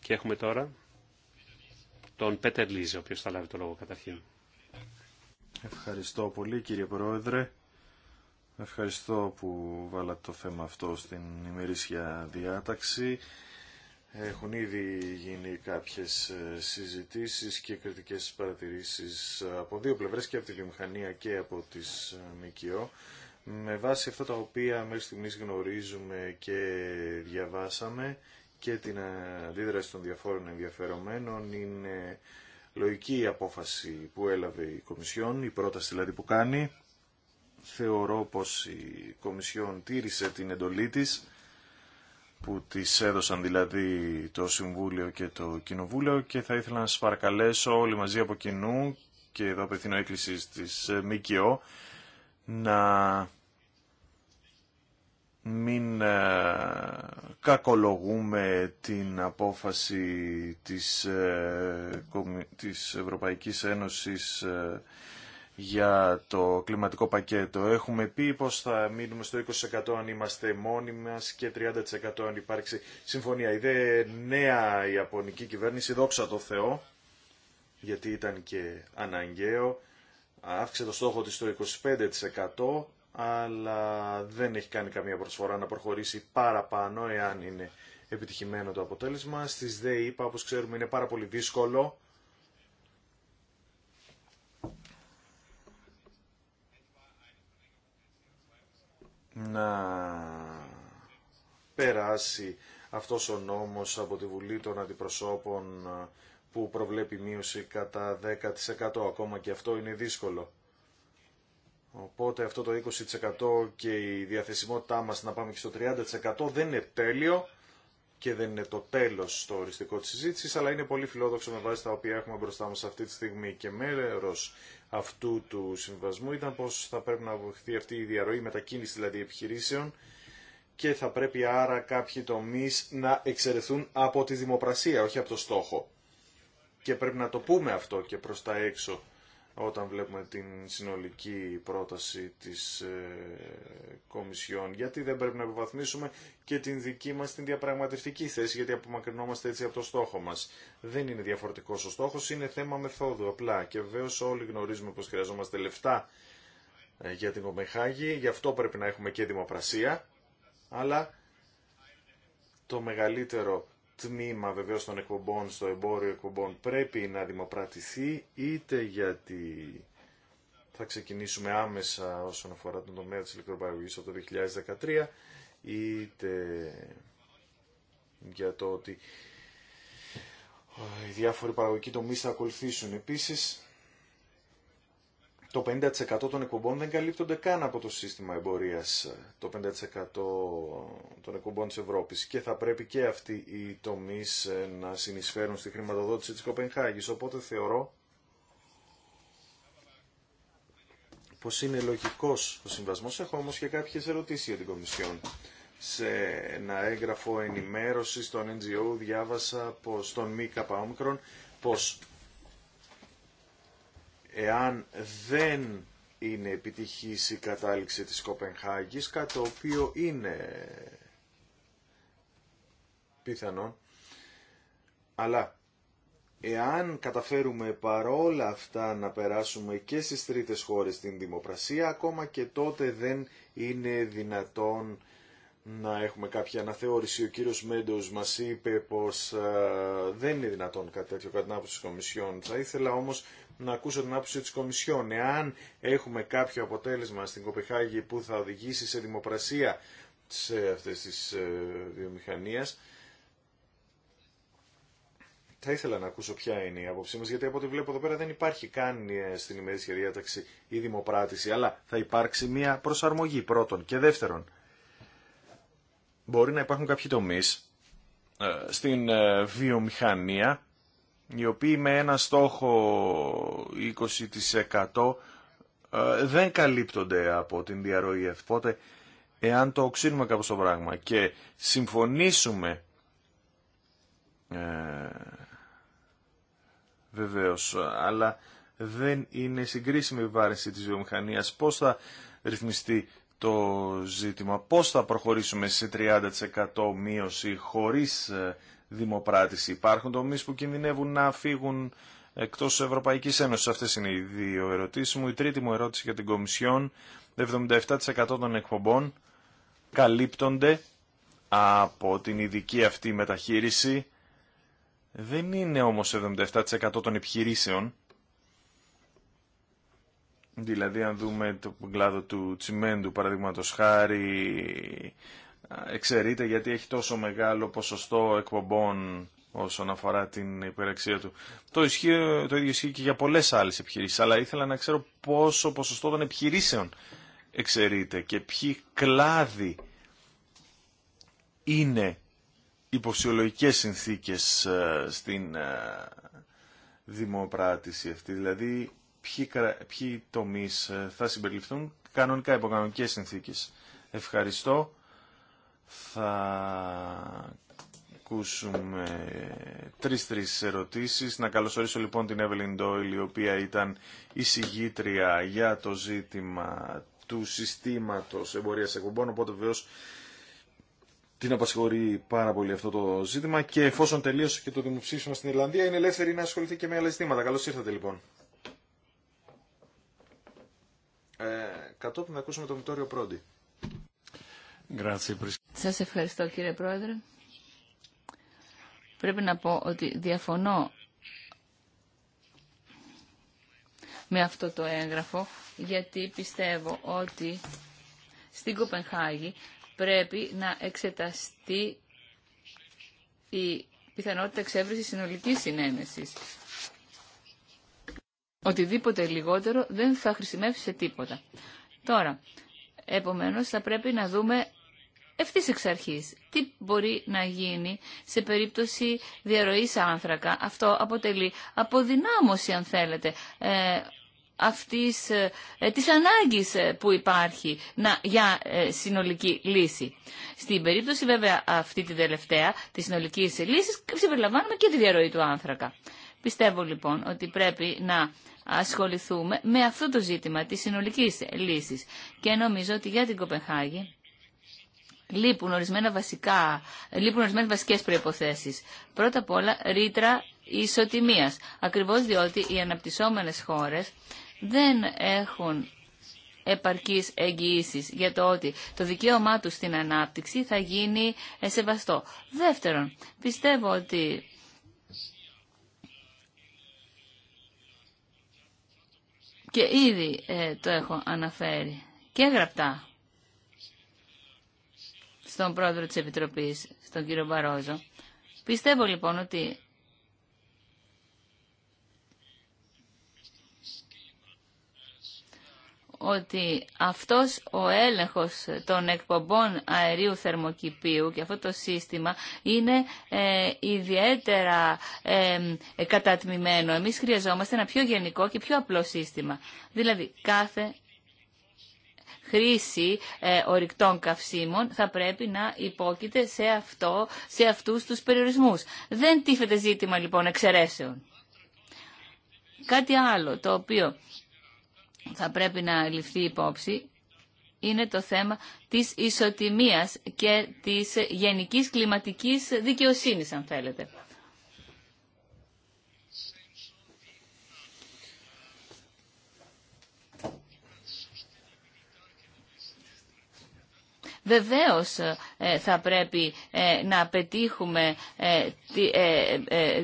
S2: Και έχουμε τώρα τον Πέτερ Λίζε, ο οποίος θα λάβει το λόγο καταρχήν.
S3: Ευχαριστώ πολύ κύριε Πρόεδρε. Ευχαριστώ που βάλατε το θέμα αυτό στην ημερήσια διάταξη. Έχουν ήδη γίνει κάποιες ε, συζητήσεις και κριτικές παρατηρήσεις από δύο πλευρές και από τη βιομηχανία και από τις ε, ΜΚΟ. Με βάση αυτά τα οποία μέχρι στιγμής γνωρίζουμε και διαβάσαμε και την ε, αντίδραση των διαφόρων ενδιαφερομένων είναι λογική η απόφαση που έλαβε η Κομισιόν, η πρόταση δηλαδή που κάνει. Θεωρώ πως η Κομισιόν τήρησε την εντολή της που τις έδωσαν δηλαδή το Συμβούλιο και το Κοινοβούλιο και θα ήθελα να σας παρακαλέσω όλοι μαζί από κοινού και εδώ απευθύνω έκκληση της ε, ΜΚΟ να μην ε, κακολογούμε την απόφαση της, ε, της Ευρωπαϊκής Ένωσης για το κλιματικό πακέτο. Έχουμε πει πως θα μείνουμε στο 20% αν είμαστε μόνοι μας και 30% αν υπάρξει συμφωνία. Η νέα Ιαπωνική κυβέρνηση, δόξα τω Θεώ, γιατί ήταν και αναγκαίο, αύξησε το στόχο της στο 25% αλλά δεν έχει κάνει καμία προσφορά να προχωρήσει παραπάνω εάν είναι επιτυχημένο το αποτέλεσμα. Στις ΔΕΗ, όπως ξέρουμε, είναι πάρα πολύ δύσκολο να περάσει αυτός ο νόμος από τη Βουλή των Αντιπροσώπων ε, που προβλέπει μείωση κατά 10% ακόμα και αυτό είναι δύσκολο. Οπότε αυτό το 20% και η διαθεσιμότητά μας να πάμε και στο 30% δεν είναι τέλειο και δεν είναι το τέλος στο οριστικό της συζήτηση, αλλά είναι πολύ φιλόδοξο με βάση τα οποία έχουμε μπροστά μας αυτή τη στιγμή και μέρος αυτού του συμβασμού ήταν πως θα πρέπει να βοηθεί αυτή η διαρροή μετακίνηση δηλαδή επιχειρήσεων και θα πρέπει άρα κάποιοι τομείς να εξαιρεθούν από τη δημοπρασία, όχι από το στόχο. Και πρέπει να το πούμε αυτό και προς τα έξω όταν βλέπουμε την συνολική πρόταση της ε, Κομισιόν, γιατί δεν πρέπει να επιβαθμίσουμε και την δική μας την διαπραγματευτική θέση, γιατί απομακρυνόμαστε έτσι από το στόχο μας. Δεν είναι διαφορετικός ο στόχος, είναι θέμα μεθόδου απλά. Και βεβαίω όλοι γνωρίζουμε πως χρειαζόμαστε λεφτά ε, για την Κομεχάγη, γι' αυτό πρέπει να έχουμε και δημοπρασία, αλλά το μεγαλύτερο τμήμα βεβαίως των εκπομπών στο εμπόριο εκπομπών πρέπει να δημοπρατηθεί είτε γιατί θα ξεκινήσουμε άμεσα όσον αφορά τον τομέα της ηλεκτροπαραγωγής από το 2013 είτε για το ότι οι διάφοροι παραγωγικοί τομείς θα ακολουθήσουν επίσης το 50% των εκπομπών δεν καλύπτονται καν από το σύστημα εμπορίας ε, το 50% των εκπομπών της Ευρώπης και θα πρέπει και αυτοί οι τομείς ε, να συνεισφέρουν στη χρηματοδότηση της Κοπενχάγης. Οπότε θεωρώ πως είναι λογικός ο συμβασμός. Έχω όμως και κάποιες ερωτήσεις για την Κομισιόν. Σε ένα έγγραφο ενημέρωση των NGO διάβασα πως, των ΜΚΟ πως εάν δεν είναι επιτυχής η κατάληξη της Κοπενχάγης, κάτι το οποίο είναι πιθανό. Αλλά εάν καταφέρουμε παρόλα αυτά να περάσουμε και στις τρίτες χώρες την δημοπρασία, ακόμα και τότε δεν είναι δυνατόν να έχουμε κάποια αναθεώρηση. Ο κύριος Μέντος μας είπε πως δεν είναι δυνατόν κάτι τέτοιο κατά την άποψη Κομισιόν. Θα ήθελα όμως να ακούσω την άποψη της Κομισιόν. Εάν έχουμε κάποιο αποτέλεσμα στην Κοπεχάγη που θα οδηγήσει σε δημοπρασία σε αυτές τις ε, βιομηχανίες, θα ήθελα να ακούσω ποια είναι η άποψή μα, γιατί από ό,τι βλέπω εδώ πέρα δεν υπάρχει καν ε, στην ημερήσια διάταξη η δημοπράτηση, αλλά θα υπάρξει μια προσαρμογή πρώτον. Και δεύτερον, μπορεί να υπάρχουν κάποιοι τομεί ε, στην βιομηχανία οι οποίοι με ένα στόχο 20% ε, δεν καλύπτονται από την διαρροή. Οπότε, εάν το οξύνουμε κάπως το πράγμα και συμφωνήσουμε ε, βεβαίως, αλλά δεν είναι συγκρίσιμη η βάρεση της βιομηχανίας. Πώς θα ρυθμιστεί το ζήτημα, πώς θα προχωρήσουμε σε 30% μείωση χωρίς ε, δημοπράτηση. Υπάρχουν τομεί που κινδυνεύουν να φύγουν εκτό Ευρωπαϊκή Ένωση. Αυτέ είναι οι δύο ερωτήσει μου. Η τρίτη μου ερώτηση για την Κομισιόν. 77% των εκπομπών καλύπτονται από την ειδική αυτή μεταχείριση. Δεν είναι όμως 77% των επιχειρήσεων. Δηλαδή αν δούμε το κλάδο του τσιμέντου παραδείγματος χάρη εξαιρείται γιατί έχει τόσο μεγάλο ποσοστό εκπομπών όσον αφορά την υπεραξία του. Το, το ίδιο ισχύει και για πολλές άλλες επιχειρήσεις, αλλά ήθελα να ξέρω πόσο ποσοστό των επιχειρήσεων εξαιρείται και ποιοι κλάδοι είναι υποψιολογικές συνθήκες ε, στην ε, δημοπράτηση αυτή, δηλαδή ποιοι, ποιοι τομείς ε, θα συμπεριληφθούν κανονικά υποκανονικές συνθήκες. Ευχαριστώ θα ακούσουμε τρεις-τρεις ερωτήσεις. Να καλωσορίσω λοιπόν την Evelyn Doyle, η οποία ήταν η συγγήτρια για το ζήτημα του συστήματος εμπορίας εκπομπών, οπότε βεβαίως την απασχολεί πάρα πολύ αυτό το ζήτημα και εφόσον τελείωσε και το δημοψήφισμα στην Ιρλανδία είναι ελεύθερη να ασχοληθεί και με άλλα ζητήματα. Καλώς ήρθατε λοιπόν. Ε, κατόπιν να ακούσουμε τον Μητόριο Πρόντι.
S1: Σας ευχαριστώ κύριε Πρόεδρε. Πρέπει να πω ότι διαφωνώ με αυτό το έγγραφο γιατί πιστεύω ότι στην Κοπενχάγη πρέπει να εξεταστεί η πιθανότητα εξέβρισης συνολικής συνένεσης. Οτιδήποτε λιγότερο δεν θα χρησιμεύσει σε τίποτα. Τώρα, επομένως θα πρέπει να δούμε ευθύ εξ αρχή. Τι μπορεί να γίνει σε περίπτωση διαρροή άνθρακα. Αυτό αποτελεί αποδυνάμωση, αν θέλετε, ε, αυτής, ε, ε, της ανάγκης που υπάρχει να, για συνολική λύση. Στην περίπτωση βέβαια αυτή τη τελευταία, τη συνολικής λύσης, συμπεριλαμβάνουμε και τη διαρροή του άνθρακα. Πιστεύω λοιπόν ότι πρέπει να ασχοληθούμε με αυτό το ζήτημα της συνολικής λύσης και νομίζω ότι για την Κοπεχάγη λείπουν, ορισμένα βασικά, λείπουν ορισμένες βασικές προϋποθέσεις. Πρώτα απ' όλα ρήτρα ισοτιμίας, ακριβώς διότι οι αναπτυσσόμενες χώρες δεν έχουν επαρκής εγγυήσεις για το ότι το δικαίωμά τους στην ανάπτυξη θα γίνει σεβαστό. Δεύτερον, πιστεύω ότι και ήδη ε, το έχω αναφέρει και γραπτά στον πρόεδρο της Επιτροπής, στον κύριο Μπαρόζο. Πιστεύω λοιπόν ότι ότι αυτός ο έλεγχος των εκπομπών αερίου θερμοκηπίου και αυτό το σύστημα είναι ε, ιδιαίτερα ε, κατατμημένο. Εμείς χρειαζόμαστε ένα πιο γενικό και πιο απλό σύστημα. Δηλαδή κάθε χρήση ε, ορυκτών καυσίμων θα πρέπει να υπόκειται σε, αυτό, σε αυτούς τους περιορισμούς. Δεν τίθεται ζήτημα λοιπόν εξαιρέσεων. Κάτι άλλο το οποίο θα πρέπει να ληφθεί υπόψη είναι το θέμα της ισοτιμίας και της γενικής κλιματικής δικαιοσύνης, αν θέλετε. Βεβαίως ε, ε, θα πρέπει ε, να πετύχουμε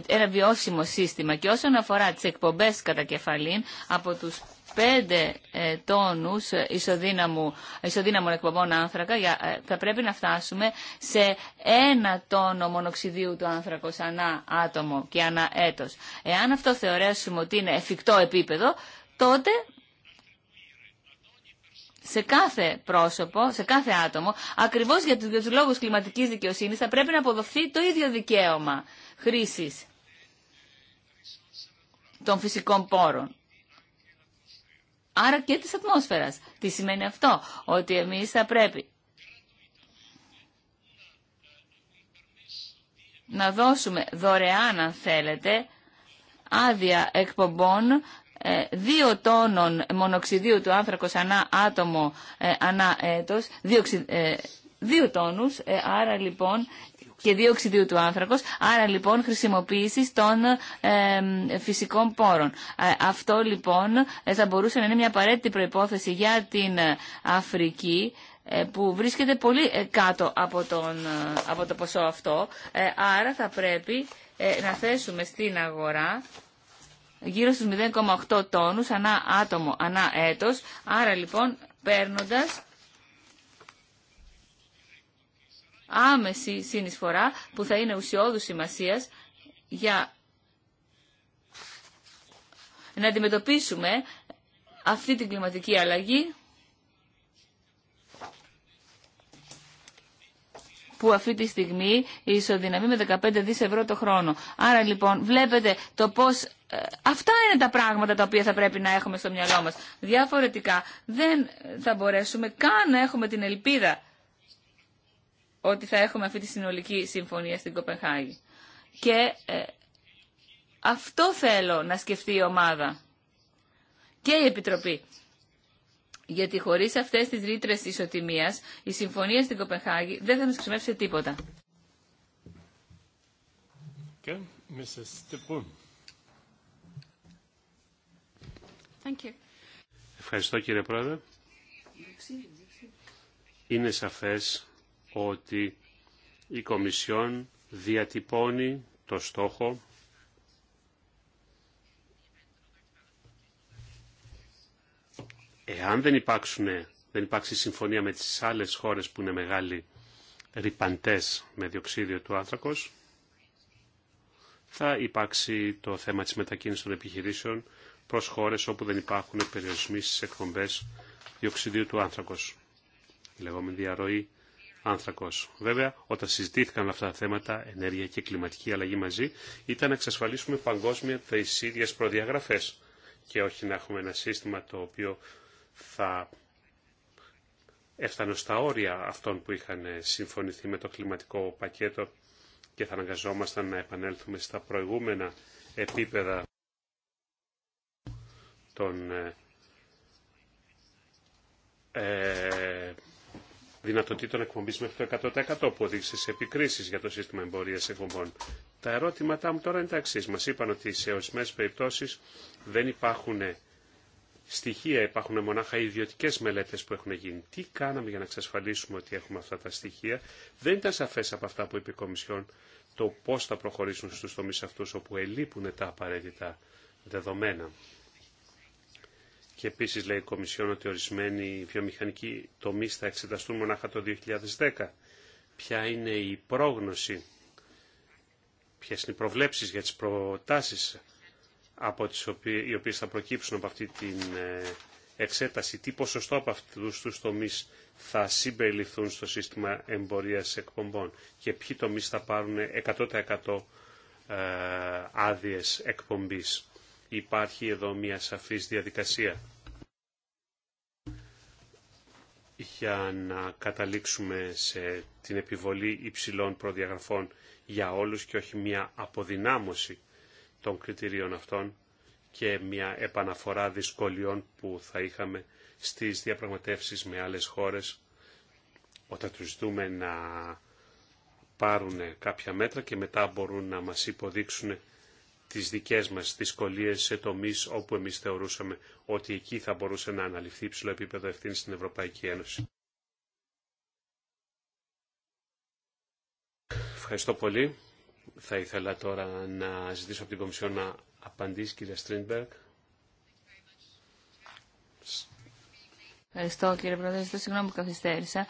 S1: ένα βιώσιμο σύστημα και όσον αφορά τις εκπομπές κατά κεφαλήν από τους 5 τόνους ισοδύναμων εκπομπών άνθρακα θα πρέπει να φτάσουμε σε ένα τόνο μονοξιδίου του άνθρακο ανά άτομο και ανά έτος. Εάν αυτό θεωρέσουμε ότι είναι εφικτό επίπεδο, τότε σε κάθε πρόσωπο, σε κάθε άτομο, ακριβώς για τους, λόγου κλιματική λόγους κλιματικής δικαιοσύνης, θα πρέπει να αποδοθεί το ίδιο δικαίωμα χρήση των φυσικών πόρων. Άρα και της ατμόσφαιρας. Τι σημαίνει αυτό, ότι εμείς θα πρέπει να δώσουμε δωρεάν, αν θέλετε, άδεια εκπομπών ε, δύο τόνων μονοξιδίου του άνθρακος ανά άτομο ε, ανά έτος, ε, δύο τόνους, άρα λοιπόν και οξυδιού του άνθρακος, άρα λοιπόν χρησιμοποίηση των φυσικών πόρων. αυτό λοιπόν θα μπορούσε να είναι μια απαραίτητη προϋπόθεση για την Αφρική που βρίσκεται πολύ κάτω από, τον, από το ποσό αυτό, άρα θα πρέπει να θέσουμε στην αγορά γύρω στους 0,8 τόνους ανά άτομο, ανά έτος. Άρα λοιπόν παίρνοντας άμεση συνεισφορά που θα είναι ουσιώδους σημασίας για να αντιμετωπίσουμε αυτή την κλιματική αλλαγή που αυτή τη στιγμή ισοδυναμεί με 15 δις ευρώ το χρόνο. Άρα λοιπόν βλέπετε το πώς ε, αυτά είναι τα πράγματα τα οποία θα πρέπει να έχουμε στο μυαλό μας. Διαφορετικά δεν θα μπορέσουμε καν να έχουμε την ελπίδα ότι θα έχουμε αυτή τη συνολική συμφωνία στην Κοπεχάγη. Και ε, αυτό θέλω να σκεφτεί η ομάδα και η Επιτροπή. Γιατί χωρί αυτέ τι ρήτρε ισοτιμία, η συμφωνία στην Κοπεχάγη δεν θα μα χρησιμεύσει τίποτα.
S2: Ευχαριστώ κύριε Πρόεδρε. Είναι σαφές ότι η Κομισιόν διατυπώνει το στόχο Εάν δεν, υπάρξουν, δεν υπάρξει συμφωνία με τις άλλες χώρες που είναι μεγάλοι ρηπαντές με διοξίδιο του άνθρακος, θα υπάρξει το θέμα της μετακίνησης των επιχειρήσεων προς χώρες όπου δεν υπάρχουν περιορισμοί στις εκπομπές διοξιδίου του άνθρακος. Η λεγόμενη διαρροή άνθρακος. Βέβαια, όταν συζητήθηκαν αυτά τα θέματα, ενέργεια και κλιματική αλλαγή μαζί, ήταν να εξασφαλίσουμε παγκόσμια τις ίδιες προδιαγραφές και όχι να έχουμε ένα σύστημα το οποίο θα έφτανε στα όρια αυτών που είχαν συμφωνηθεί με το κλιματικό πακέτο και θα αναγκαζόμασταν να επανέλθουμε στα προηγούμενα επίπεδα των ε, ε δυνατοτήτων εκπομπή μέχρι το 100% που οδήγησε σε επικρίσει για το σύστημα εμπορία εκπομπών. Τα ερώτηματά μου τώρα είναι τα εξή. Μα είπαν ότι σε ορισμένε περιπτώσει δεν υπάρχουν στοιχεία. Υπάρχουν μονάχα ιδιωτικές μελέτες που έχουν γίνει. Τι κάναμε για να εξασφαλίσουμε ότι έχουμε αυτά τα στοιχεία. Δεν ήταν σαφές από αυτά που είπε η Κομισιόν το πώς θα προχωρήσουν στους τομείς αυτούς όπου ελείπουν τα απαραίτητα δεδομένα. Και επίσης λέει η Κομισιόν ότι ορισμένοι βιομηχανικοί τομείς θα εξεταστούν μονάχα το 2010. Ποια είναι η πρόγνωση, ποιες είναι οι προβλέψεις για τις προτάσεις από τις οι οποίες θα προκύψουν από αυτή την ε, εξέταση, τι ποσοστό από αυτούς τους τομείς θα συμπεριληφθούν στο σύστημα εμπορίας εκπομπών και ποιοι τομείς θα πάρουν 100% ε, άδειες εκπομπής. Υπάρχει εδώ μια σαφής διαδικασία για να καταλήξουμε σε την επιβολή υψηλών προδιαγραφών για όλους και όχι μια αποδυνάμωση των κριτηρίων αυτών και μια επαναφορά δυσκολιών που θα είχαμε στις διαπραγματεύσεις με άλλες χώρες όταν τους δούμε να πάρουν κάποια μέτρα και μετά μπορούν να μας υποδείξουν τις δικές μας δυσκολίες σε τομείς όπου εμείς θεωρούσαμε ότι εκεί θα μπορούσε να αναλυφθεί υψηλό επίπεδο ευθύνη στην Ευρωπαϊκή Ένωση. Ευχαριστώ πολύ. Θα ήθελα τώρα να ζητήσω από την Κομισιόν να απαντήσει, κύριε Στρίνμπεργκ.
S1: Ευχαριστώ κύριε Πρόεδρε, συγγνώμη που καθυστέρησα,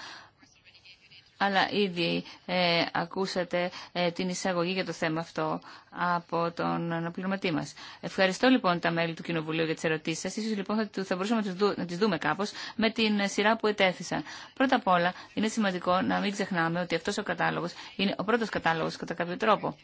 S1: αλλά ήδη ε, ακούσατε ε, την εισαγωγή για το θέμα αυτό από τον αναπληρωματή μας. Ευχαριστώ λοιπόν τα μέλη του Κοινοβουλίου για τις ερωτήσεις σας. Ίσως λοιπόν θα, θα μπορούσαμε να, τι δούμε κάπως με την ε, σειρά που ετέθησαν. Πρώτα απ' όλα είναι σημαντικό να μην ξεχνάμε ότι αυτός ο κατάλογος είναι ο πρώτος κατάλογος κατά κάποιο τρόπο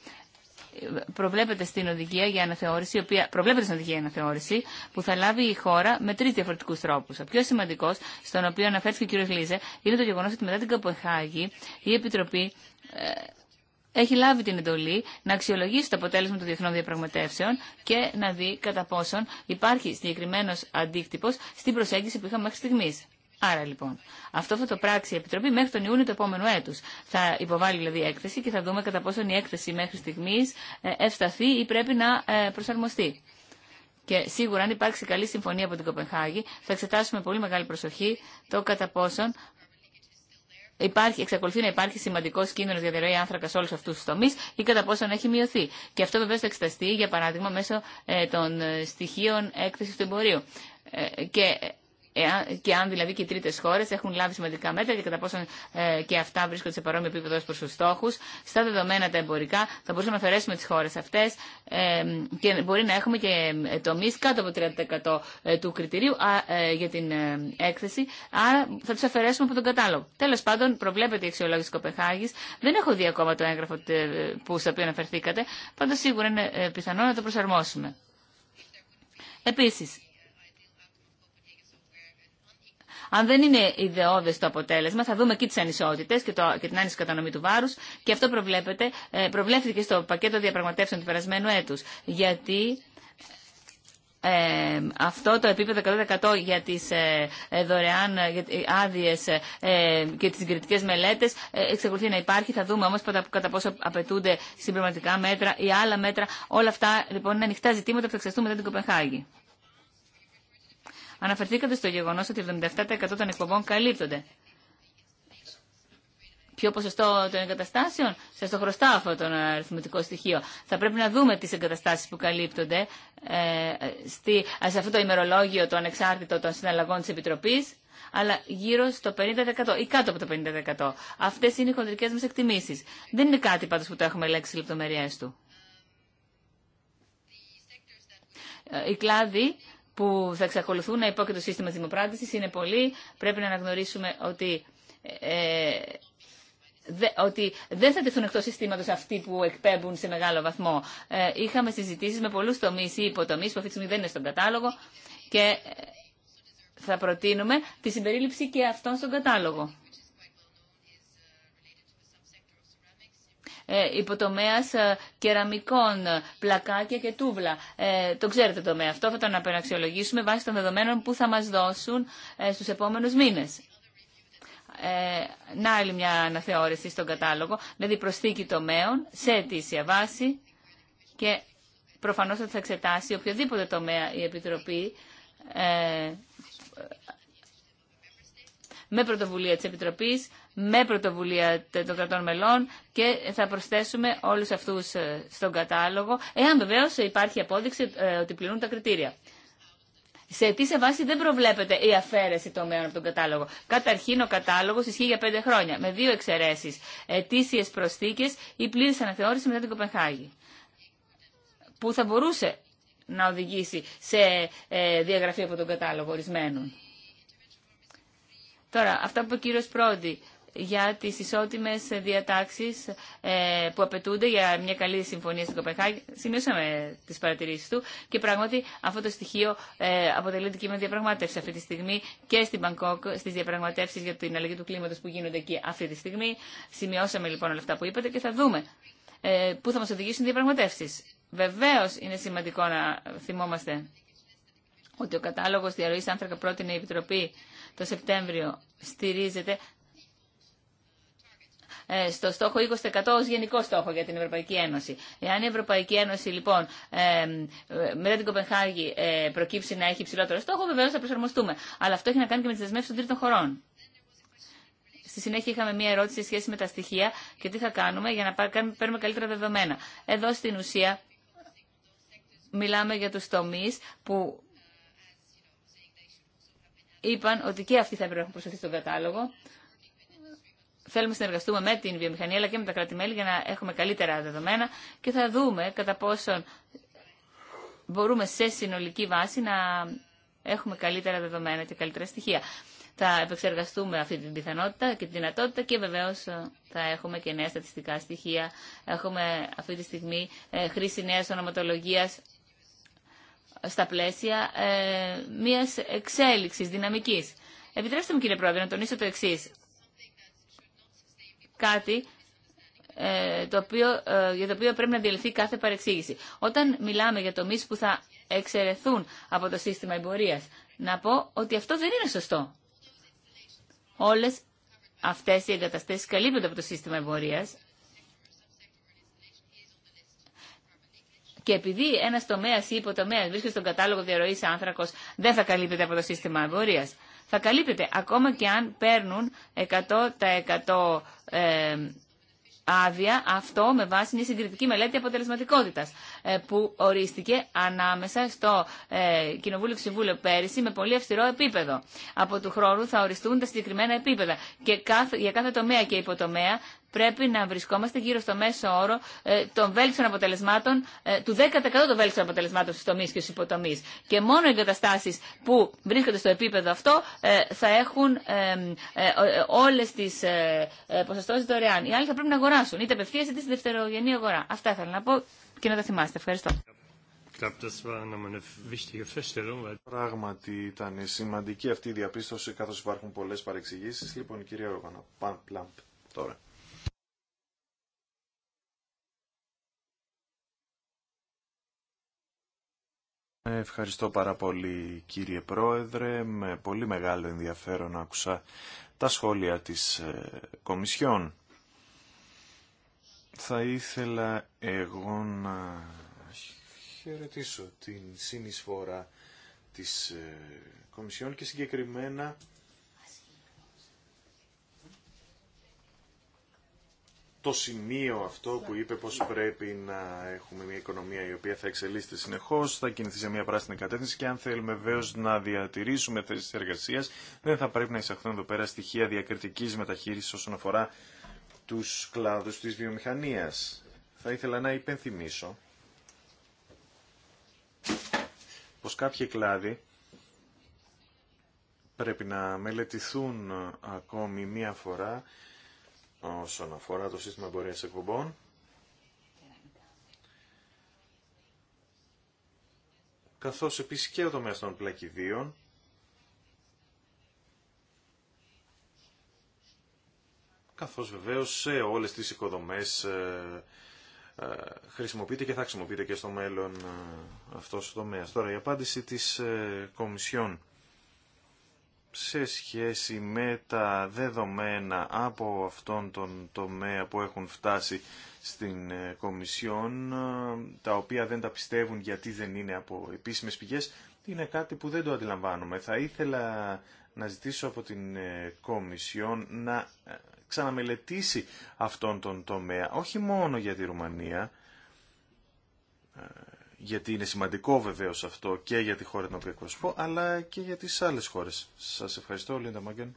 S1: προβλέπεται στην οδηγία για αναθεώρηση, η οποία προβλέπεται στην οδηγία για αναθεώρηση, που θα λάβει η χώρα με τρει διαφορετικού τρόπου. Ο πιο σημαντικό, στον οποίο αναφέρθηκε ο κ. Γλίζε, είναι το γεγονό ότι μετά την Καποχάγη η Επιτροπή ε, έχει λάβει την εντολή να αξιολογήσει το αποτέλεσμα των διεθνών διαπραγματεύσεων και να δει κατά πόσον υπάρχει συγκεκριμένο αντίκτυπο στην προσέγγιση που είχαμε μέχρι στιγμή. Άρα λοιπόν, αυτό θα το πράξει η Επιτροπή μέχρι τον Ιούνιο του επόμενου έτου. Θα υποβάλει δηλαδή έκθεση και θα δούμε κατά πόσον η έκθεση μέχρι στιγμή ε, ευσταθεί ή πρέπει να ε, προσαρμοστεί. Και σίγουρα αν υπάρξει καλή συμφωνία από την Κοπενχάγη θα εξετάσουμε πολύ μεγάλη προσοχή το κατά πόσον υπάρχει, εξακολουθεί να υπάρχει σημαντικό κίνδυνο για διαρροή άνθρακα σε όλου αυτού του τομεί ή κατά πόσον έχει μειωθεί. Και αυτό βεβαίω θα εξεταστεί, για παράδειγμα, μέσω ε, των στοιχείων έκθεση του εμπορίου. και και αν δηλαδή και οι τρίτε χώρε έχουν λάβει σημαντικά μέτρα και κατά πόσο ε, και αυτά βρίσκονται σε παρόμοιο επίπεδο προ του στόχου. Στα δεδομένα τα εμπορικά θα μπορούσαμε να αφαιρέσουμε τι χώρε αυτέ ε, και μπορεί να έχουμε και ε, τομεί κάτω από 30% του κριτηρίου για την έκθεση. Άρα θα του αφαιρέσουμε από τον κατάλογο. Τέλο πάντων, προβλέπεται η αξιολόγηση Κοπεχάγη. Δεν έχω δει ακόμα το έγγραφο που στο οποίο αναφερθήκατε. Πάντω σίγουρα είναι πιθανό να το προσαρμόσουμε. Επίσης, αν δεν είναι ιδεώδε το αποτέλεσμα, θα δούμε και τι ανισότητε και, και την άνηση κατανομή του βάρου και αυτό προβλέπεται, ε, προβλέφθηκε στο πακέτο διαπραγματεύσεων του περασμένου έτου. Γιατί ε, αυτό το επίπεδο 100% για τις ε, ε δωρεάν ε, άδειε ε, και τις συγκριτικές μελέτες εξακολουθεί να υπάρχει. Θα δούμε όμως κατά, κατά πόσο απαιτούνται συμπληρωματικά μέτρα ή άλλα μέτρα. Όλα αυτά λοιπόν είναι ανοιχτά ζητήματα που θα εξεταστούμε μετά την Κοπεχάγη. Αναφερθήκατε στο γεγονό ότι 77% των εκπομπών καλύπτονται. Ποιο ποσοστό των εγκαταστάσεων, σα το χρωστάω αυτό το αριθμητικό στοιχείο. Θα πρέπει να δούμε τις εγκαταστάσεις που καλύπτονται ε, στη, σε αυτό το ημερολόγιο το ανεξάρτητο των συναλλαγών τη Επιτροπής αλλά γύρω στο 50% ή κάτω από το 50%. Αυτέ είναι οι χοντρικές μα εκτιμήσει. Δεν είναι κάτι πάντω που το έχουμε ελέγξει λεπτομερίες του. Ε, οι κλάδοι που θα εξακολουθούν να υπόκειται το σύστημα δημοπράτησης είναι πολλοί. Πρέπει να αναγνωρίσουμε ότι, ε, ότι δεν θα τεθούν εκτός συστήματος αυτοί που εκπέμπουν σε μεγάλο βαθμό. Ε, είχαμε συζητήσεις με πολλούς τομείς ή υποτομείς που αυτή τη στιγμή δεν είναι στον κατάλογο και ε, θα προτείνουμε τη συμπερίληψη και αυτών στον κατάλογο. Ε, υποτομέας ε, κεραμικών, ε, πλακάκια και τούβλα. Το ξέρετε το τομέα αυτό, θα τον απεναξιολογήσουμε βάσει των δεδομένων που θα μας δώσουν στους επόμενους μήνες. Ε, να άλλη μια αναθεώρηση στον κατάλογο, δηλαδή προσθήκη τομέων σε αιτήσια βάση και προφανώς θα εξετάσει οποιοδήποτε τομέα η Επιτροπή με πρωτοβουλία της Επιτροπής με πρωτοβουλία των κρατών μελών και θα προσθέσουμε όλους αυτούς ε, στον κατάλογο, εάν βεβαίω υπάρχει απόδειξη ε, ότι πληρούν τα κριτήρια. Σε αιτήσια βάση δεν προβλέπεται η αφαίρεση τομέων από τον κατάλογο. Καταρχήν ο κατάλογο ισχύει για πέντε χρόνια, με δύο εξαιρέσει. Ετήσιε προσθήκε ή πλήρη αναθεώρηση μετά την Κοπενχάγη. Που θα μπορούσε να οδηγήσει σε ε, διαγραφή από τον κατάλογο ορισμένων. Τώρα, αυτά που ο κύριο Πρόντι για τις ισότιμες διατάξεις ε, που απαιτούνται για μια καλή συμφωνία στην Κοπεχάγη. Σημειώσαμε τις παρατηρήσεις του και πράγματι αυτό το στοιχείο ε, αποτελεί αντικείμενο διαπραγμάτευση αυτή τη στιγμή και στην Μπαγκόκ στις διαπραγματεύσεις για την αλλαγή του κλίματος που γίνονται εκεί αυτή τη στιγμή. Σημειώσαμε λοιπόν όλα αυτά που είπατε και θα δούμε ε, πού θα μας οδηγήσουν οι διαπραγματεύσεις. Βεβαίως είναι σημαντικό να θυμόμαστε ότι ο κατάλογος διαρροής άνθρακα πρότεινε η Επιτροπή το Σεπτέμβριο στηρίζεται ε, στο στόχο 20% ως γενικό στόχο για την Ευρωπαϊκή Ένωση. Εάν η Ευρωπαϊκή Ένωση λοιπόν ε, ε, μετά την Κοπενχάγη προκύψει να έχει υψηλότερο στόχο, βεβαίω θα προσαρμοστούμε. Αλλά αυτό έχει να κάνει και με τι δεσμεύσει των τρίτων χωρών. Στη συνέχεια είχαμε μία ερώτηση σε σχέση με τα στοιχεία και τι θα κάνουμε για να παίρνουμε καλύτερα δεδομένα. Εδώ στην ουσία μιλάμε για τους τομείς που είπαν ότι και αυτοί θα πρέπει να έχουν προσθεθεί στον κατάλογο θέλουμε να συνεργαστούμε με την βιομηχανία αλλά και με τα κράτη-μέλη για να έχουμε καλύτερα δεδομένα και θα δούμε κατά πόσον μπορούμε σε συνολική βάση να έχουμε καλύτερα δεδομένα και καλύτερα στοιχεία. Θα επεξεργαστούμε αυτή την πιθανότητα και τη δυνατότητα και βεβαίω ε, θα έχουμε και νέα στατιστικά στοιχεία. Έχουμε αυτή τη στιγμή ε, χρήση νέα ονοματολογία στα πλαίσια ε, μιας εξέλιξης Επιτρέψτε μου κύριε Πρόεδρε να τονίσω το εξή κάτι ε, το οποίο, ε, για το οποίο πρέπει να διαλυθεί κάθε παρεξήγηση. Όταν μιλάμε για τομεί που θα εξαιρεθούν από το σύστημα εμπορία, να πω ότι αυτό δεν είναι σωστό. Όλες αυτές οι εγκαταστέσεις καλύπτονται από το σύστημα εμπορία. Και επειδή ένα τομέα ή υποτομέα βρίσκεται στον κατάλογο διαρροή άνθρακο, δεν θα καλύπτεται από το σύστημα εμπορία θα καλύπτεται ακόμα και αν παίρνουν 100% ε, άδεια αυτό με βάση μια συγκριτική μελέτη αποτελεσματικότητας. Ε, που ορίστηκε ανάμεσα στο ε, Κοινοβούλιο Συμβούλιο πέρυσι με πολύ αυστηρό επίπεδο. Από του χρόνου θα οριστούν τα συγκεκριμένα επίπεδα και για κάθε τομέα και υποτομέα πρέπει να βρισκόμαστε γύρω στο μέσο όρο ε, των βέλτιστων αποτελεσμάτων, του 10% των βέλτιστων αποτελεσμάτων στους τομείς και στου υποτομείς. Και μόνο οι εγκαταστάσει που βρίσκονται στο επίπεδο αυτό θα έχουν όλε τι ποσοστώσεις δωρεάν. Οι άλλοι θα πρέπει να αγοράσουν, είτε απευθείας, είτε στη δευτερογενή αγορά. Αυτά ήθελα να πω και να τα θυμάστε. Ευχαριστώ.
S2: Πράγματι
S3: ήταν σημαντική αυτή η διαπίστωση καθώς υπάρχουν πολλές παρεξηγήσεις. Λοιπόν, κύριε κυρία Ρογανά, πλάμπ τώρα. Ευχαριστώ πάρα πολύ κύριε Πρόεδρε. Με πολύ μεγάλο ενδιαφέρον άκουσα τα σχόλια της ε, Κομισιόν. Θα ήθελα εγώ να χαιρετήσω την συνεισφορά της ε, Κομισιόν και συγκεκριμένα το σημείο αυτό που είπε πως πρέπει να έχουμε μια οικονομία η οποία θα εξελίσσεται συνεχώς, θα κινηθεί σε μια πράσινη κατεύθυνση και αν θέλουμε βεβαίω να διατηρήσουμε θέσεις εργασίας δεν θα πρέπει να εισαχθούν εδώ πέρα στοιχεία διακριτικής μεταχείρισης όσον αφορά τους κλάδους της βιομηχανίας. Θα ήθελα να υπενθυμίσω πως κάποιοι κλάδοι πρέπει να μελετηθούν ακόμη μία φορά όσον αφορά το σύστημα εμπορίας εκπομπών. καθώς επίσης και ο τομέας των πλακιδίων καθώς βεβαίως σε όλες τις οικοδομές ε, ε, χρησιμοποιείται και θα χρησιμοποιείται και στο μέλλον ε, αυτός ο τομέας. Τώρα η απάντηση της Κομισιόν σε σχέση με τα δεδομένα από αυτόν τον τομέα που έχουν φτάσει στην Κομισιόν, τα οποία δεν τα πιστεύουν γιατί δεν είναι από επίσημες πηγές, είναι κάτι που δεν το αντιλαμβάνομαι. Θα ήθελα να ζητήσω από την Κομισιόν να ξαναμελετήσει αυτόν τον τομέα, όχι μόνο για τη Ρουμανία, ε, γιατί είναι σημαντικό βεβαίως αυτό και για τη χώρα την οποία εκπροσωπώ, αλλά και για τις άλλες χώρες. Σας ευχαριστώ, Λίντα Μάγκεν.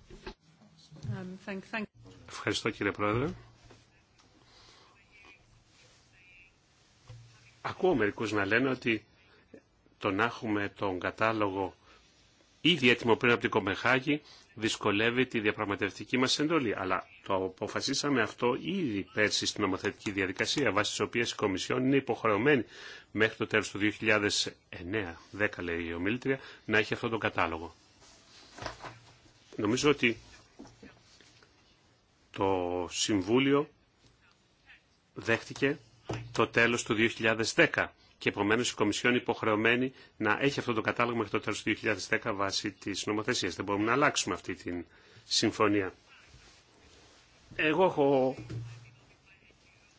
S2: Um, ευχαριστώ κύριε Πρόεδρε. Ακούω μερικούς να λένε ότι το να έχουμε τον κατάλογο ήδη έτοιμο πριν από την Κομπεχάγη δυσκολεύει τη διαπραγματευτική μας εντολή. Αλλά το αποφασίσαμε αυτό ήδη πέρσι στην νομοθετική διαδικασία, βάσει της οποίας η Κομισιόν είναι υποχρεωμένη μέχρι το τέλος του 2009, 10 λέει η ομίλητρια, να έχει αυτόν τον κατάλογο. Νομίζω ότι το Συμβούλιο δέχτηκε το τέλος του 2010 και επομένω η Κομισιόν υποχρεωμένη να έχει αυτό το κατάλογο μέχρι το τέλο του 2010 βάσει τη νομοθεσία. Δεν μπορούμε να αλλάξουμε αυτή τη συμφωνία. Εγώ έχω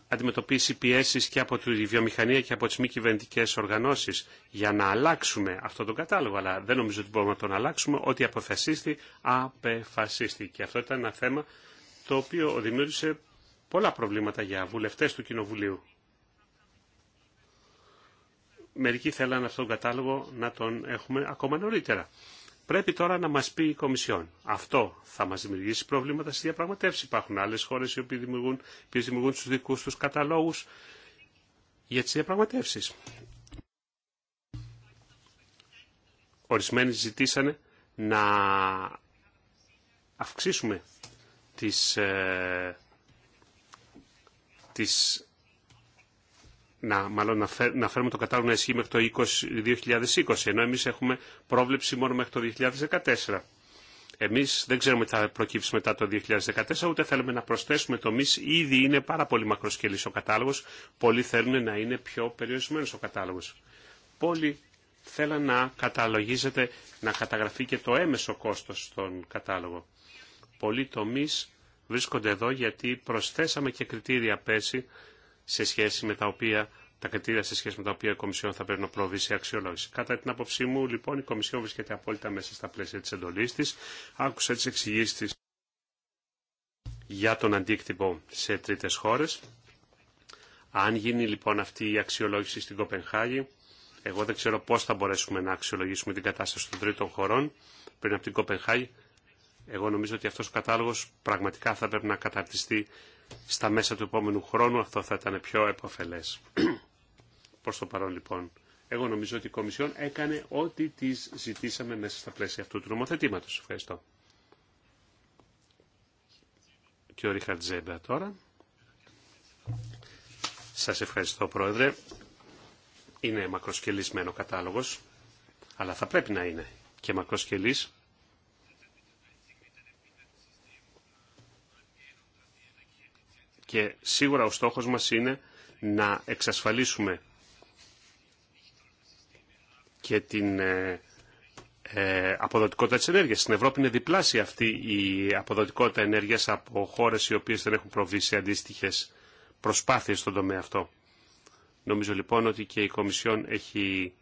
S2: αντιμετωπίσει πιέσεις και από τη βιομηχανία και από τις μη κυβερνητικέ οργανώσεις για να αλλάξουμε αυτό τον κατάλογο, αλλά δεν νομίζω ότι μπορούμε να τον αλλάξουμε. Ό,τι αποφασίστη, απεφασίστη. Και αυτό ήταν ένα θέμα το οποίο δημιούργησε πολλά προβλήματα για βουλευτές του Κοινοβουλίου μερικοί θέλαν αυτόν τον κατάλογο να τον έχουμε ακόμα νωρίτερα. Πρέπει τώρα να μας πει η Κομισιόν. Αυτό θα μας δημιουργήσει προβλήματα στη διαπραγματεύση. Υπάρχουν άλλες χώρες οι οποίες δημιουργούν, δημιουργούν τους δικούς τους καταλόγους για τις διαπραγματεύσεις. Ορισμένοι ζητήσανε να αυξήσουμε τις, ε, τις να, μάλλον να, να φέρουμε το κατάλογο να ισχύει μέχρι το 20, 2020, ενώ εμείς έχουμε πρόβλεψη μόνο μέχρι το 2014. Εμείς δεν ξέρουμε τι θα προκύψει μετά το 2014, ούτε θέλουμε να προσθέσουμε τομείς. Ήδη είναι πάρα πολύ μακροσκελής ο κατάλογος. Πολλοί θέλουν να είναι πιο περιορισμένος ο κατάλογος. Πολλοί θέλαν να καταλογίζεται, να καταγραφεί και το έμεσο κόστος στον κατάλογο. Πολλοί τομείς βρίσκονται εδώ γιατί προσθέσαμε και κριτήρια πέρσι σε σχέση με τα οποία τα κριτήρια σε σχέση με τα οποία η Κομισιόν θα πρέπει να προβεί σε αξιολόγηση. Κατά την άποψή μου, λοιπόν, η Κομισιόν βρίσκεται απόλυτα μέσα στα πλαίσια της εντολής της. Άκουσα τι εξηγήσει της για τον αντίκτυπο σε τρίτες χώρες. Αν γίνει λοιπόν αυτή η αξιολόγηση στην Κοπενχάγη, εγώ δεν ξέρω πώς θα μπορέσουμε να αξιολογήσουμε την κατάσταση των τρίτων χωρών πριν από την Κοπενχάγη. Εγώ νομίζω ότι αυτός ο κατάλογο πραγματικά θα πρέπει να καταρτιστεί στα μέσα του επόμενου χρόνου αυτό θα ήταν πιο επωφελές. Προς το παρόν λοιπόν. Εγώ νομίζω ότι η Κομισιόν έκανε ό,τι της ζητήσαμε μέσα στα πλαίσια αυτού του νομοθετήματος. Ευχαριστώ. Και ο Ρίχαρτ τώρα. Σας ευχαριστώ Πρόεδρε. Είναι μακροσκελισμένο κατάλογος, αλλά θα πρέπει να είναι και μακροσκελής Και σίγουρα ο στόχος μας είναι να εξασφαλίσουμε και την ε, ε, αποδοτικότητα της ενέργειας. Στην Ευρώπη είναι διπλάσια αυτή η αποδοτικότητα ενέργειας από χώρες οι οποίες δεν έχουν προβεί σε αντίστοιχες προσπάθειες στον τομέα αυτό. Νομίζω λοιπόν ότι και η Κομισιόν έχει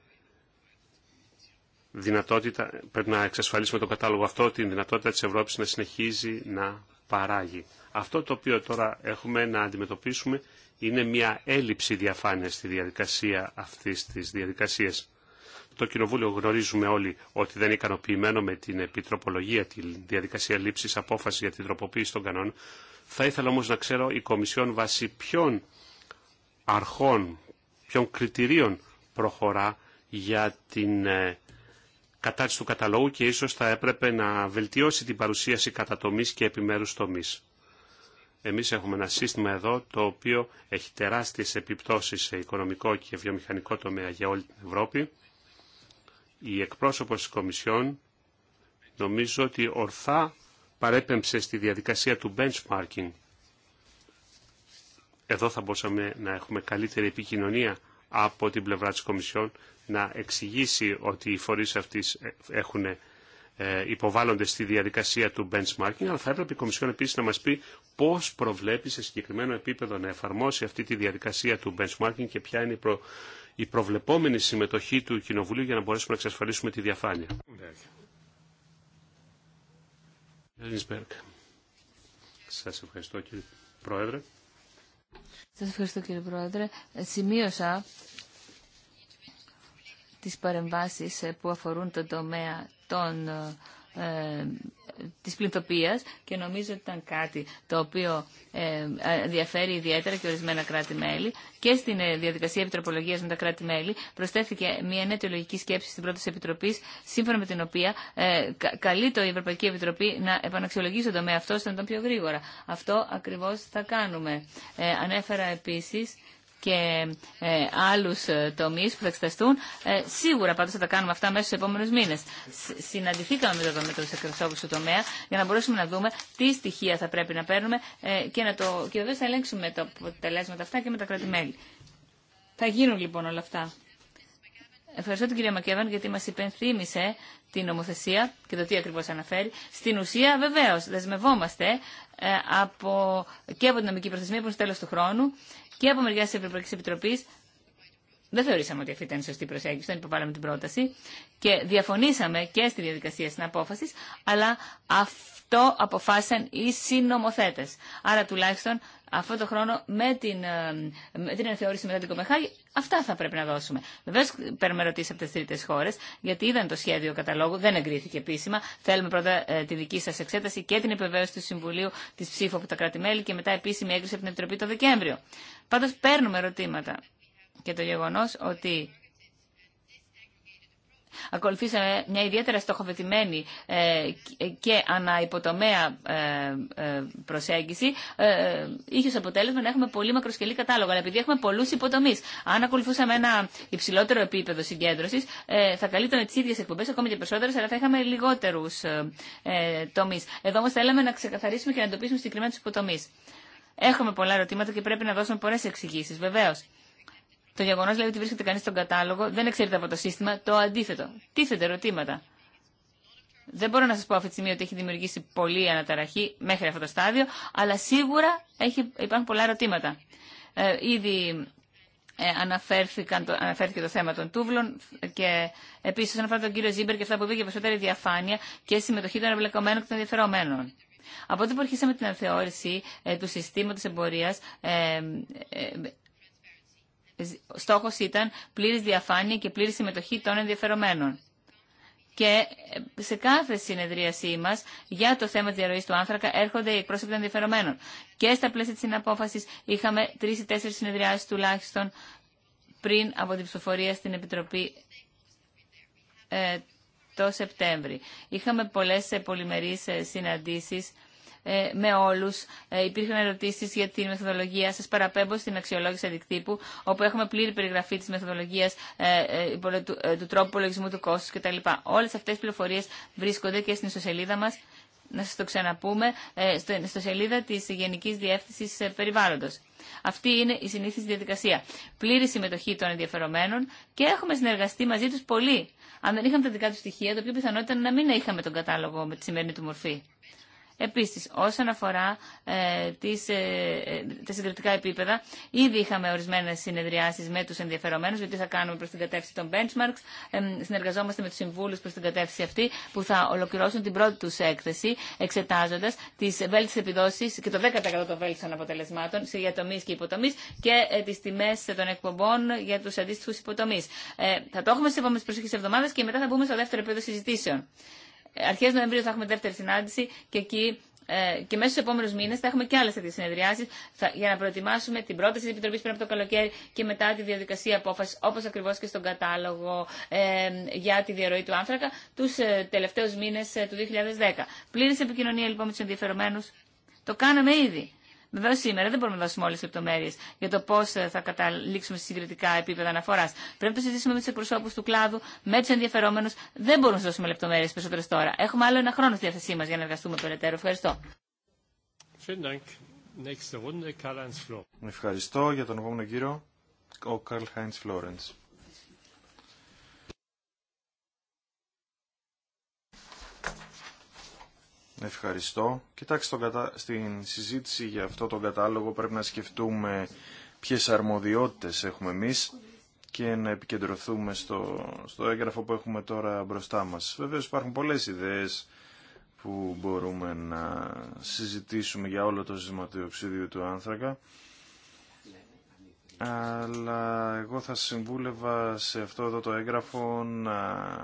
S2: δυνατότητα, πρέπει να εξασφαλίσουμε το κατάλογο αυτό, την δυνατότητα της Ευρώπης να συνεχίζει να παράγει. Αυτό το οποίο τώρα έχουμε να αντιμετωπίσουμε είναι μια έλλειψη διαφάνεια στη διαδικασία αυτής της διαδικασίας. Το Κοινοβούλιο γνωρίζουμε όλοι ότι δεν είναι ικανοποιημένο με την επιτροπολογία, τη διαδικασία λήψη απόφασης για την τροποποίηση των κανόνων. Θα ήθελα όμως να ξέρω η Κομισιόν βάσει ποιων αρχών, ποιων κριτηρίων προχωρά για την ε, κατάρτιση του καταλόγου και ίσως θα έπρεπε να βελτιώσει την παρουσίαση κατά και επιμέρους τομείς. Εμείς έχουμε ένα σύστημα εδώ το οποίο έχει τεράστιες επιπτώσεις σε οικονομικό και βιομηχανικό τομέα για όλη την Ευρώπη. Η εκπρόσωπος της Κομισιόν νομίζω ότι ορθά παρέπεμψε στη διαδικασία του benchmarking. Εδώ θα μπορούσαμε να έχουμε καλύτερη επικοινωνία από την πλευρά της Κομισιόν να εξηγήσει ότι οι φορείς αυτής έχουν ε, υποβάλλονται στη διαδικασία του benchmarking, αλλά θα έπρεπε η Κομισιόν επίσης να μας πει πώς προβλέπει σε συγκεκριμένο επίπεδο να εφαρμόσει αυτή τη διαδικασία του benchmarking και ποια είναι η, η προβλεπόμενη συμμετοχή του Κοινοβουλίου για να μπορέσουμε να εξασφαλίσουμε τη διαφάνεια. Σας ευχαριστώ κύριε Πρόεδρε.
S1: Σας ευχαριστώ κύριε Πρόεδρε. Ε, σημείωσα τις παρεμβάσεις ε, που αφορούν τον τομέα των ε, της πληθοποίας και νομίζω ότι ήταν κάτι το οποίο ε, ε, ενδιαφέρει ιδιαίτερα και ορισμένα κράτη-μέλη και στην ε, διαδικασία επιτροπολογίας με τα κράτη-μέλη προσθέθηκε μια νέα σκέψη στην πρώτη επιτροπή σύμφωνα με την οποία ε, καλεί το η Ευρωπαϊκή Επιτροπή να επαναξιολογήσει το τομέα αυτό στον τον πιο γρήγορα. Αυτό ακριβώς θα κάνουμε. ανέφερα επίσης και ε, άλλους ε, τομείς που θα εξεταστούν. Ε, σίγουρα πάντως θα τα κάνουμε αυτά μέσα στους επόμενους μήνες. Συναντηθήκαμε με, το, με σε εκπροσώπους του τομέα για να μπορέσουμε να δούμε τι στοιχεία θα πρέπει να παίρνουμε ε, και, να το, και θα ελέγξουμε τα αποτελέσματα αυτά και με τα κρατημέλη. Θα γίνουν λοιπόν όλα αυτά. Ευχαριστώ την κυρία Μακέβαν γιατί μας υπενθύμησε την νομοθεσία και το τι ακριβώς αναφέρει. Στην ουσία βεβαίως δεσμευόμαστε ε, από, και από την νομική προθεσμία προς το τέλος του χρόνου και από μεριά της Ευρωπαϊκής Επιτροπής δεν θεωρήσαμε ότι αυτή ήταν η σωστή προσέγγιση δεν υποβάλαμε την πρόταση και διαφωνήσαμε και στη διαδικασία στην απόφαση, αλλά το αποφάσισαν οι σύνομοθέτε. Άρα τουλάχιστον αυτό το χρόνο με την, ε, με την ενθεώρηση μετά την Κομεχάγη, αυτά θα πρέπει να δώσουμε. Βεβαίω, παίρνουμε ερωτήσει από τι τρίτε χώρε, γιατί είδαν το σχέδιο καταλόγου, δεν εγκρίθηκε επίσημα. Θέλουμε πρώτα ε, τη δική σα εξέταση και την επιβεβαίωση του Συμβουλίου τη ψήφου από τα κράτη-μέλη και μετά επίσημη έγκριση από την Επιτροπή το Δεκέμβριο. Πάντω, παίρνουμε ερωτήματα. Και το γεγονό ότι ακολουθήσαμε μια ιδιαίτερα στοχοθετημένη ε, και αναϋποτομέα ε, ε, προσέγγιση, είχε ως αποτέλεσμα να έχουμε πολύ μακροσκελή κατάλογα Αλλά επειδή έχουμε πολλούς υποτομείς, αν ακολουθούσαμε ένα υψηλότερο επίπεδο συγκέντρωσης, θα καλύπτουμε τις ίδιες εκπομπές, ακόμη και περισσότερες, αλλά θα είχαμε λιγότερους τομείς. Εδώ όμως θέλαμε να ξεκαθαρίσουμε και να εντοπίσουμε συγκεκριμένους τους υποτομείς. Έχουμε πολλά ερωτήματα και πρέπει να δώσουμε πολλές εξηγήσεις, βεβαίως. Το γεγονό λέει ότι βρίσκεται κανεί στον κατάλογο δεν εξαιρείται από το σύστημα, το αντίθετο. Τίθεται ερωτήματα. Δεν μπορώ να σα πω αυτή τη στιγμή ότι έχει δημιουργήσει πολλή αναταραχή μέχρι αυτό το στάδιο, αλλά σίγουρα έχει, υπάρχουν πολλά ερωτήματα. Ε, ήδη ε, αναφέρθηκαν, αναφέρθηκε το θέμα των τούβλων και επίση όσον αφορά τον κύριο Ζήμπερ και αυτά που είπε για περισσότερη διαφάνεια και συμμετοχή των εμπλεκομένων και των ενδιαφερομένων. Από τότε που αρχίσαμε την ανθεώρηση ε, του συστήματο εμπορία. Ε, στόχος ήταν πλήρης διαφάνεια και πλήρη συμμετοχή των ενδιαφερομένων. Και σε κάθε συνεδρίασή μα για το θέμα τη διαρροή του άνθρακα έρχονται οι εκπρόσωποι των ενδιαφερομένων. Και στα πλαίσια τη συναπόφαση είχαμε τρει ή τέσσερι συνεδριάσει τουλάχιστον πριν από την ψηφοφορία στην Επιτροπή ε, το Σεπτέμβρη. Είχαμε πολλέ ε, πολυμερεί ε, συναντήσει ε, με όλου. Ε, υπήρχαν ερωτήσει για τη μεθοδολογία. Σα παραπέμπω στην αξιολόγηση αντικτύπου, όπου έχουμε πλήρη περιγραφή τη μεθοδολογία, ε, του τρόπου υπολογισμού του κόστου κτλ. Όλε αυτέ οι πληροφορίε βρίσκονται και στην ιστοσελίδα μα. Να σας το ξαναπούμε, στο σελίδα της Γενικής Διεύθυνσης Περιβάλλοντος. Αυτή είναι η συνήθις διαδικασία. Πλήρη συμμετοχή των ενδιαφερομένων και έχουμε συνεργαστεί μαζί τους πολύ. Αν δεν είχαμε τα δικά του στοιχεία, το πιο πιθανό να μην είχαμε τον κατάλογο με τη σημερινή του μορφή. Επίσης, όσον αφορά ε, τις, ε, ε τα συγκριτικά επίπεδα, ήδη είχαμε ορισμένες συνεδριάσεις με τους ενδιαφερομένους, γιατί θα κάνουμε προς την κατεύθυνση των benchmarks. Ε, συνεργαζόμαστε με τους συμβούλους προς την κατεύθυνση αυτή, που θα ολοκληρώσουν την πρώτη τους έκθεση, εξετάζοντας τις βέλτιστες επιδόσεις και το 10% των βέλτιστων αποτελεσμάτων σε διατομείς και υποτομείς και ε, τις τιμές των εκπομπών για τους αντίστοιχους υποτομείς. Ε, θα το έχουμε στι επόμενες προσεχείς εβδομάδες και μετά θα μπούμε στο δεύτερο επίπεδο συζητήσεων αρχές Νοεμβρίου θα έχουμε δεύτερη συνάντηση και εκεί ε, και μέσα στου επόμενου μήνε θα έχουμε και άλλε τέτοιε συνεδριάσει για να προετοιμάσουμε την πρόταση τη Επιτροπή πριν από το καλοκαίρι και μετά τη διαδικασία απόφαση, όπω ακριβώ και στον κατάλογο ε, για τη διαρροή του άνθρακα, ε, του ε, τελευταίου μήνε του 2010. Πλήρη επικοινωνία λοιπόν με του ενδιαφερομένου. Το κάναμε ήδη. Βεβαίω σήμερα δεν μπορούμε να δώσουμε όλε τι λεπτομέρειε για το πώ ε, θα καταλήξουμε σε συγκριτικά επίπεδα αναφορά. Πρέπει να το συζητήσουμε με του εκπροσώπου του κλάδου, με του ενδιαφερόμενου. Δεν μπορούμε να σα δώσουμε λεπτομέρειε περισσότερε τώρα. Έχουμε άλλο ένα χρόνο στη διάθεσή μα για να εργαστούμε περαιτέρω. Ευχαριστώ.
S3: Ευχαριστώ για τον επόμενο κύριο, ο Καρλ Χάιντ Φλόρεντ. Ευχαριστώ. Κοιτάξτε, κατα... στην συζήτηση για αυτό τον κατάλογο πρέπει να σκεφτούμε ποιες αρμοδιότητες έχουμε εμείς και να επικεντρωθούμε στο, στο έγγραφο που έχουμε τώρα μπροστά μας. Βεβαίω, υπάρχουν πολλές ιδέες που μπορούμε να συζητήσουμε για όλο το ζηματιοξίδιο του άνθρακα. Αλλά εγώ θα συμβούλευα σε αυτό εδώ το έγγραφο να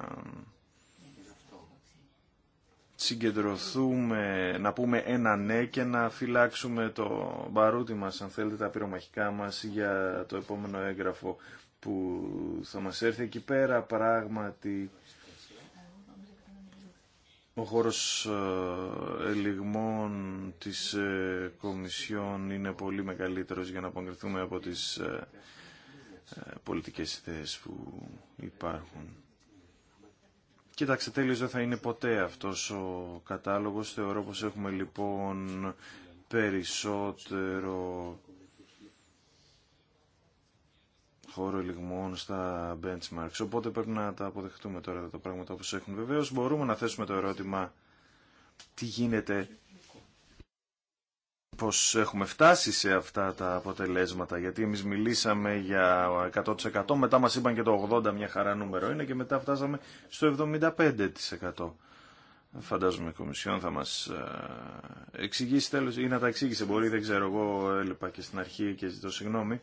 S3: συγκεντρωθούμε, να πούμε ένα ναι και να φυλάξουμε το μπαρούτι μας, αν θέλετε, τα πυρομαχικά μας για το επόμενο έγγραφο που θα μας έρθει εκεί πέρα πράγματι ο χώρος ε, ελιγμών της ε, Κομισιόν είναι πολύ μεγαλύτερος για να απογκριθούμε από τις ε, πολιτικές ιδέες που υπάρχουν. Κοίταξε, τέλειος δεν θα είναι ποτέ αυτός ο κατάλογος. Θεωρώ πως έχουμε λοιπόν περισσότερο χώρο λιγμών στα benchmarks. Οπότε πρέπει να τα αποδεχτούμε τώρα τα πράγματα όπως έχουν. Βεβαίως μπορούμε να θέσουμε το ερώτημα τι γίνεται πως έχουμε φτάσει σε αυτά τα αποτελέσματα, γιατί εμείς μιλήσαμε για 100%, μετά μας είπαν και το 80% μια χαρά νούμερο είναι και μετά φτάσαμε στο 75%. Φαντάζομαι η Κομισιόν θα μας ε, εξηγήσει τέλος ή να τα εξήγησε μπορεί, δεν ξέρω εγώ έλειπα και στην αρχή και ζητώ συγγνώμη.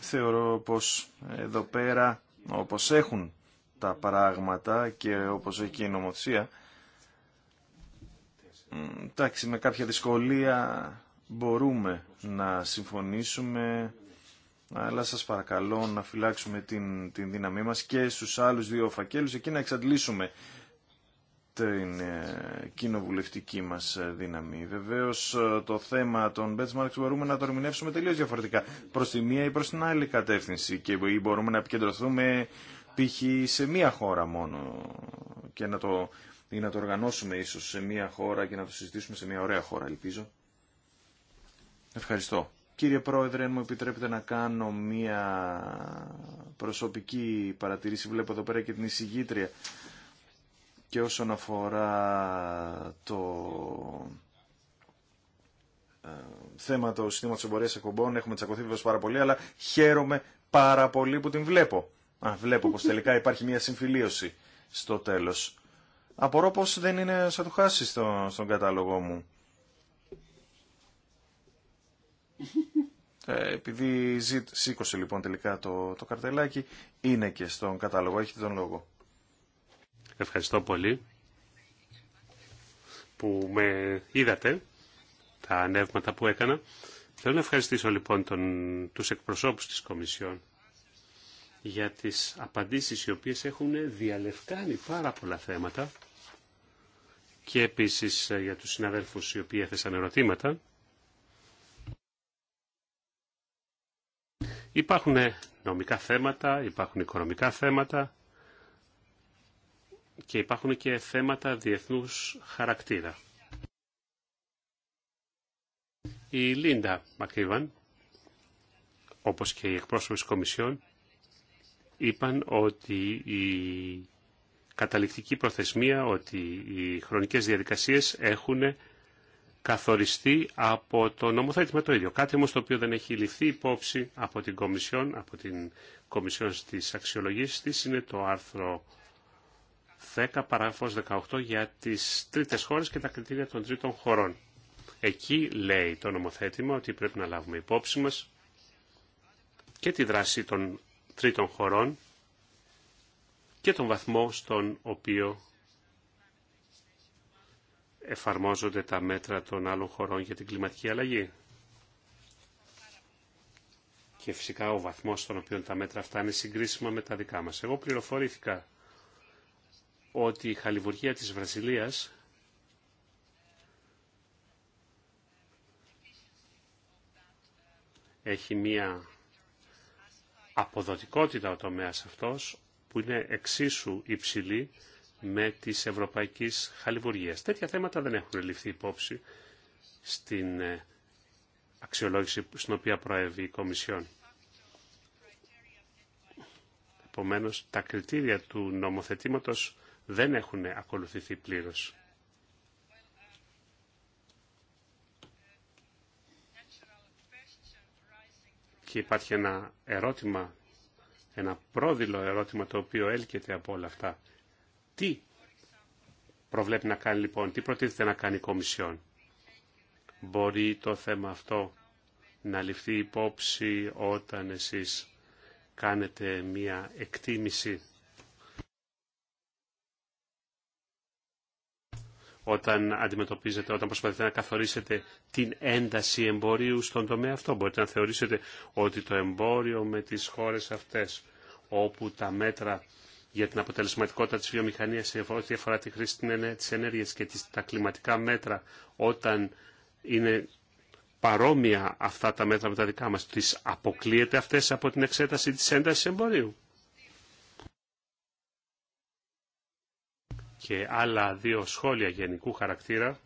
S3: Θεωρώ πως εδώ πέρα όπως έχουν τα πράγματα και όπως έχει και η νομοθεσία εντάξει, με κάποια δυσκολία μπορούμε να συμφωνήσουμε, αλλά σας παρακαλώ να φυλάξουμε την, την δύναμή μας και στους άλλους δύο φακέλους εκεί να εξαντλήσουμε την ε, κοινοβουλευτική μας ε, δύναμη. Βεβαίως ε, το θέμα των benchmarks μπορούμε να το ερμηνεύσουμε τελείως διαφορετικά προς τη μία ή προς την άλλη κατεύθυνση και μπορούμε να επικεντρωθούμε π.χ. σε μία χώρα μόνο και να το ή να το οργανώσουμε ίσως σε μια χώρα και να το συζητήσουμε σε μια ωραία χώρα, ελπίζω. Ευχαριστώ. Κύριε Πρόεδρε, αν μου επιτρέπετε να κάνω μία προσωπική παρατηρήση. Βλέπω εδώ πέρα και την εισηγήτρια. Και όσον αφορά το ε, θέμα του συστήματος εμπορίας εκπομπών, έχουμε τσακωθεί βέβαια πάρα πολύ, αλλά χαίρομαι πάρα πολύ που την βλέπω. Α, βλέπω πως τελικά υπάρχει μία συμφιλίωση στο τέλος. Απορώ πως δεν είναι σαν του χάσει στο, στον κατάλογο μου. Ε, επειδή σήκωσε λοιπόν τελικά το, το καρτελάκι, είναι και στον κατάλογο. Έχετε τον λόγο.
S2: Ευχαριστώ πολύ που με είδατε, τα ανέβματα που έκανα. Θέλω να ευχαριστήσω λοιπόν τον, τους εκπροσώπους της Κομισιόν για τις απαντήσεις οι οποίες έχουν διαλευκάνει πάρα πολλά θέματα και επίσης ε, για τους συναδέλφους οι οποίοι έθεσαν ερωτήματα. Υπάρχουν ε, νομικά θέματα, υπάρχουν οικονομικά θέματα και υπάρχουν και θέματα διεθνούς χαρακτήρα. Η Λίντα Μακρύβαν, όπως και οι εκπρόσωποι της Κομισιόν, είπαν ότι η καταληκτική προθεσμία ότι οι χρονικές διαδικασίες έχουν καθοριστεί από το νομοθέτημα το ίδιο. Κάτι όμως το οποίο δεν έχει ληφθεί υπόψη από την Κομισιόν, από την Κομισιόν στις αξιολογήσεις της είναι το άρθρο 10 παράγραφος 18 για τις τρίτες χώρες και τα κριτήρια των τρίτων χωρών. Εκεί λέει το νομοθέτημα ότι πρέπει να λάβουμε υπόψη μας και τη δράση των τρίτων χωρών και τον βαθμό στον οποίο εφαρμόζονται τα μέτρα των άλλων χωρών για την κλιματική αλλαγή. Και φυσικά ο βαθμός στον οποίο τα μέτρα αυτά είναι συγκρίσιμα με τα δικά μας. Εγώ πληροφορήθηκα ότι η χαλιβουργία της Βραζιλίας έχει μία αποδοτικότητα ο τομέας αυτός που είναι εξίσου υψηλή με της Ευρωπαϊκή χαλιβουργίες. Τέτοια θέματα δεν έχουν ληφθεί υπόψη στην ε, αξιολόγηση στην οποία προέβη η Κομισιόν. Επομένως, τα κριτήρια του νομοθετήματος δεν έχουν ακολουθηθεί πλήρως. Και υπάρχει ένα ερώτημα ένα πρόδειλο ερώτημα το οποίο έλκεται από όλα αυτά. Τι προβλέπει να κάνει λοιπόν, τι προτίθεται να κάνει η Κομισιόν. Μπορεί το θέμα αυτό να ληφθεί υπόψη όταν εσείς κάνετε μία εκτίμηση όταν αντιμετωπίζετε, όταν προσπαθείτε να καθορίσετε την ένταση εμπορίου στον τομέα αυτό. Μπορείτε να θεωρήσετε ότι το εμπόριο με τις χώρες αυτές όπου τα μέτρα για την αποτελεσματικότητα της βιομηχανίας ό,τι αφορά τη χρήση της ενέργειας και τα κλιματικά μέτρα όταν είναι παρόμοια αυτά τα μέτρα με τα δικά μας, τις αποκλείεται αυτές από την εξέταση της έντασης εμπορίου. και άλλα δύο σχόλια γενικού χαρακτήρα.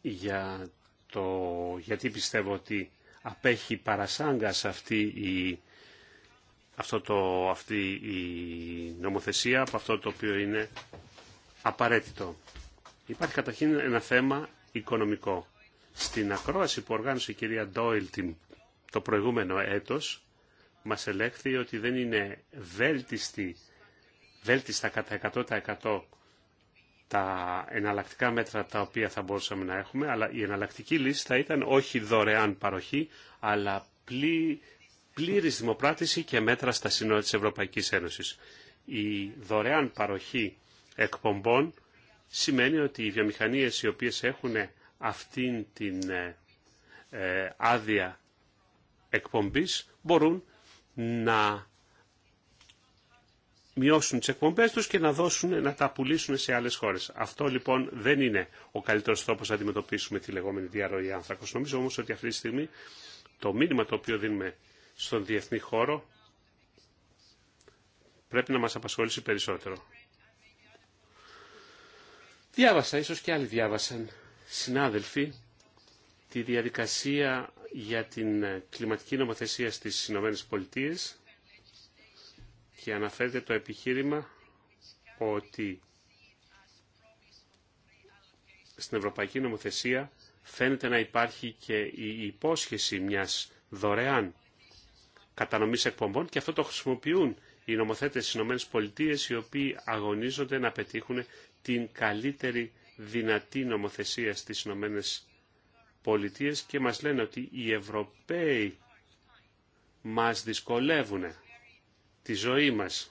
S2: Για το γιατί πιστεύω ότι απέχει παρασάγκας αυτή η, αυτό το, αυτή η νομοθεσία από αυτό το οποίο είναι απαραίτητο. Υπάρχει καταρχήν ένα θέμα οικονομικό. Στην ακρόαση που οργάνωσε η κυρία Ντόιλ το προηγούμενο έτος, μας ελέγχθη ότι δεν είναι βέλτιστη, βέλτιστα κατά 100% τα εναλλακτικά μέτρα τα οποία θα μπορούσαμε να έχουμε, αλλά η εναλλακτική λύση θα ήταν όχι δωρεάν παροχή, αλλά πλή, πλήρης δημοπράτηση και μέτρα στα σύνορα της Ευρωπαϊκής Ένωσης. Η δωρεάν παροχή εκπομπών σημαίνει ότι οι βιομηχανίες οι οποίες έχουν αυτήν την ε, ε, άδεια εκπομπής μπορούν να μειώσουν τις εκπομπές τους και να, δώσουν, να τα πουλήσουν σε άλλες χώρες. Αυτό λοιπόν δεν είναι ο καλύτερος τρόπος να αντιμετωπίσουμε τη λεγόμενη διαρροή άνθρακος. Νομίζω όμως ότι αυτή τη στιγμή το μήνυμα το οποίο δίνουμε στον διεθνή χώρο πρέπει να μας απασχολήσει περισσότερο. Διάβασα, ίσως και άλλοι διάβασαν, συνάδελφοι, τη διαδικασία για την ε, κλιματική νομοθεσία στις Ηνωμένες Πολιτείες και αναφέρεται το επιχείρημα ότι στην Ευρωπαϊκή Νομοθεσία φαίνεται να υπάρχει και η υπόσχεση μιας δωρεάν κατανομής εκπομπών και αυτό το χρησιμοποιούν οι νομοθέτες στις Ηνωμένες Πολιτείες οι οποίοι αγωνίζονται να πετύχουν την καλύτερη δυνατή νομοθεσία στις Ηνωμένες Πολιτείες και μας λένε ότι οι Ευρωπαίοι μας δυσκολεύουν τη ζωή μας.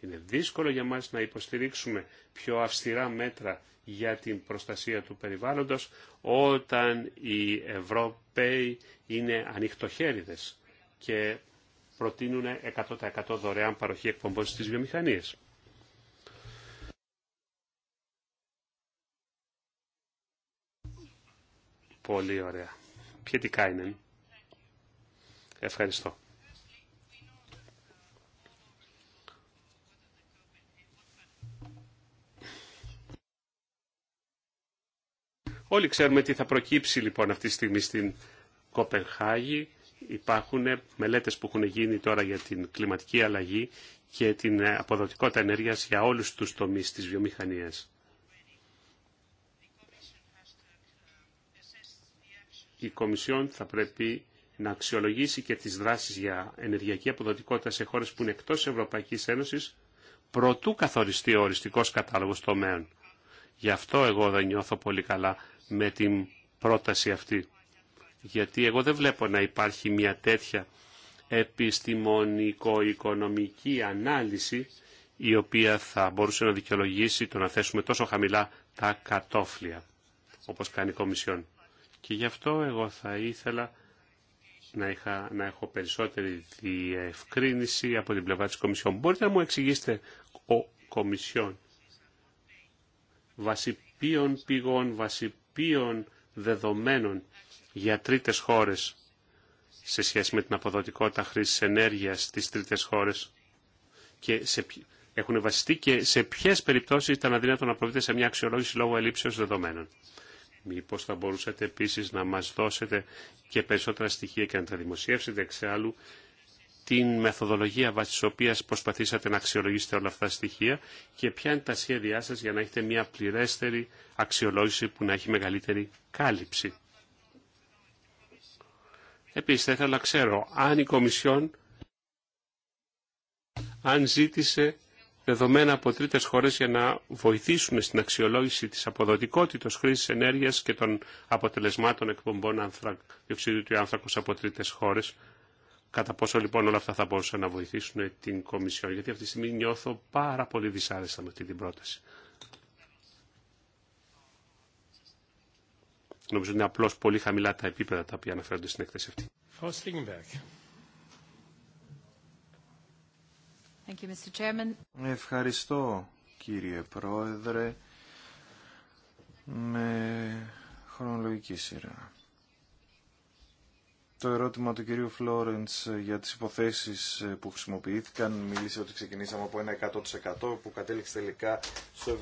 S2: Είναι δύσκολο για μας να υποστηρίξουμε πιο αυστηρά μέτρα για την προστασία του περιβάλλοντος όταν οι Ευρωπαίοι είναι ανοιχτοχέριδες και προτείνουν 100% δωρεάν παροχή εκπομπών στις βιομηχανίες. Πολύ ωραία. τι είναι. Ευχαριστώ. Όλοι ξέρουμε τι θα προκύψει λοιπόν αυτή τη στιγμή στην Κοπενχάγη. Υπάρχουν μελέτες που έχουν γίνει τώρα για την κλιματική αλλαγή και την αποδοτικότητα ενέργειας για όλους τους τομείς της βιομηχανίας. η Κομισιόν θα πρέπει να αξιολογήσει και τις δράσεις για ενεργειακή αποδοτικότητα σε χώρες που είναι εκτός Ευρωπαϊκής Ένωσης, προτού καθοριστεί ο οριστικός κατάλογος τομέων. Γι' αυτό εγώ δεν νιώθω πολύ καλά με την πρόταση αυτή. Γιατί εγώ δεν βλέπω να υπάρχει μια τέτοια επιστημονικο-οικονομική ανάλυση η οποία θα μπορούσε να δικαιολογήσει το να θέσουμε τόσο χαμηλά τα κατόφλια, όπως κάνει η Κομισιόν. Και γι' αυτό εγώ θα ήθελα να, είχα, να έχω περισσότερη διευκρίνηση από την πλευρά της Κομισιόν. Μπορείτε να μου εξηγήσετε ο Κομισιόν βασιπίων πηγών, βασιπίων δεδομένων για τρίτες χώρες σε σχέση με την αποδοτικότητα χρήσης ενέργειας στις τρίτες χώρες και σε, έχουν βασιστεί και σε ποιες περιπτώσεις ήταν αδύνατο να προβείται σε μια αξιολόγηση λόγω ελλείψεως δεδομένων. Μήπως θα μπορούσατε επίσης να μας δώσετε και περισσότερα στοιχεία και να τα δημοσιεύσετε εξάλλου την μεθοδολογία βάσει της οποίας προσπαθήσατε να αξιολογήσετε όλα αυτά τα στοιχεία και ποια είναι τα σχέδιά σας για να έχετε μια πληρέστερη αξιολόγηση που να έχει μεγαλύτερη κάλυψη. Επίσης θα ήθελα να ξέρω αν η Κομισιόν αν ζήτησε δεδομένα από τρίτες χώρες για να βοηθήσουν στην αξιολόγηση της αποδοτικότητας χρήσης ενέργειας και των αποτελεσμάτων εκπομπών διοξιδίου του άνθρακο από τρίτες χώρες. Κατά πόσο λοιπόν όλα αυτά θα μπορούσαν να βοηθήσουν την Κομισιόν, γιατί αυτή τη στιγμή νιώθω πάρα πολύ δυσάρεστα με αυτή την πρόταση. Νομίζω είναι απλώς πολύ χαμηλά τα επίπεδα τα οποία αναφέρονται στην έκθεση αυτή. Ευχαριστώ
S3: κύριε Πρόεδρε με χρονολογική σειρά. Το ερώτημα του κυρίου Φλόρεντς για τις υποθέσεις που χρησιμοποιήθηκαν μίλησε ότι ξεκινήσαμε από ένα 100% που κατέληξε τελικά στο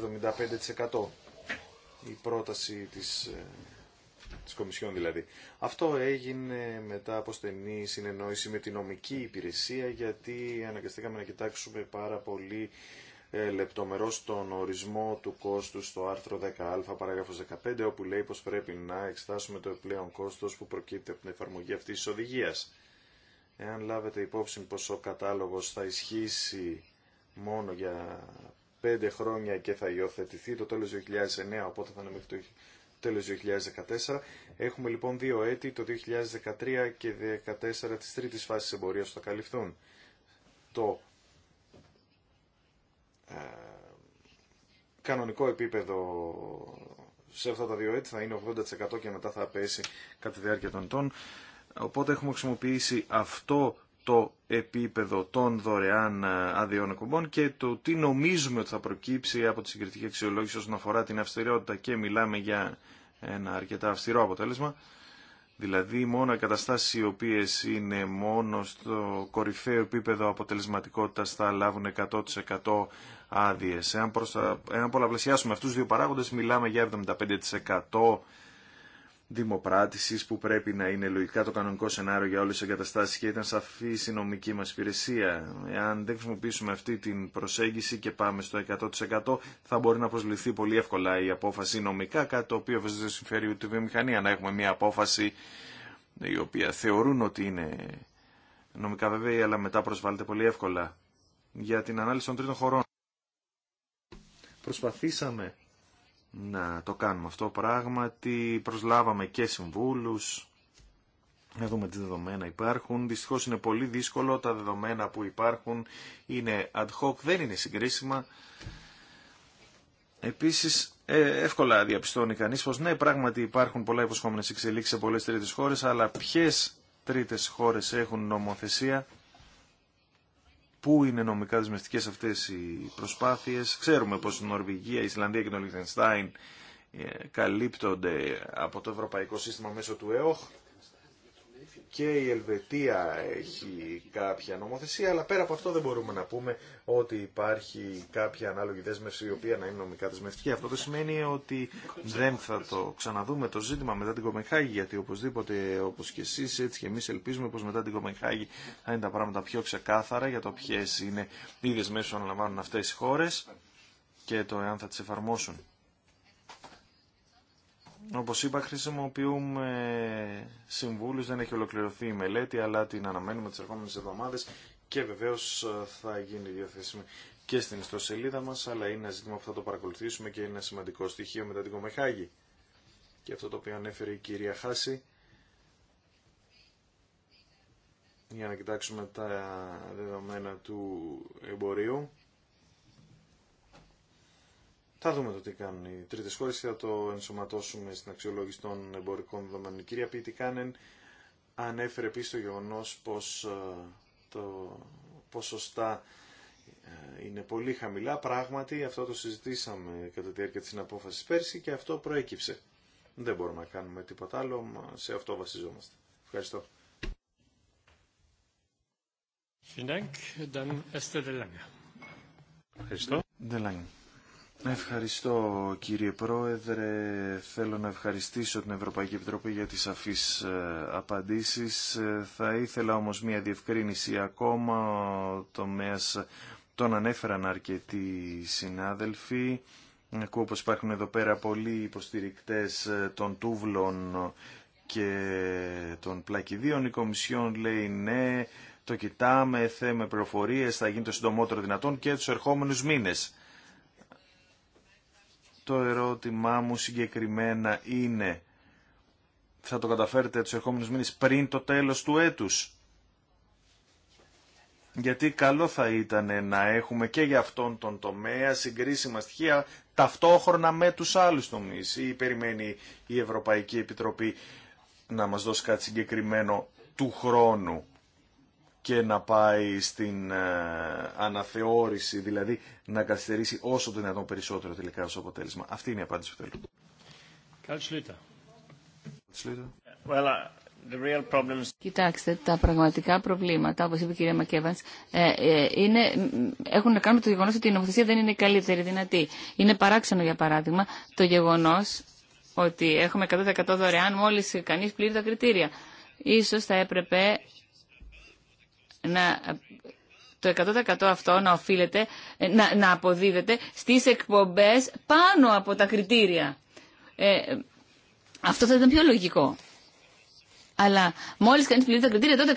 S3: 75%. Η πρόταση της ε, δηλαδή. Αυτό έγινε μετά από στενή συνεννόηση με την νομική υπηρεσία γιατί αναγκαστήκαμε να κοιτάξουμε πάρα πολύ ε, λεπτομερό τον ορισμό του κόστου στο άρθρο 10α παράγραφο 15 όπου λέει πω πρέπει να εξετάσουμε το επιπλέον κόστο που προκύπτει από την εφαρμογή αυτή τη οδηγία. Εάν λάβετε υπόψη πω ο κατάλογο θα ισχύσει μόνο για 5 χρόνια και θα υιοθετηθεί το τέλος 2009, οπότε θα είναι μέχρι το τέλος 2014. Έχουμε λοιπόν δύο έτη, το 2013 και 2014 της τρίτης φάσης εμπορίας που θα καλυφθούν. Το ε, κανονικό επίπεδο σε αυτά τα δύο έτη θα είναι 80% και μετά θα πέσει κατά τη διάρκεια των ετών. Οπότε έχουμε χρησιμοποιήσει αυτό το επίπεδο των δωρεάν ε, αδειών εκπομπών και το τι νομίζουμε ότι θα προκύψει από τη συγκριτική αξιολόγηση όσον αφορά την αυστηριότητα και μιλάμε για ένα αρκετά αυστηρό αποτέλεσμα. Δηλαδή μόνο οι καταστάσεις οι οποίες είναι μόνο στο κορυφαίο επίπεδο αποτελεσματικότητας θα λάβουν 100% άδειες. Εάν, προστα... πολλαπλασιάσουμε αυτούς τους δύο παράγοντες μιλάμε για 75% δημοπράτηση που πρέπει να είναι λογικά το κανονικό σενάριο για όλε τι εγκαταστάσει και ήταν σαφή η νομική μα υπηρεσία. Εάν δεν χρησιμοποιήσουμε αυτή την προσέγγιση και πάμε στο 100% θα μπορεί να προσβληθεί πολύ εύκολα η απόφαση νομικά, κάτι το οποίο δεν συμφέρει ούτε βιομηχανία να έχουμε μια απόφαση η οποία θεωρούν ότι είναι νομικά βέβαια, αλλά μετά προσβάλλεται πολύ εύκολα για την ανάλυση των τρίτων χωρών. Προσπαθήσαμε να το κάνουμε αυτό πράγματι. Προσλάβαμε και συμβούλους, να δούμε τι δεδομένα υπάρχουν. Δυστυχώς είναι πολύ δύσκολο, τα δεδομένα που υπάρχουν είναι ad hoc, δεν είναι συγκρίσιμα. Επίσης, ε, εύκολα διαπιστώνει κανείς πως ναι, πράγματι υπάρχουν πολλά υποσχόμενες εξελίξεις σε πολλές τρίτες χώρες, αλλά ποιε τρίτες χώρες έχουν νομοθεσία πού είναι νομικά δεσμευτικέ αυτές οι προσπάθειες. Ξέρουμε πως η Νορβηγία, η Ισλανδία και το Λιχτενστάιν ε, καλύπτονται από το ευρωπαϊκό σύστημα μέσω του ΕΟΧ και η Ελβετία έχει κάποια νομοθεσία, αλλά πέρα από αυτό δεν μπορούμε να πούμε ότι υπάρχει κάποια ανάλογη δέσμευση η οποία να είναι νομικά δεσμευτική. Αυτό δεν σημαίνει ότι δεν θα το ξαναδούμε το ζήτημα μετά την Κομεχάγη, γιατί οπωσδήποτε όπω και εσεί έτσι και εμεί ελπίζουμε πω μετά την Κομεχάγη θα είναι τα πράγματα πιο ξεκάθαρα για το ποιε είναι οι δεσμεύσεις που αναλαμβάνουν αυτέ οι χώρε και το εάν θα τι εφαρμόσουν. Όπως είπα, χρησιμοποιούμε συμβούλους, δεν έχει ολοκληρωθεί η μελέτη, αλλά την αναμένουμε τις ερχόμενες εβδομάδες και βεβαίως ε, θα γίνει διαθέσιμη και στην ιστοσελίδα μας, αλλά είναι ένα ζήτημα που θα το παρακολουθήσουμε και είναι ένα σημαντικό στοιχείο μετά την Κομεχάγη. Και αυτό το οποίο ανέφερε η κυρία Χάση, για να κοιτάξουμε τα δεδομένα του εμπορίου θα δούμε το τι κάνουν οι τρίτε χώρε και θα το ενσωματώσουμε στην αξιολόγηση των εμπορικών δεδομένων. Η κυρία Κάνεν ανέφερε επίση το γεγονό πω ε, το ποσοστά ε, είναι πολύ χαμηλά. Πράγματι, αυτό το συζητήσαμε κατά τη διάρκεια τη συναπόφαση πέρσι και αυτό προέκυψε. Δεν μπορούμε να κάνουμε τίποτα άλλο, σε αυτό βασιζόμαστε. Ευχαριστώ. Ευχαριστώ. Ευχαριστώ κύριε Πρόεδρε. Θέλω να ευχαριστήσω την Ευρωπαϊκή Επιτροπή για τις αφείς ε, απαντήσεις. Ε, θα ήθελα όμως μια διευκρίνηση ακόμα. το ΜΕΑΣ τον ανέφεραν αρκετοί συνάδελφοι. Ακούω πως υπάρχουν εδώ πέρα πολλοί υποστηρικτές ε, των τούβλων και των πλακιδίων. Η Κομισιόν λέει ναι, το κοιτάμε, θέμε προφορίες, θα γίνει το συντομότερο δυνατόν και τους ερχόμενους μήνες το ερώτημά μου συγκεκριμένα είναι θα το καταφέρετε τους ερχόμενους μήνες πριν το τέλος του έτους. Γιατί καλό θα ήταν να έχουμε και για αυτόν τον τομέα συγκρίσιμα στοιχεία ταυτόχρονα με τους άλλους τομείς. Ή περιμένει η Ευρωπαϊκή Επιτροπή να μας δώσει κάτι συγκεκριμένο του χρόνου και να πάει στην ε, αναθεώρηση, δηλαδή να καθυστερήσει όσο το δυνατόν περισσότερο τελικά ως αποτέλεσμα. Αυτή είναι η απάντηση που θέλω.
S2: Uh,
S1: Κοιτάξτε, τα πραγματικά προβλήματα, όπως είπε η κυρία Μακέβανς, ε, ε, είναι, έχουν να κάνουν με το γεγονός ότι η νομοθεσία δεν είναι η καλύτερη δυνατή. Είναι παράξενο, για παράδειγμα, το γεγονός ότι έχουμε 100% δωρεάν μόλις κανείς πλήρει τα κριτήρια. Ίσως θα έπρεπε να το 100% αυτό να οφείλεται, ε, να, να αποδίδεται στις εκπομπές πάνω από τα κριτήρια. Ε, αυτό θα ήταν πιο λογικό. Αλλά μόλις κανείς πληρεί τα κριτήρια τότε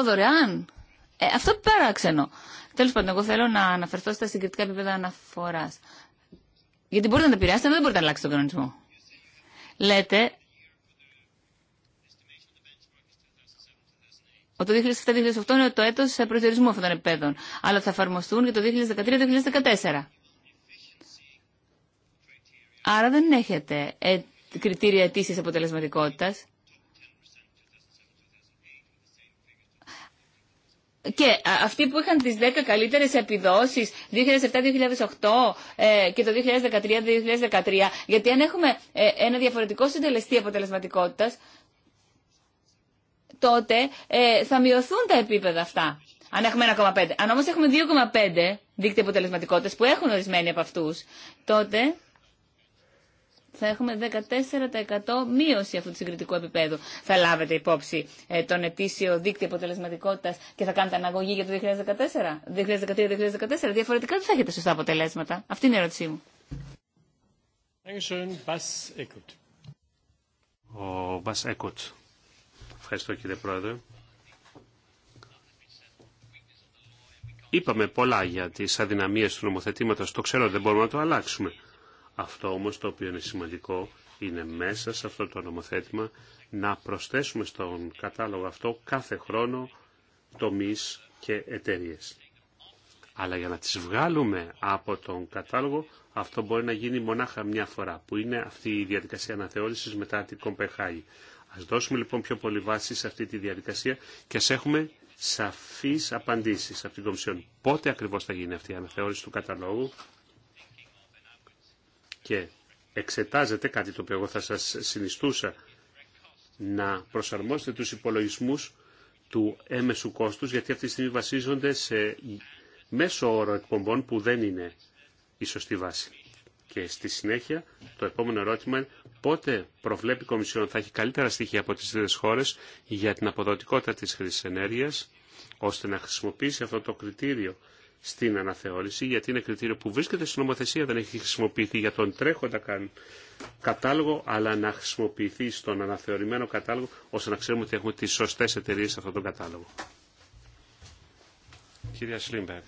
S1: 100% δωρεάν. Ε, αυτό παράξενο. Τέλος πάντων, εγώ θέλω να αναφερθώ στα συγκριτικά επίπεδα αναφοράς. Γιατί μπορείτε να τα επηρεάσετε, αλλά δεν μπορείτε να αλλάξετε τον κανονισμό. Λέτε Το 2007-2008 είναι το έτος προσδιορισμού αυτών των επέδων. αλλά θα εφαρμοστούν και το 2013-2014. Άρα δεν έχετε ε, κριτήρια αιτήσεις αποτελεσματικότητας. Και αυτοί που είχαν τις 10 καλύτερες επιδόσεις 2007-2008 ε, και το 2013-2013, γιατί αν έχουμε ε, ένα διαφορετικό συντελεστή αποτελεσματικότητας, τότε ε, θα μειωθούν τα επίπεδα αυτά. Αν έχουμε 1,5. Αν όμως έχουμε 2,5 δίκτυα αποτελεσματικότητα που έχουν ορισμένοι από αυτού. τότε θα έχουμε 14% μείωση αυτού του συγκριτικού επίπεδου. Θα λάβετε υπόψη ε, τον ετήσιο δίκτυο αποτελεσματικότητας και θα κάνετε αναγωγή για το 2014, 2013-2014. Διαφορετικά δεν θα έχετε σωστά αποτελέσματα. Αυτή είναι η ερώτησή μου.
S2: Ο Έκοτ. Ευχαριστώ κύριε Πρόεδρε. Είπαμε πολλά για τις αδυναμίες του νομοθετήματος. Το ξέρω, δεν μπορούμε να το αλλάξουμε. Αυτό όμως το οποίο είναι σημαντικό είναι μέσα σε αυτό το νομοθέτημα να προσθέσουμε στον κατάλογο αυτό κάθε χρόνο τομείς και εταιρείε. Αλλά για να τις βγάλουμε από τον κατάλογο αυτό μπορεί να γίνει μονάχα μια φορά που είναι αυτή η διαδικασία αναθεώρησης μετά την Κομπεχάη. Ας δώσουμε λοιπόν πιο πολύ βάση σε αυτή τη διαδικασία και ας έχουμε σαφείς απαντήσεις από την Κομισιόν. Πότε ακριβώς θα γίνει αυτή η αναθεώρηση του καταλόγου και εξετάζεται κάτι το οποίο εγώ θα σας συνιστούσα να προσαρμόσετε τους υπολογισμούς του έμεσου κόστους γιατί αυτή τη στιγμή βασίζονται σε μέσο όρο εκπομπών που δεν είναι η σωστή βάση. Και στη συνέχεια το επόμενο ερώτημα είναι πότε προβλέπει η Κομισιόν θα έχει καλύτερα στοιχεία από τις δύο χώρες για την αποδοτικότητα της χρήσης ενέργειας ώστε να χρησιμοποιήσει αυτό το κριτήριο στην αναθεώρηση, γιατί είναι κριτήριο που βρίσκεται στην νομοθεσία, δεν έχει χρησιμοποιηθεί για τον τρέχοντα καν κατάλογο, αλλά να χρησιμοποιηθεί στον αναθεωρημένο κατάλογο, ώστε να ξέρουμε ότι έχουμε τις σωστές εταιρείε σε αυτόν τον κατάλογο. Κυρία Σλίμπερ.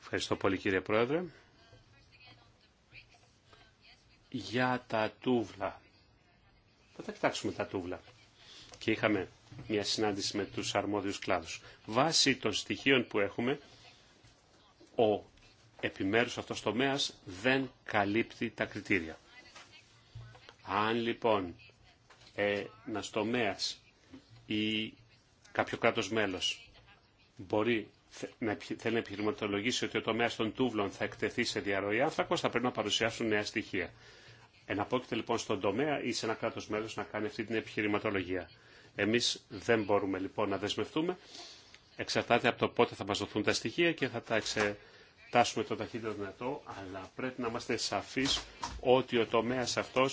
S2: Ευχαριστώ πολύ κύριε Πρόεδρε για τα τούβλα. Θα τα κοιτάξουμε τα τούβλα. Και είχαμε μια συνάντηση με τους αρμόδιους κλάδους. Βάσει των στοιχείων που έχουμε, ο επιμέρους αυτός τομέας δεν καλύπτει τα κριτήρια. Αν λοιπόν ε, ένα τομέα ή κάποιο κράτος μέλος μπορεί να, θέλει να επιχειρηματολογήσει ότι ο τομέας των τούβλων θα εκτεθεί σε διαρροή άνθρακος, θα πρέπει να παρουσιάσουν νέα στοιχεία. Εναπόκειται λοιπόν στον τομέα ή σε ένα κράτο μέλο να κάνει αυτή την επιχειρηματολογία. Εμεί δεν μπορούμε λοιπόν να δεσμευτούμε. Εξαρτάται από το πότε θα μα δοθούν τα στοιχεία και θα τα εξετάσουμε το ταχύτερο δυνατό. Αλλά πρέπει να είμαστε σαφεί ότι ο τομέα αυτό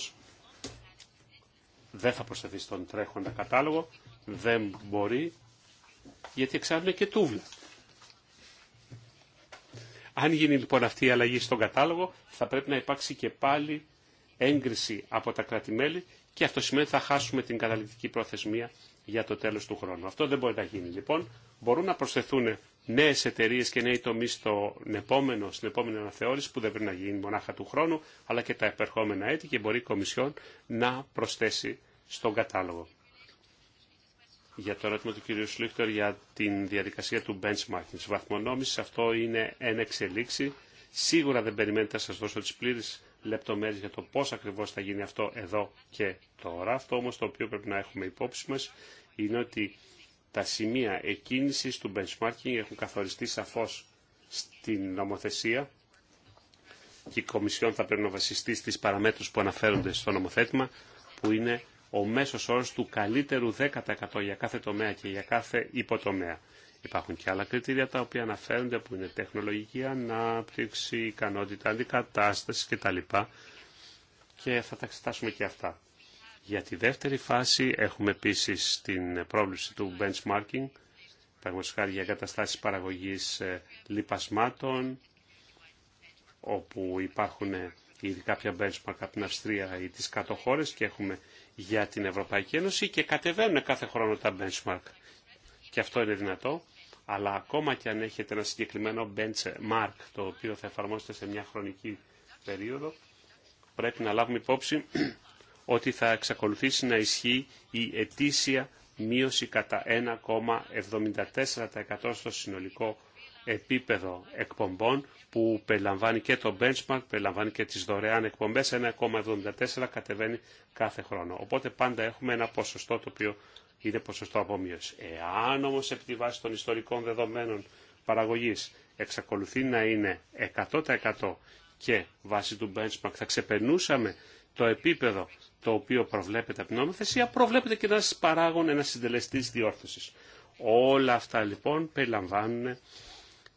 S2: δεν θα προσθεθεί στον τρέχοντα κατάλογο. Δεν μπορεί γιατί εξάλλου και τούβλα. Αν γίνει λοιπόν αυτή η αλλαγή στον κατάλογο, θα πρέπει να υπάρξει και πάλι έγκριση από τα κράτη-μέλη και αυτό σημαίνει θα χάσουμε την καταληκτική προθεσμία για το τέλος του χρόνου. Αυτό δεν μπορεί να γίνει. Λοιπόν, μπορούν να προσθεθούν νέες εταιρείε και νέοι τομείς στην επόμενη αναθεώρηση που δεν πρέπει να γίνει μονάχα του χρόνου, αλλά και τα επερχόμενα έτη και μπορεί η Κομισιόν να προσθέσει στον κατάλογο. Για το ερώτημα του κ. Σλίχτορ για την διαδικασία του benchmarking, της βαθμονόμηση. αυτό είναι εν εξελίξη. Σίγουρα δεν περιμένετε να σας δώσω τις πλήρες λεπτομέρειες για το πώς ακριβώς θα γίνει αυτό εδώ και τώρα. Αυτό όμως το οποίο πρέπει να έχουμε υπόψη μας είναι ότι τα σημεία εκκίνησης του benchmarking έχουν καθοριστεί σαφώς στην νομοθεσία και η Κομισιόν θα πρέπει να βασιστεί στις παραμέτρους που αναφέρονται στο νομοθέτημα που είναι ο μέσος όρος του καλύτερου 10% για κάθε τομέα και για κάθε υποτομέα. Υπάρχουν και άλλα κριτήρια τα οποία αναφέρονται που είναι τεχνολογική ανάπτυξη, ικανότητα αντικατάσταση κτλ. Και θα τα εξετάσουμε και αυτά. Για τη δεύτερη φάση έχουμε επίσης την πρόβληση του benchmarking, πραγματικά για εγκαταστάσεις παραγωγής ε, λιπασμάτων, όπου υπάρχουν ε, ήδη κάποια benchmark από την Αυστρία ή τις κάτω χώρες και έχουμε για την Ευρωπαϊκή Ένωση και κατεβαίνουν κάθε χρόνο τα benchmark. Και αυτό είναι δυνατό αλλά ακόμα και αν έχετε ένα συγκεκριμένο benchmark το οποίο θα εφαρμόσετε σε μια χρονική περίοδο, πρέπει να λάβουμε υπόψη ότι θα εξακολουθήσει να ισχύει η ετήσια μείωση κατά 1,74% στο συνολικό επίπεδο εκπομπών που περιλαμβάνει και το benchmark, περιλαμβάνει και τις δωρεάν εκπομπές, 1,74 κατεβαίνει κάθε χρόνο. Οπότε πάντα έχουμε ένα ποσοστό το οποίο είναι ποσοστό απομείωση. Εάν όμω επί τη βάση των ιστορικών δεδομένων παραγωγή εξακολουθεί να είναι 100% και βάσει του benchmark θα ξεπερνούσαμε το επίπεδο το οποίο προβλέπεται από την νομοθεσία, προβλέπεται και ένα παράγων, ένα συντελεστή διόρθωση. Όλα αυτά λοιπόν περιλαμβάνουν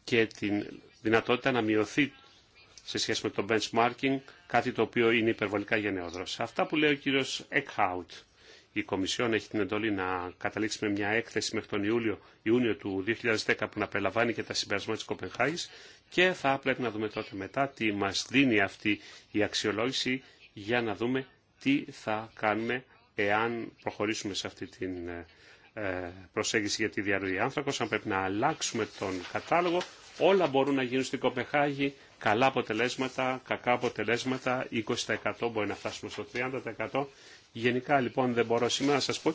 S2: και την δυνατότητα να μειωθεί σε σχέση με το benchmarking, κάτι το οποίο είναι υπερβολικά γενναιόδρος. Αυτά που λέει ο κύριος Eckhout η Κομισιόν έχει την εντολή να καταλήξει με μια έκθεση μέχρι τον Ιούλιο, Ιούνιο του 2010 που να περιλαμβάνει και τα συμπερασμάτια της Κοπενχάγης και θα πρέπει να δούμε τότε μετά τι μας δίνει αυτή η αξιολόγηση για να δούμε τι θα κάνουμε εάν προχωρήσουμε σε αυτή την ε, προσέγγιση για τη διαρροή άνθρακος, αν πρέπει να αλλάξουμε τον κατάλογο, όλα μπορούν να γίνουν στην Κοπεχάγη, καλά αποτελέσματα, κακά αποτελέσματα, 20% μπορεί να φτάσουμε στο 30%. Γενικά λοιπόν δεν μπορώ σήμερα να σας πω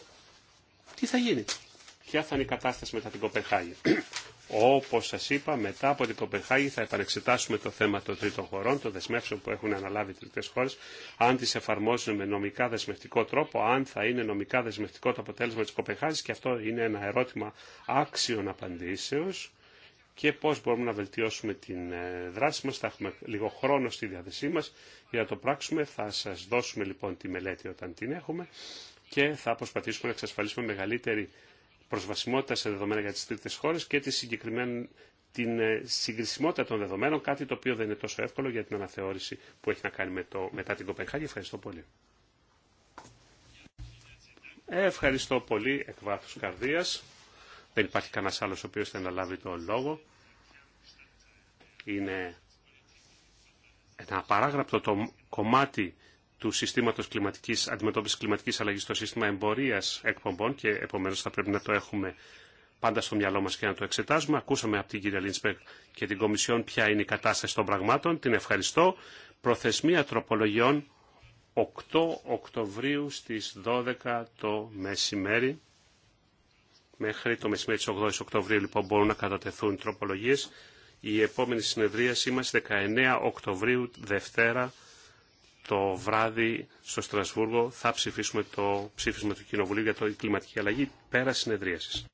S2: τι θα γίνει. Ποια θα είναι η κατάσταση μετά την Κοπεχάγη. Όπως σας είπα, μετά από την Κοπεχάγη θα επανεξετάσουμε το θέμα των τρίτων χωρών, των δεσμεύσεων που έχουν αναλάβει τρίτες χώρες, αν τις εφαρμόζουν με νομικά δεσμευτικό τρόπο, αν θα είναι νομικά δεσμευτικό το αποτέλεσμα της Κοπεχάγης και αυτό είναι ένα ερώτημα άξιων απαντήσεως και πώς μπορούμε να βελτιώσουμε την ε, δράση μας. Θα έχουμε λίγο χρόνο στη διάθεσή μας για να το πράξουμε. Θα σας δώσουμε λοιπόν τη μελέτη όταν την έχουμε και θα προσπαθήσουμε να εξασφαλίσουμε μεγαλύτερη προσβασιμότητα σε δεδομένα για τις τρίτες χώρες και τη συγκεκριμένη την ε, συγκρισιμότητα των δεδομένων, κάτι το οποίο δεν είναι τόσο εύκολο για την αναθεώρηση που έχει να κάνει με το, μετά την Κοπενχάγη. Ευχαριστώ πολύ. Ευχαριστώ πολύ εκ βάθους καρδίας. Δεν υπάρχει κανένας άλλος ο οποίος θα αναλάβει λάβει το λόγο. Είναι ένα απαράγραπτο το κομμάτι του συστήματος κλιματικής, αντιμετώπισης κλιματικής αλλαγής στο σύστημα εμπορίας εκπομπών και επομένως θα πρέπει να το έχουμε πάντα στο μυαλό μας και να το εξετάζουμε. Ακούσαμε από την κυρία Λίνσπερ και την Κομισιόν ποια είναι η κατάσταση των πραγμάτων. Την ευχαριστώ. Προθεσμία τροπολογιών 8 Οκτωβρίου στις 12 το μεσημέρι. Μέχρι το μεσημέρι τη 8 Οκτωβρίου λοιπόν μπορούν να κατατεθούν τροπολογιε Η επόμενη συνεδρίαση μας 19 Οκτωβρίου, Δευτέρα, το βράδυ στο Στρασβούργο θα ψηφίσουμε το ψήφισμα του Κοινοβουλίου για το κλιματική αλλαγή πέρα συνεδρίαση.